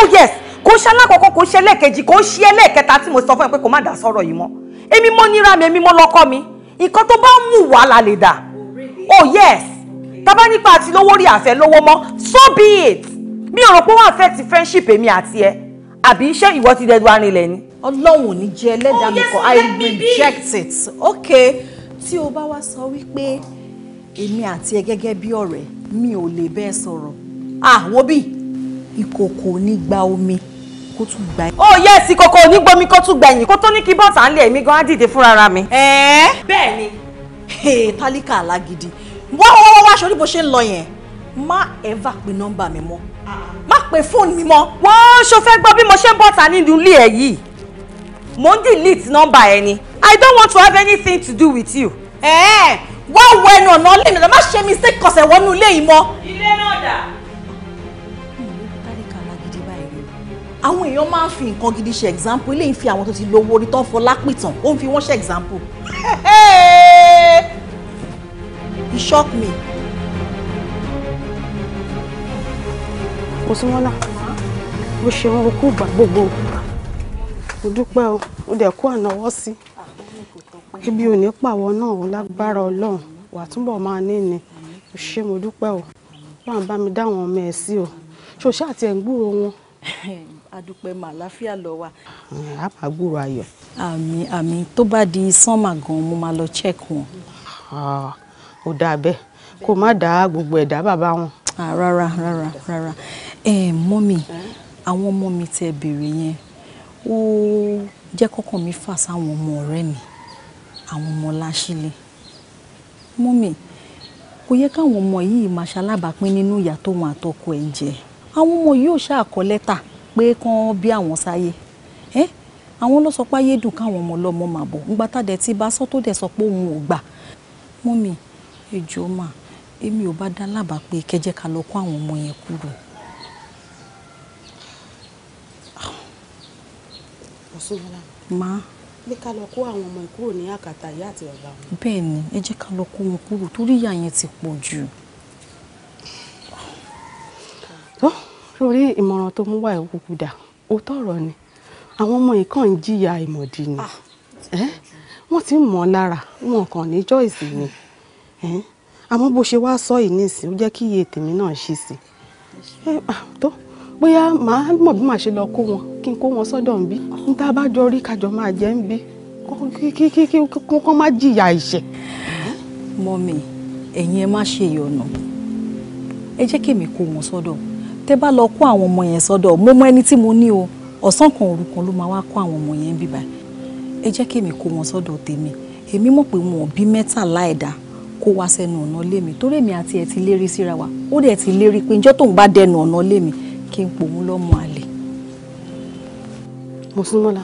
oh yes kò ṣe alákọ̀ọ́kọ́ kò ṣe ẹlẹ́ẹ̀kejì kò ṣe ẹlẹ́ẹ̀kẹta tí mo sọ fún ẹ pé kò má dà sọ̀rọ̀ yìí mọ́ èmi mọ́ níra mi èmi mọ́ lọ́kọ́ mi nǹkan tó bá ń mú wà á lè dà oh yes tábà nípa àti lówó rí àfẹ́ lówó mọ́ so be it mi ò rò pé wọ́n affect friendship èmi àti ẹ àbí iṣẹ́ ìwọ ti dẹ́dọ̀ arinlẹ̀ ni. ọlọ́run ò ní jẹ́ ẹlẹ́dàá mi oh, kọ́ oh, i reject it okay tí o bá wá sọ wípé èmi àti ẹ gẹ́gẹ́ bí ọ̀rẹ́ mi ò lè bẹ́ẹ̀ sọ̀rọ̀ ah wo bí ìkòkò ní gba omi kó tún gba ẹ̀yìn. ó oh, yẹ ẹsì kòkó onígbomi kó tún gba ẹ̀yìn kó tó ní kí bọ́ọ̀tà ń lé èmi gan á dìde fúnra ra mi. ẹ̀ẹ́ eh? bẹ́ẹ̀ ni tálíkà alágídí wọ́n wọ́n wọ́n wá aṣọ ṣe ń lọ yẹn má ever pe nọ́mbà mi mọ́ má pe fóònù mi mọ́. wọ́n ṣo fẹ́ gbọ́ bí mo ṣe ń bọ̀tà nínú ilé ẹ̀ yìí mo ń delete nọ́mbà ẹ ni i don't want to have anything to do with you. ẹ̀ẹ́ eh? wá wọ ẹnu ọ̀nà ọ̀lẹ́mìíràn má ṣe mistake kọ̀sẹ̀ wọnú ilé yìí mọ́. ilé náà dà. àwọn èèyàn máa ń fi nǹkan gidi ṣe example eléyìí fi àwọn tó ti lówó orí tó fọlá pìtàn ó ń fi wọ́n ṣe example. he shock me. kò sí wọn náà bó ṣe wọn kú gbà gbogbo kò dúpẹ́ o ó dẹ̀ kó ànáwọ́ sí ibi ò pàwọ́ náà ó lágbára ọlọ́run wà túbọ̀ máa ní ni kò ṣe mo dúpẹ́ o wà bá mi dá ọmọ ẹ̀ sí o ṣòṣà àti ń gbúrò wọn. adúpẹ́ mà láfíà lọ wa. a máa gbúrò ayọ̀. àmì àmì tó bá di sánmà gan mo máa lọ check wọn. ó dáa bẹ́ẹ̀ kó má dá gbogbo ẹ̀dá bàbá wọn. rárá rárá rárá ẹ mọ́mì àwọn ọmọ mi tẹ béèrè yẹn ó jẹ́ kọ́kàn mi fà sáwọn ọmọ ọ̀rẹ́ mi àwọn ọmọ láṣìlẹ̀ mọ́mì kò yẹ káwọn ọmọ yìí máa ṣalábàápín nínú ìyà tóun àtọkọ ẹ̀ jẹ àwọn ọmọ yìí ò ṣáà kọ lẹ́tà pé kán bí àwọn sáyé ẹ àwọn ló sọ pé ayé dùn káwọn ọmọ ọlọ́mọ máa bọ̀ ńgbà tàdé tí bá sọ tó dẹ̀ sọ pé òun ò gbà mọ́mì ẹjọ́ mà èmi ò bá dá lábàá pé kẹjẹ́ ká lọ kó àwọn ọmọ yẹn kúrò. ọ̀ṣunwọlá má. pé ká lọ kó àwọn ọmọ kúrò ní àkàtà ìyá àti bàbá wọn. bẹ́ẹ̀ ni ẹ jẹ́ ká lọ kó wọn kúrò torí ìyá yẹn ti pọ̀ jù. tó sórí ìmọ̀ràn tó mú wá ìkúkú dà ó tọ̀rọ̀ ni àwọn ọmọ yìí kàn ń jìyà ìmọ̀dí ni ah. wọ́n ti ń mọ̀ ọ́ lára wọn kàn ní jọ́ìsì ni àmọ́ bó ṣe wá sọ yìí nísìn ó jẹ́ kí iye tèmi náà ṣe sí ah, tó bóyá màá mọ̀ bí màá ṣe lọ kó wọn kí n kó wọn sọ́dọ̀ ń bí níta bá jọ rí kájọ máa jẹ́ ń bí kí kí má jìyà ìṣẹ́. mọ́mì ẹ̀yin ẹ má ṣe ìyọnu ẹ jẹ́ kí èmi kó wọn sọ́dọ̀ tẹ́ bá lọ kó àwọn ọmọ yẹn sọ́dọ̀ mo mọ ẹni tí mo ní o ọ̀sán kan òru kan ló máa wá kó àwọn ọmọ yẹn bíbá ẹ jẹ́ kí èmi kó wọn sọ́dọ̀ tèmi èmi mọ̀ pé wọn ò bí mẹ́tàlá ẹ̀dá kó wá sẹ́nu ọ̀nà lémi torí èmi àti ẹ̀ ti lérí síra wa ó dẹ̀ ti lérí pé njọ́ tóun bá dẹnu ọ̀nà lémi kí n pòun lọ́mọ àlè. mùsùlùmọ́lá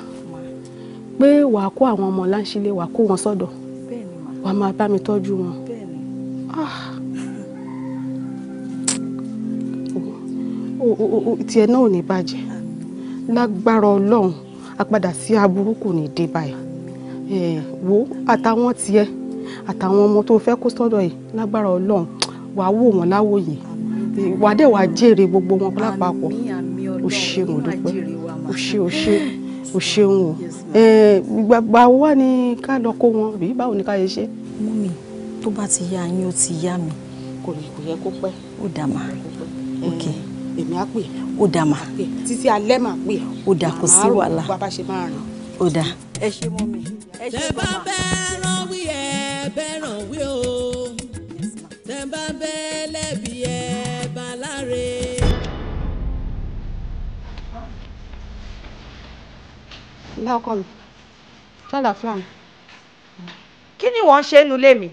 pé wà á kó àwọn ọmọ láńṣílẹ̀ wà á kó wọn sọ́dọ̀ wà á máa bá mi tọ́jú wọn. bẹ́ẹ̀ ni. Ah. tiẹ̀ náà ò ní bàjẹ́ lágbára ọlọ́run àpadà sí aburú kò ní dé báyìí wo àtàwọn tiẹ̀ àtàwọn ọmọ tó fẹ́ kó sọ́dọ̀ yìí lágbára ọlọ́run wàá wò wọ́n láwòye wàá dẹ̀ wàá jèrè gbogbo wọn lápapọ̀ o ṣe o dúpẹ́ o ṣe o ṣe o ṣeun o gbàgbà wa ni ká lọ kó wọn bí báwo ni ká yẹ ṣe. mú mi tó bá ti yá yín ó ti yá mi. kò yẹ kó pẹ́. ó dà má ok. Mm èmi á pè. ó dà mà. títí alẹ́ mà pè. ó dà kò sí wàhálà. màmá rò bá ṣe máa rìn. ó dà. ẹ ṣe mọ mi. tẹ bá bẹ́ẹ̀ rán wí ẹ bẹ́ẹ̀ rán wí o tẹ bá bẹ́ẹ̀ lẹ́bi ẹ bá láre. láọkọ mi ṣàlàfíà mi. kí ni wọ́n ń ṣe nulẹ̀ mi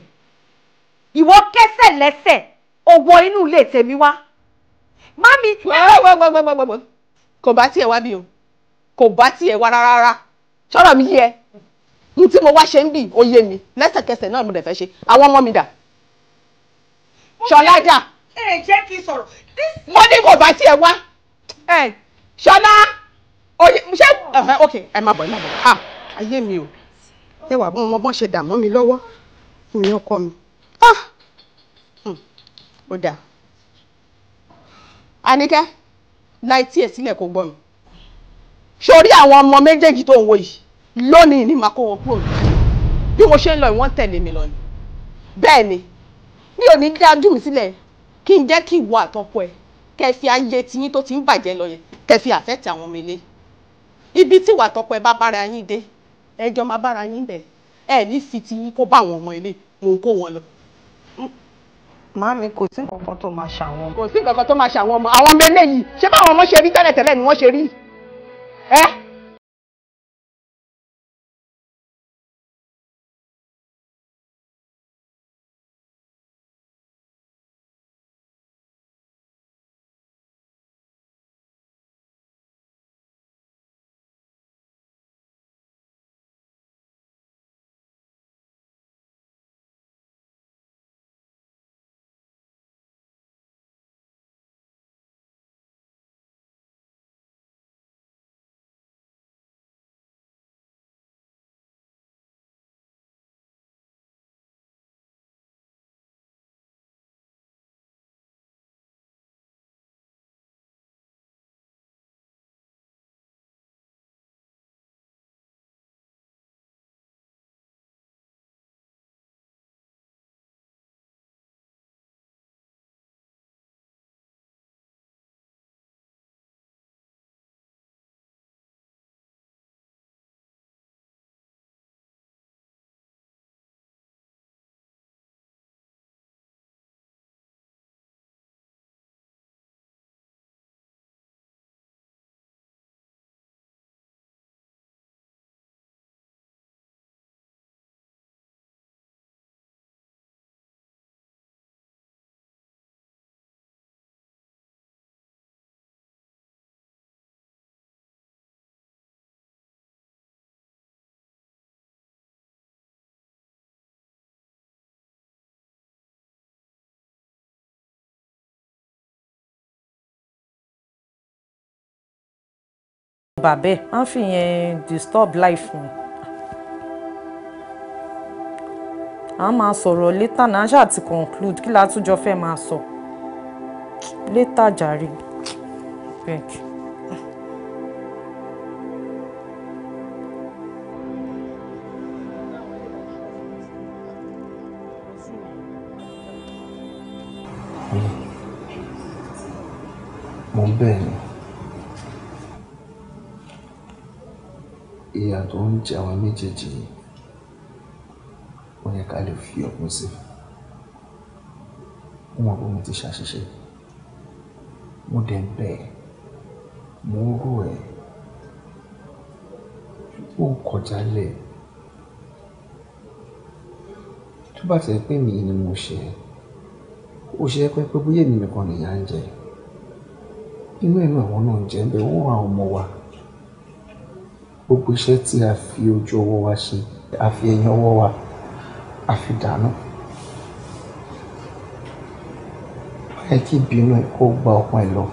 ìwọ kẹsẹ̀ lẹ́sẹ̀ ó wọ inú ilé tèmi wá mami. wọ́n kò bá tiẹ̀ wá bí o kò bá tiẹ̀ wá rárá sọ̀rọ̀ mi yẹ ní tí mo wá ṣe ń bì ó yé mi lẹ́sẹ̀kẹsẹ̀ náà mo dẹ̀ fẹ́ ṣe àwọn ọmọ mi dà ṣọlá dà. ẹ jẹ́ kí n sọ̀rọ̀. mo ní kò bá tiẹ̀ wá ṣọlá ṣé ok ẹ má bọ̀ ẹ má bọ̀ ah ayé mi o ẹ wà bọ́n bọ́n ṣe dààmú mi lọ́wọ́ mi ọkọ mi ah hmm, ó dáa. Àníkẹ́ la etí ẹ̀ sílẹ̀ kó gbọ́ mi sórí àwọn ọmọ méjèèjì tó ń wo yìí lónìí ni màá kó wọn kúrò bí mo ṣe ń lọ ìwọ́n tẹ̀lé mi lọ ni bẹ́ẹ̀ ni mi ò ní dájú mi sílẹ̀ kí n jẹ́ kí ìwọ àtọkọ ẹ kẹ́ fi ayé tiyín tó ti ń bàjẹ́ lọ yẹn kẹ́ fi àfẹ́tì àwọn ọmọ ilé ibi tí ìwọ àtọkọ ẹ bá bára yín dé ẹjọ́ máa bára yín bẹ̀ ẹ ní fi tiyín kó bá àwọn ọmọ ilé mò ń kó wọn lọ màámi kò sí nǹkan kan tó máa ṣàwọn. kò sí nǹkan kan tó máa ṣàwọn ọmọ àwọn ọmọ eléyìí ṣé báwọn ọmọ ṣe rí tẹ́lẹ̀tẹ́lẹ̀ ni wọ́n ṣe rí ẹ́. bá bẹ́ẹ̀ á fi yẹn disturb life mi. à ń máa sọ̀rọ̀ létà náà ṣáà ti conclude kí látúnjọ fẹ́ máa sọ létà jàre bẹ́ẹ̀. mo ń ni. tó ń jẹ àwọn méjèèjì yìí ó yẹ ká lè fi ọ̀pọ̀ sí i wọn kò mo ti ṣàṣìṣe mo dẹ̀ ń bẹ̀ mo ń rò ẹ́ ó kọjá lẹ̀ tó bá ti pé mi ni mo ṣe ó ṣe pé pé bóyá èmi nìkan nìyà ń jẹ inú ẹ̀ náà àwọn náà ń jẹ ń bẹ wọ́n wà ọmọ wa gbogbo iṣẹ́ tí a fi ojú ọwọ́ wa ṣe a fi ẹ̀yìn ọwọ́ wa a fi dànù. má yẹ kí ìbínú ẹ kó gba ọkàn ẹ lọ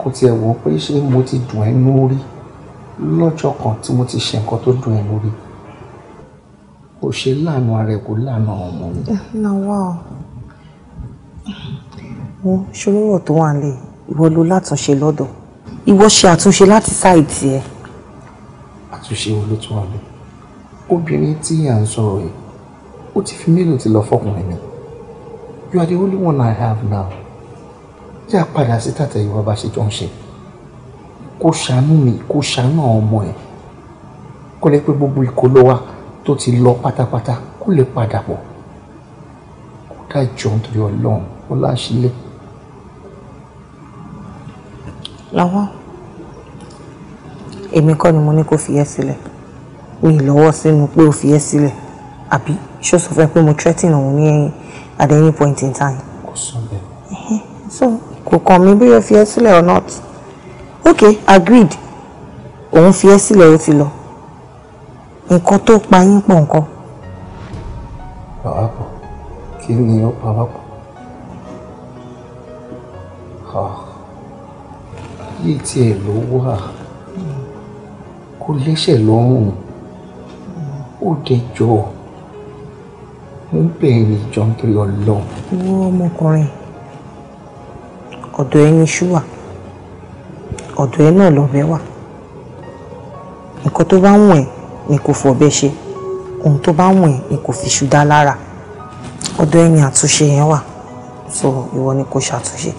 kó tiẹ̀ wò ó pé ṣé mo ti dùn ẹ́ lórí lọ́jọ́ kan tí mo ti ṣe nǹkan tó dùn ẹ́ lórí kò ṣe láàánú ara ẹ kò láàánú ọmọ mi. Eh, nàwa o mo ṣòro ọ̀rọ̀ tó wà nílẹ̀ ìwọ ló látúnṣe lọ́dọ̀ ìwọ ṣe àtúnṣe láti sáìtì ẹ. àtúnṣe wo ló tún wà lẹ obìnrin tí à ń sọ̀rọ̀ yìí ó ti fi mélòó ti lọ fọkùnrin mi you are the only one i have now jẹ́ àpadà sí tàtà ìwà bá ṣe jọ ń ṣe kó ṣàánú mi kó ṣàánú àwọn ọmọ ẹ̀ kó lè pé gbogbo ìkóló wa tó ti lọ pátápátá kó lè padà bọ̀ kó dájọ́ nítorí ọlọ́run ó láṣìlẹ̀ lọ́wọ́ èmi kọ́ ni mo ní kó fi ẹ́ sílẹ̀ mi lọ́wọ́ sínú pé ó fi ẹ́ sílẹ̀ àbí ṣó sọ fẹ́ pé mo threaten òun ní ẹ̀yìn at any point in time. kò sọ bẹ́ẹ̀. so kò kàn mí bí ó fi ẹ́ sílẹ̀ or not ok agreed òun fi ẹ́ sílẹ̀ ó ti lọ nǹkan tó pa yín pọ̀ nǹkan. bàbá pọ̀ kí ni ó pa wá pọ̀. Ah ayé tiẹ̀ ló wà kò lẹ́sẹ̀ lọ́rùn ó dẹjọ́ mo ń bẹ̀ ẹ́ ní ìjọ nítorí ọlọ́run. wo ọmọkùnrin ọ̀dọ̀ ẹni ṣúwà ọ̀dọ̀ ẹ náà lọ́bẹ̀ wà nǹkan tó bá wùn ẹ́ ni kò fọ̀bẹ ṣe ohun tó bá wùn ẹ́ ni kò fi ṣúdá lára ọ̀dọ̀ ẹni àtúnṣe yẹn wà so ìwọ ni kò ṣàtúnṣe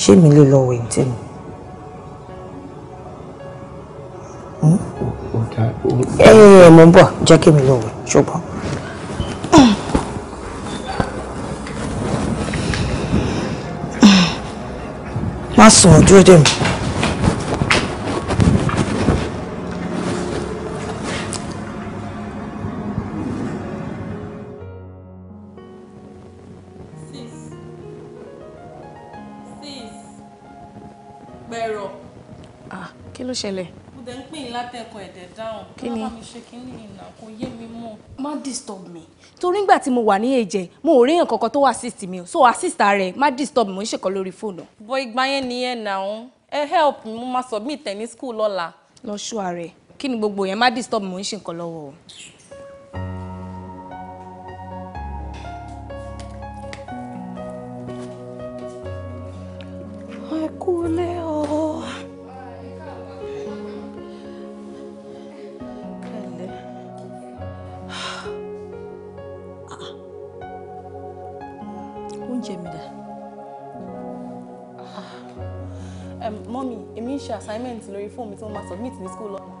ṣé mi lè lọ wẹ̀ ní tèmi. ẹ ẹ mo ń bọ̀ jẹ́ kí mi lọ wẹ̀ ṣùgbọ́n. má sùn ojú dè mí. Ah, ṣẹlẹ̀ látẹ̀kọ̀ ẹ̀dẹ̀ dáhùn kí ni mi ṣe kí ni ìnà kò yé mi mọ́. má disturb mi torí ngbà tí mo wà ní èjẹ mo ò ríyàn kankan tó wà assist mi o so assist rẹ má disturb mi mo ń ṣèkọ lórí fóònù. bọ ìgbà yẹn nìyẹn náà ẹ help mi mo máa submit ẹ ní school lọ́la. lọ ṣọ́ ara kí ni gbogbo yẹn má disturb mi mo ń ṣe nǹkan lọ́wọ́ o. ẹ mọ́mì èmi ń ṣe assignment lórí fóònù mi tí mo máa submit ní school lọ́nà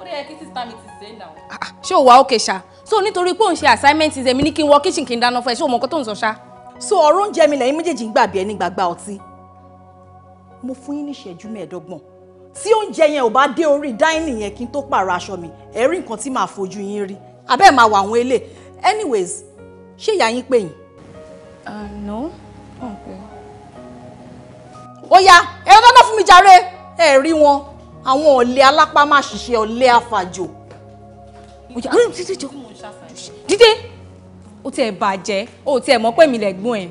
ó dé yẹ kí sísá mi ti ṣe é náà. ṣé o wà ókè ṣá so nítorí pé òun ṣe assignment èmi ní kí n wọ kíchìn kí n dáná fún ẹ ṣé o mọ nǹkan tó ń sọ ṣá. so ọ̀rọ̀ oúnjẹ mi lẹ́yìn méjèèjì ń gbàgbé ẹni gbàgbà ọtí mo fún yín ní ìṣẹ́jú mẹ́ẹ̀ẹ́dọ́gbọ̀n tí oúnjẹ yẹn ò bá dé orí dáínì yẹn kí n tó pààrọ̀ aṣọ mi ẹ rí nǹkan tí màá fojú yín rí abẹ́ẹ̀ máa wà àwọn eléyìí anyways ṣé ìyá yín pè yín. Um, no ó yá ẹ̀rọ dáná fún mi jàre ẹ̀ rí wọn àwọn ọ̀lẹ alápá má ṣiṣẹ́ ọ̀lẹ àfàjò. dídé ó tiẹ̀ bàjẹ́ ó tiẹ̀ mọ̀ pé mi lẹ́gbọ́n ẹ̀.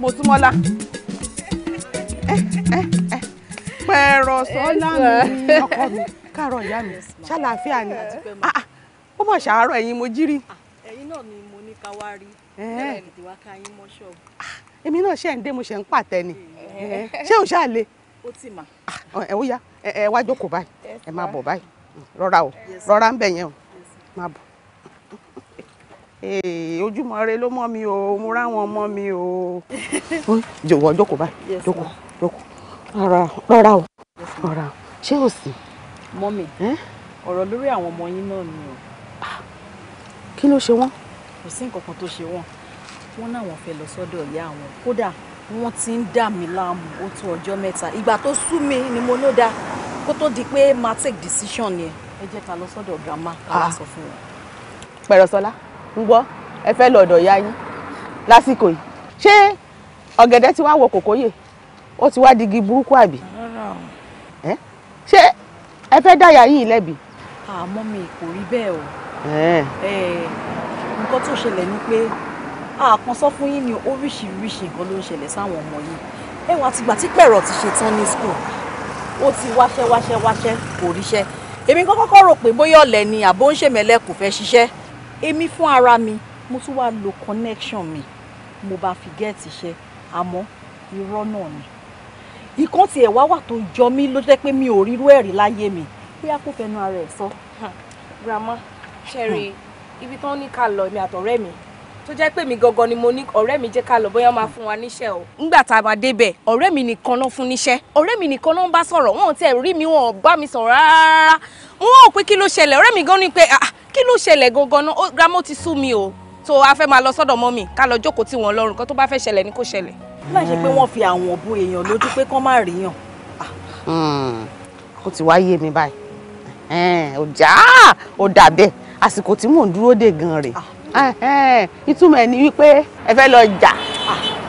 Mọ̀túmọ́lá pẹ̀rọ sọ́lá mi ọkọ mi káàárọ̀ ìyá mi ṣàlàáfíà ni ah, ah, ó mọ̀ ṣàárọ̀ ẹ̀yin mo jírí. Ah, ẹ̀yin náà ni mo ní ká wá rí bẹ́ẹ̀ ni tiwa ká yín mọ́ ṣọ́ọ̀bù. èmi náà ṣe ń dé mo ṣe ń pàtẹ ni ṣé ò ṣáà le. ó ti mà. ẹ ó ẹ wá jókòó báyìí ẹ máa bọ̀ báyìí mm, rọra o rọra ń bẹ̀ yẹn o máa bọ̀ eh, ojúmọ́ rẹ ló mọ́ mi o mo ráwọn ọmọ mi o jọ̀wọ́ jókòó báyìí jókòó rọra rọra o rọra ṣé o sì. mọ́mì ọ̀rọ̀ lórí àwọn ọmọ yín náà ni o. Ah, kí ló ṣe wọ́n. kò sí nǹkan kan tó ṣe wọ́n wọ́n náwọn fẹ́ lọ sọ́dọ̀ ìyá àwọn kódà wọ́n ti ń dà mí láàmú ó tó ọjọ́ mẹ́ta ìgbà tó sú mi ni mo ló dá kó tó di pé máa take decision yẹn ẹ jẹ́ ká lọ sọ́dọ̀ grandma ká wá ah. sọ fún wọn. pẹ̀rọ̀sọ́lá ń gbọ́ ẹ fẹ́ lọ ọ̀dọ̀ ìyá yín lásìkò yìí ṣé ọ̀gẹ̀dẹ̀ ti wá wọ kòkóyè ó ti wá digi burúkú àbí. ṣé ẹ fẹ́ dáyà yín lẹ́bi. àmọ́ mi kò rí bẹ́ẹ̀ o. nǹkan tó ṣẹlẹ̀ ni pé àkànṣọ́ fún yín ni oríṣiríṣi nǹkan ló ń ṣẹlẹ̀ sáwọn ọmọ yìí ẹwà tìgbà tí pẹ̀rọ̀ ti ṣe tán ní school ó ti wáṣẹ́ wáṣẹ́ wáṣẹ́ kò ríṣẹ́ èmi kọ́kọ́ rò pé bóyá ọ̀lẹ ni àbó ń ṣèmẹ́lẹ̀ kò fẹ́ ṣiṣẹ́ èmi fún ara mi mo tún wá lo connection mi mo bá fi gẹ́ẹ̀tì iṣẹ́ àmọ́ irọ́ náà ni ìkan tiẹ̀ wá wà tó jọ mí ló jẹ́ pé mi ò rírú ẹ̀rí láyé mi bóyá kó fẹnu ara ẹ̀ sọ. grandma Cherry hmm. ibi tán ní ká lọ èmi àtọ̀rẹ́ mi tó jẹ́ pé mi gangan ni mo ní ọ̀rẹ́ mi jẹ́ ká lọ bóyá máa fún wa níṣẹ́ o. nígbà tá a bá débẹ̀ ọ̀rẹ́ mi nìkan náà fún níṣẹ́ ọ̀rẹ́ mi nìkan náà ń bá sọ̀rọ̀ wọn ò tiẹ̀ rí mi wọn ò bá mi sọ̀rọ̀ rárá wọn ò pé kí ló ṣẹlẹ̀ ọ̀rẹ́ mi gan ni pé ah, ah, kí ló ṣẹlẹ̀ gangan náà grandma ti sú mi o tó a fẹ́ máa lọ sọ́dọ̀ mọ́ mi ká lọ jókòó tí wọ́n lọ́rùn kan tó bá fẹ́ ṣẹlẹ̀ ni kó ṣẹlẹ̀ má ṣe pé wọ́n fi àwọn bo èèyàn lójú pé kán má ríyàn. Hmm. ó ti wá yé mi báyìí ọjà ó dà bẹ́ẹ̀ àsìkò tí mò ń dúró dè gan rè ìtumọ̀ ẹ̀ ni wípé ẹ fẹ́ lọ jà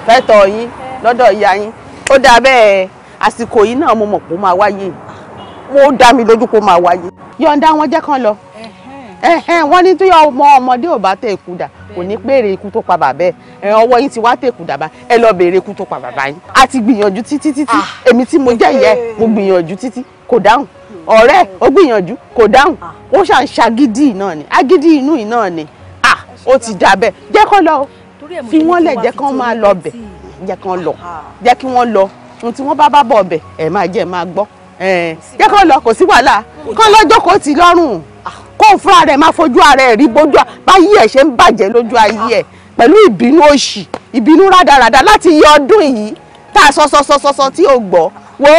fẹ́ tọ̀ yín lọ́dọ̀ ìyá yín ó dà bẹ́ẹ̀ àsìkò yìí náà mo mọ̀ pé ó máa wáyé ó dá mi lójú pé ó máa wáyé yọ̀ǹda wọn jẹ́ kán lọ wọ́n ní tí ọmọ ọmọdé ò bá tẹ ikú dà kò ní pèrè ikú tó pa bàbá ẹ ọwọ́ yín ti wá tẹ ikú dà bá ẹ lọ bèrè ikú tó pa bàbá yín a ti gbìyànjú títí títí ah. èmi tí mo jẹ́ ìyẹ́ mo gbìyànjú títí kò dáhùn ọ̀rẹ́ ó gbìyànjú kò dáhùn ah. ó ṣà ń ṣagídí náà ni agídí inú yìí ni ah ó ti dà bẹ́ẹ̀ jẹ́ kó lọ fi wọ́n lẹ̀ jẹ́ kó máa lọ bẹ̀ jẹ́ kó lọ ah. jẹ́ kí wọ́n lọ ohun tí wọ́n bá bá bọ̀ bẹ̀ ẹ̀ máa jẹ́ máa gbọ́ jẹ́ kó lọ kò sí wàhálà kó lọ́jọ́ kó ti lọ́rùn kó fúnra rẹ̀ máa fojú ara ẹ̀ rí bójú báyìí ẹ̀ ṣe ń bàjẹ́ lójú ayé ẹ̀ pẹ̀lú ìbínú òṣì ìbínú rádaràda láti yẹ ọdún yìí tá a sọsọsọsọsọ tí o gbọ́ wo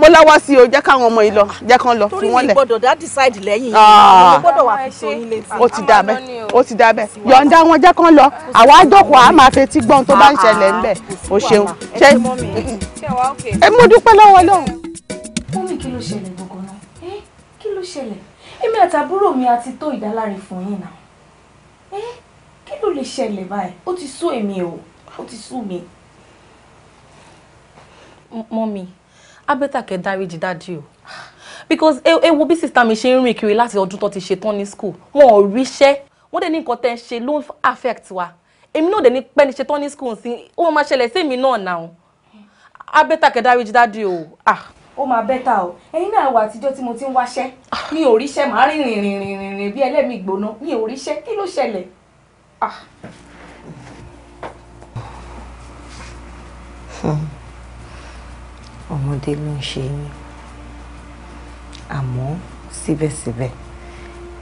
mo lọ́wọ́ sí o jẹ́ káwọn ọmọ yìí lọ jẹ́ kán lọ fi wọ́n lẹ̀. torí mi gbọ́dọ̀ dá decide lẹ́yìn yìí ah. mo gbọ́dọ̀ wà fi so yín létí. o ti dà bẹ́ẹ̀ ó ti dà bẹ́ẹ̀ yọ̀ǹda wọn jẹ́ kán lọ àwa àjọpọ̀ a máa fetí gbọ́n tó bá ń ṣẹlẹ̀ ńbẹ̀ ah, o ṣeun ṣe ẹ mo dúpẹ́ lọ́wọ́ lóhùn. mọ́mí kí ló ṣẹlẹ̀ gbọ̀ngàn náà eh, kí ló ṣẹlẹ̀ èmi àtàbúrò mi àti tó ìdáláre fún yín náà ẹ kí ló lè ṣẹlẹ̀ báyìí ó ti sú èmi o ó ti sú mi. mọ́mí abẹ́tà kẹ́ dáríjì dádì o because ẹ wo bí sista mi ṣe ń rìn kiri láti ọdún tó ti ṣetán ní school wọn ò ríṣẹ́ wọ́n dẹ̀ ní nǹkan tẹ́ ń ṣe ló ń affect wa èmi náà dẹ̀ ní pẹ́ni ṣetán ní school sí ó máa ṣẹlẹ̀ sí èmi náà náà abẹ́tà kẹ́ dáríjì dádì o ah ó máa bẹ́tà o ẹ̀yin náà wà àtijọ́ tí mo ti ń wáṣẹ́ ní òríṣẹ́ màá rìn rìn rìn rìn rìn rìn bí ẹlẹ́mìí gbóná ní òríṣẹ́ kí ló ṣẹlẹ̀ ah. ọmọdé ló ń ṣe yín àmọ́ síbẹ̀síbẹ̀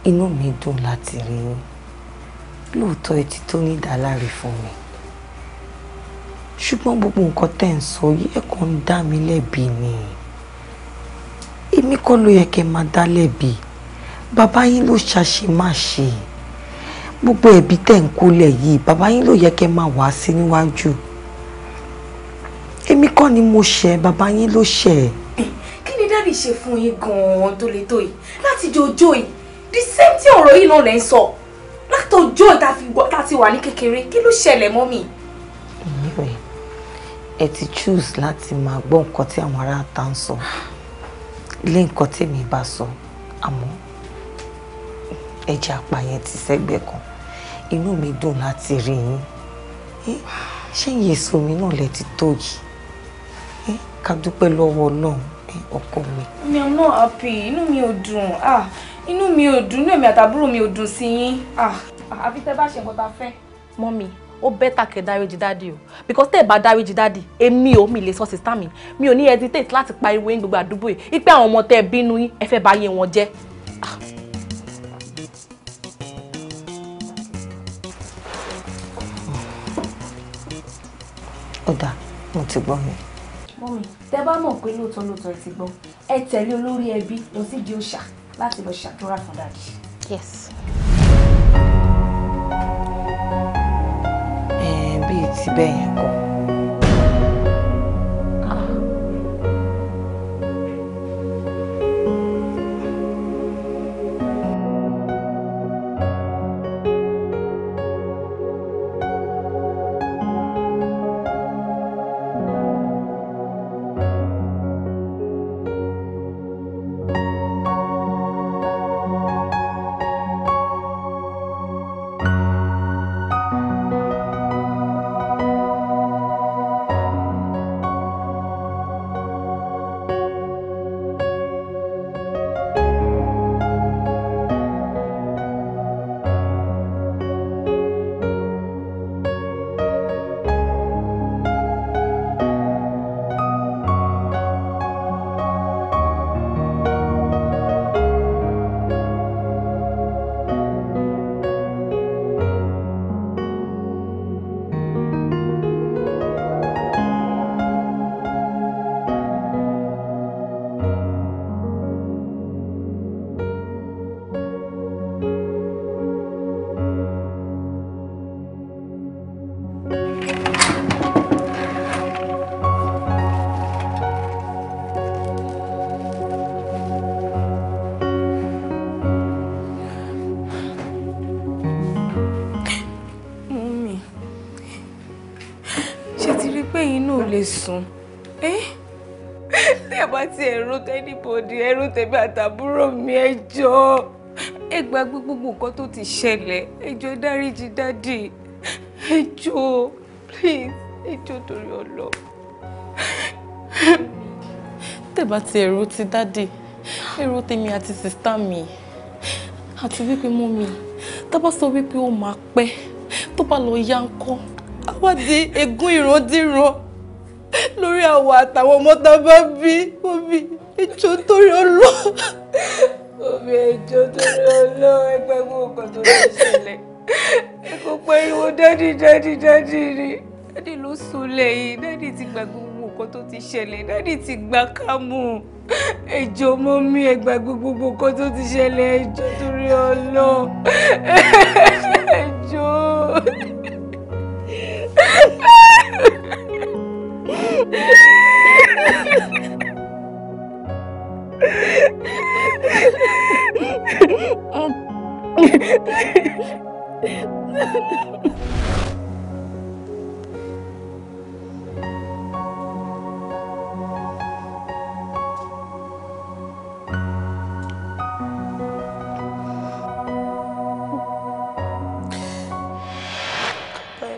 inú mi dùn láti rí yín lóòótọ́ etí tó ní ìdáláre fún mi ṣùgbọ́n gbogbo nǹkan tẹ̀ ń sọ yìí ẹ̀kọ́ ń dá mi lẹ́bi nìyí èmi kọ́ ló yẹ kẹ́ máa dá lẹ́bi bàbá yín ló ṣàṣemáṣe gbogbo ẹ̀bi tẹ̀ ń kólẹ̀ yìí bàbá yín ló yẹ kẹ́ máa wá sí níwájú èmi kọ́ ni mo ṣẹ̀ bàbá yín ló ṣẹ̀. kí ni dáàdì ṣe fún yín gan-an tó le tó yìí láti jọjọ́ yìí the same tí ọ̀rọ̀ yìí náà lẹ́ ń sọ látọjọ́ tá a ti wà ní kékeré kí ló ṣẹlẹ̀ mọ́ mi. ìyẹn ẹ ti choose láti máa gbọ́ nǹkan tí àwọn ará ta ń sọ. So ilé nǹkan tèmi bá sọ àmọ́ ẹ̀jẹ̀ apààyàn ti sẹ́gbẹ̀ kan inú mi dùn láti rí yín ṣé ìyèsọ mi náà lẹ ti tó yìí ká dúpẹ́ lọ́wọ́ Ọlọ́run ọkọ mi. mi i'm not happy inú mi ò dùn ah inú mi ò dùn inú èmi àtàbúrò mi ò dùn sí yín ah àbí tẹ́ bá ṣe nǹkan tá a fẹ́. mọ́mi ó bẹ́tà kẹ́ dáríjì dáàdì o because tẹ́ ẹ̀ bá dáríjì dáàdì èmi ò mi lè sọ sísá mi mi ò ní hesitate láti pariwo yín gbogbo àdúgbò yìí ipe àwọn ọmọ tẹ́ ẹ bínú yín ẹ fẹ́ bá yé wọn jẹ́. ọ̀dà mo ti gbọ́ mi. mọ́mi tẹ́ bá mọ̀ pé lóòótọ́ lóòótọ́ ẹ ti gbọ́ ẹ tẹ̀lé olórí ẹbí lọ sí di òòṣà láti lọ ṣàdúrà fún dáàdì. yes. bí ti bẹ́ẹ̀ yẹn kọ́. Jésù eh? tí ẹ bá ti ẹ̀rù tẹ́nibọ̀dì ẹ̀rù tẹ̀mí àtàbúrò mi ẹ jọ̀ọ́ ẹ gba gbogbo nǹkan tó ti ṣẹlẹ̀ ẹ jọ̀ọ́ dáríjì dádì ẹ jọ̀ọ́ please ẹ jọ̀ọ́ torí ọlọ. tẹ́ bá ti ẹ̀rù ti dádì ẹ̀rù tèmi àti sìstá mi àti wípé mú mi tá bá sọ wípé ó máa pẹ́ tó bá lọ yá ń kọ́ àwa di ègún ìrandíran lórí àwọn àtàwọn ọmọ tá a bá bí omi ìjọ torí ọlọ. omi ìjọ torí ọlọ ẹgbẹ́ mú ọkàn tó lọ sílẹ̀ ẹ kò pariwo dádì dádì dádì rí dádì ló sùnlẹ̀ yìí dádì ti gbàgbọ́ gbogbo nǹkan tó ti ṣẹlẹ̀ dádì ti gbà kámú ẹjọ́ mọ́ mi ẹ gbàgbé gbogbo nǹkan tó ti ṣẹlẹ̀ ẹjọ́ torí ọlọ ẹjọ́.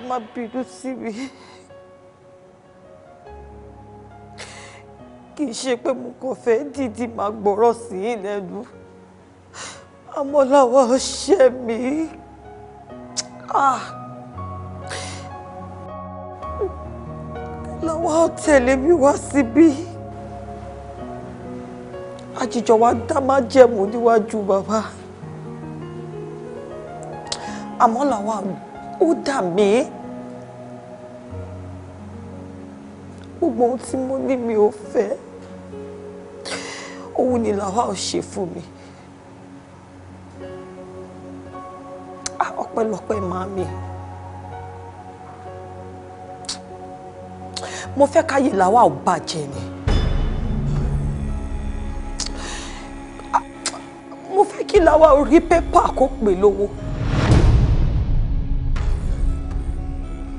má bínú sí mi kì í ṣe pé mo kàn fẹ́ dìdí máa gbọ́rọ̀ sí ìlẹ́nu. Ọmọláwà ó ṣe mí. Ah. Lọ́wọ́ ó tẹ̀lé mi wá síbí. Àjìjọ wa dá má jẹ̀mú níwájú bàbá. Àmọ́ làwa ó dà mí. Gbogbo ohun tí mo ní mi ò fẹ́. Òun ni làwa ò ṣe fún mi. ọpẹ́lọpẹ́ màmí mo fẹ́ káyè làwa ò bàjẹ́ ni mo fẹ́ kí làwa ò rí pépà kó pè lówó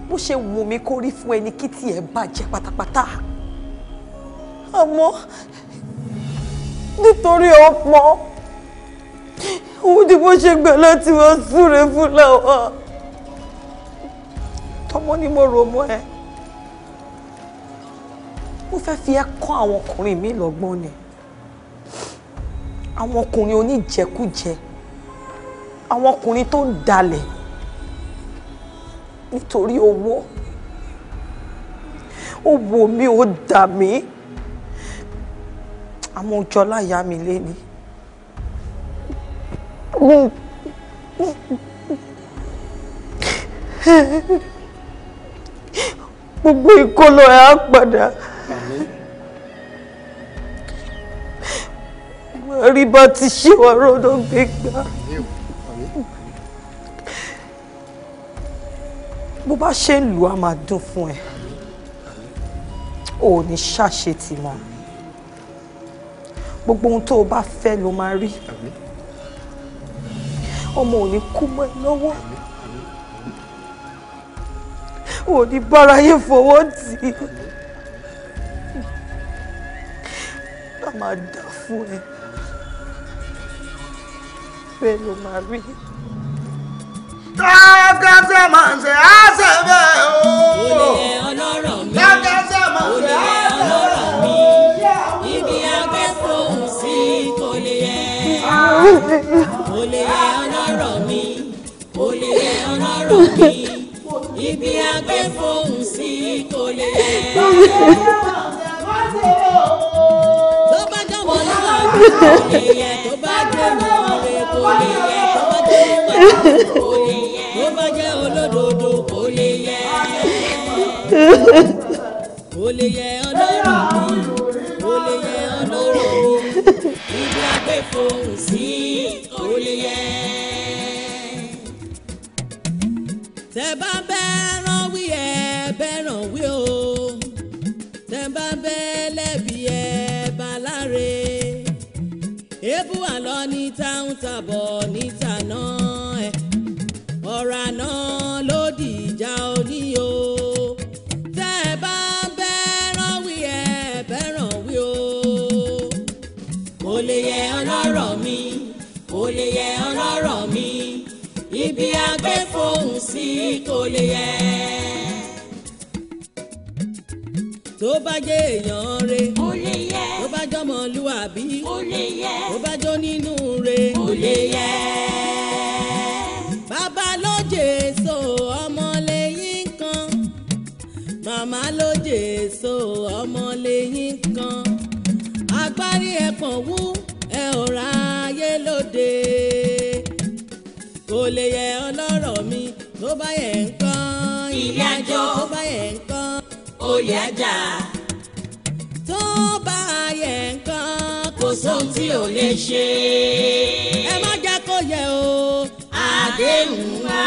bó ṣe wù mí kó rí fún ẹni kí tiẹ̀ bàjẹ́ pátápátá àmọ́ nítorí ọpọ́n owó tí mo ṣe gbà láti wá súre fún làwọn tọmọ ni mo rò mọ ẹ mo fẹ́ fi ẹ́ kọ́ àwọn ọkùnrin mi lọ́gbọ́n ni àwọn ọkùnrin oníjẹkújẹ àwọn ọkùnrin tó ń dalẹ̀ nítorí owó ó wò mí ó dà mí àmọ́ ó láyà mi lé ni. Wait. Gbogbo ìkólọ ẹ̀ á padà. Rí bá ti ṣe wà rọ́dọ̀ gbégbá. Bó bá ṣe ń lù á máa dùn fún ẹ. O ní ṣàṣetì mọ́. Gbogbo ohun tó o bá fẹ́ ló máa rí. Àmín ọmọ ò ní kú mọ́ ẹ lọ́wọ́ ò ní báráyé fọwọ́ tì í a máa dà fún ẹ bẹ́ẹ̀ ló máa rí. Tákàtà máa ń ṣe àṣẹ bẹ́ẹ̀ o. Tákàtà máa ń ṣe bẹ́ẹ̀ o. Ibi olè ọlọ́rọ̀ mi olè ọlọ́rọ̀ mi ibi agbẹ́ fóun sí olè tó bá dánwò lọ́wọ́ olè yẹ tó bá dánwò olè olè yẹ tó bá dánwò olè yẹ tó bá jẹ́ olódodo olè yẹ ọlọ́rọ̀ mi ibi agbèfò sí olè yẹ. tẹ bá bẹ́ẹ̀ rán wí ẹ bẹ́ẹ̀ rán wí o tẹ bá bẹ́ẹ̀ lẹ́bi ẹ bá láre èébú àlọ́ ní táwọn tàbọ̀ níta náà ẹ̀ ọ̀rà náà. gbé fóun sí kò lè yẹ. tó bá jẹ́ èèyàn re ó lè yẹ tó bá jọmọ lúwàbí ó lè yẹ tó bá jó nínú re ó lè yẹ. bàbá ló jèso ọmọ lẹ́yìn kan màmá ló jèso ọmọ lẹ́yìn kan agbárí ẹ̀pọ̀n wú ẹ̀ ọ̀rá ayé lóde kò lè yẹ ọlọ́rọ̀ mi tó bá yẹ nǹkan ilé àjọ tó bá yẹ nǹkan oyè ajá tó bá yẹ nǹkan kò sóhun tí ò lè ṣe. ẹ má jẹ́ kó yẹ o. àdéhùn wa.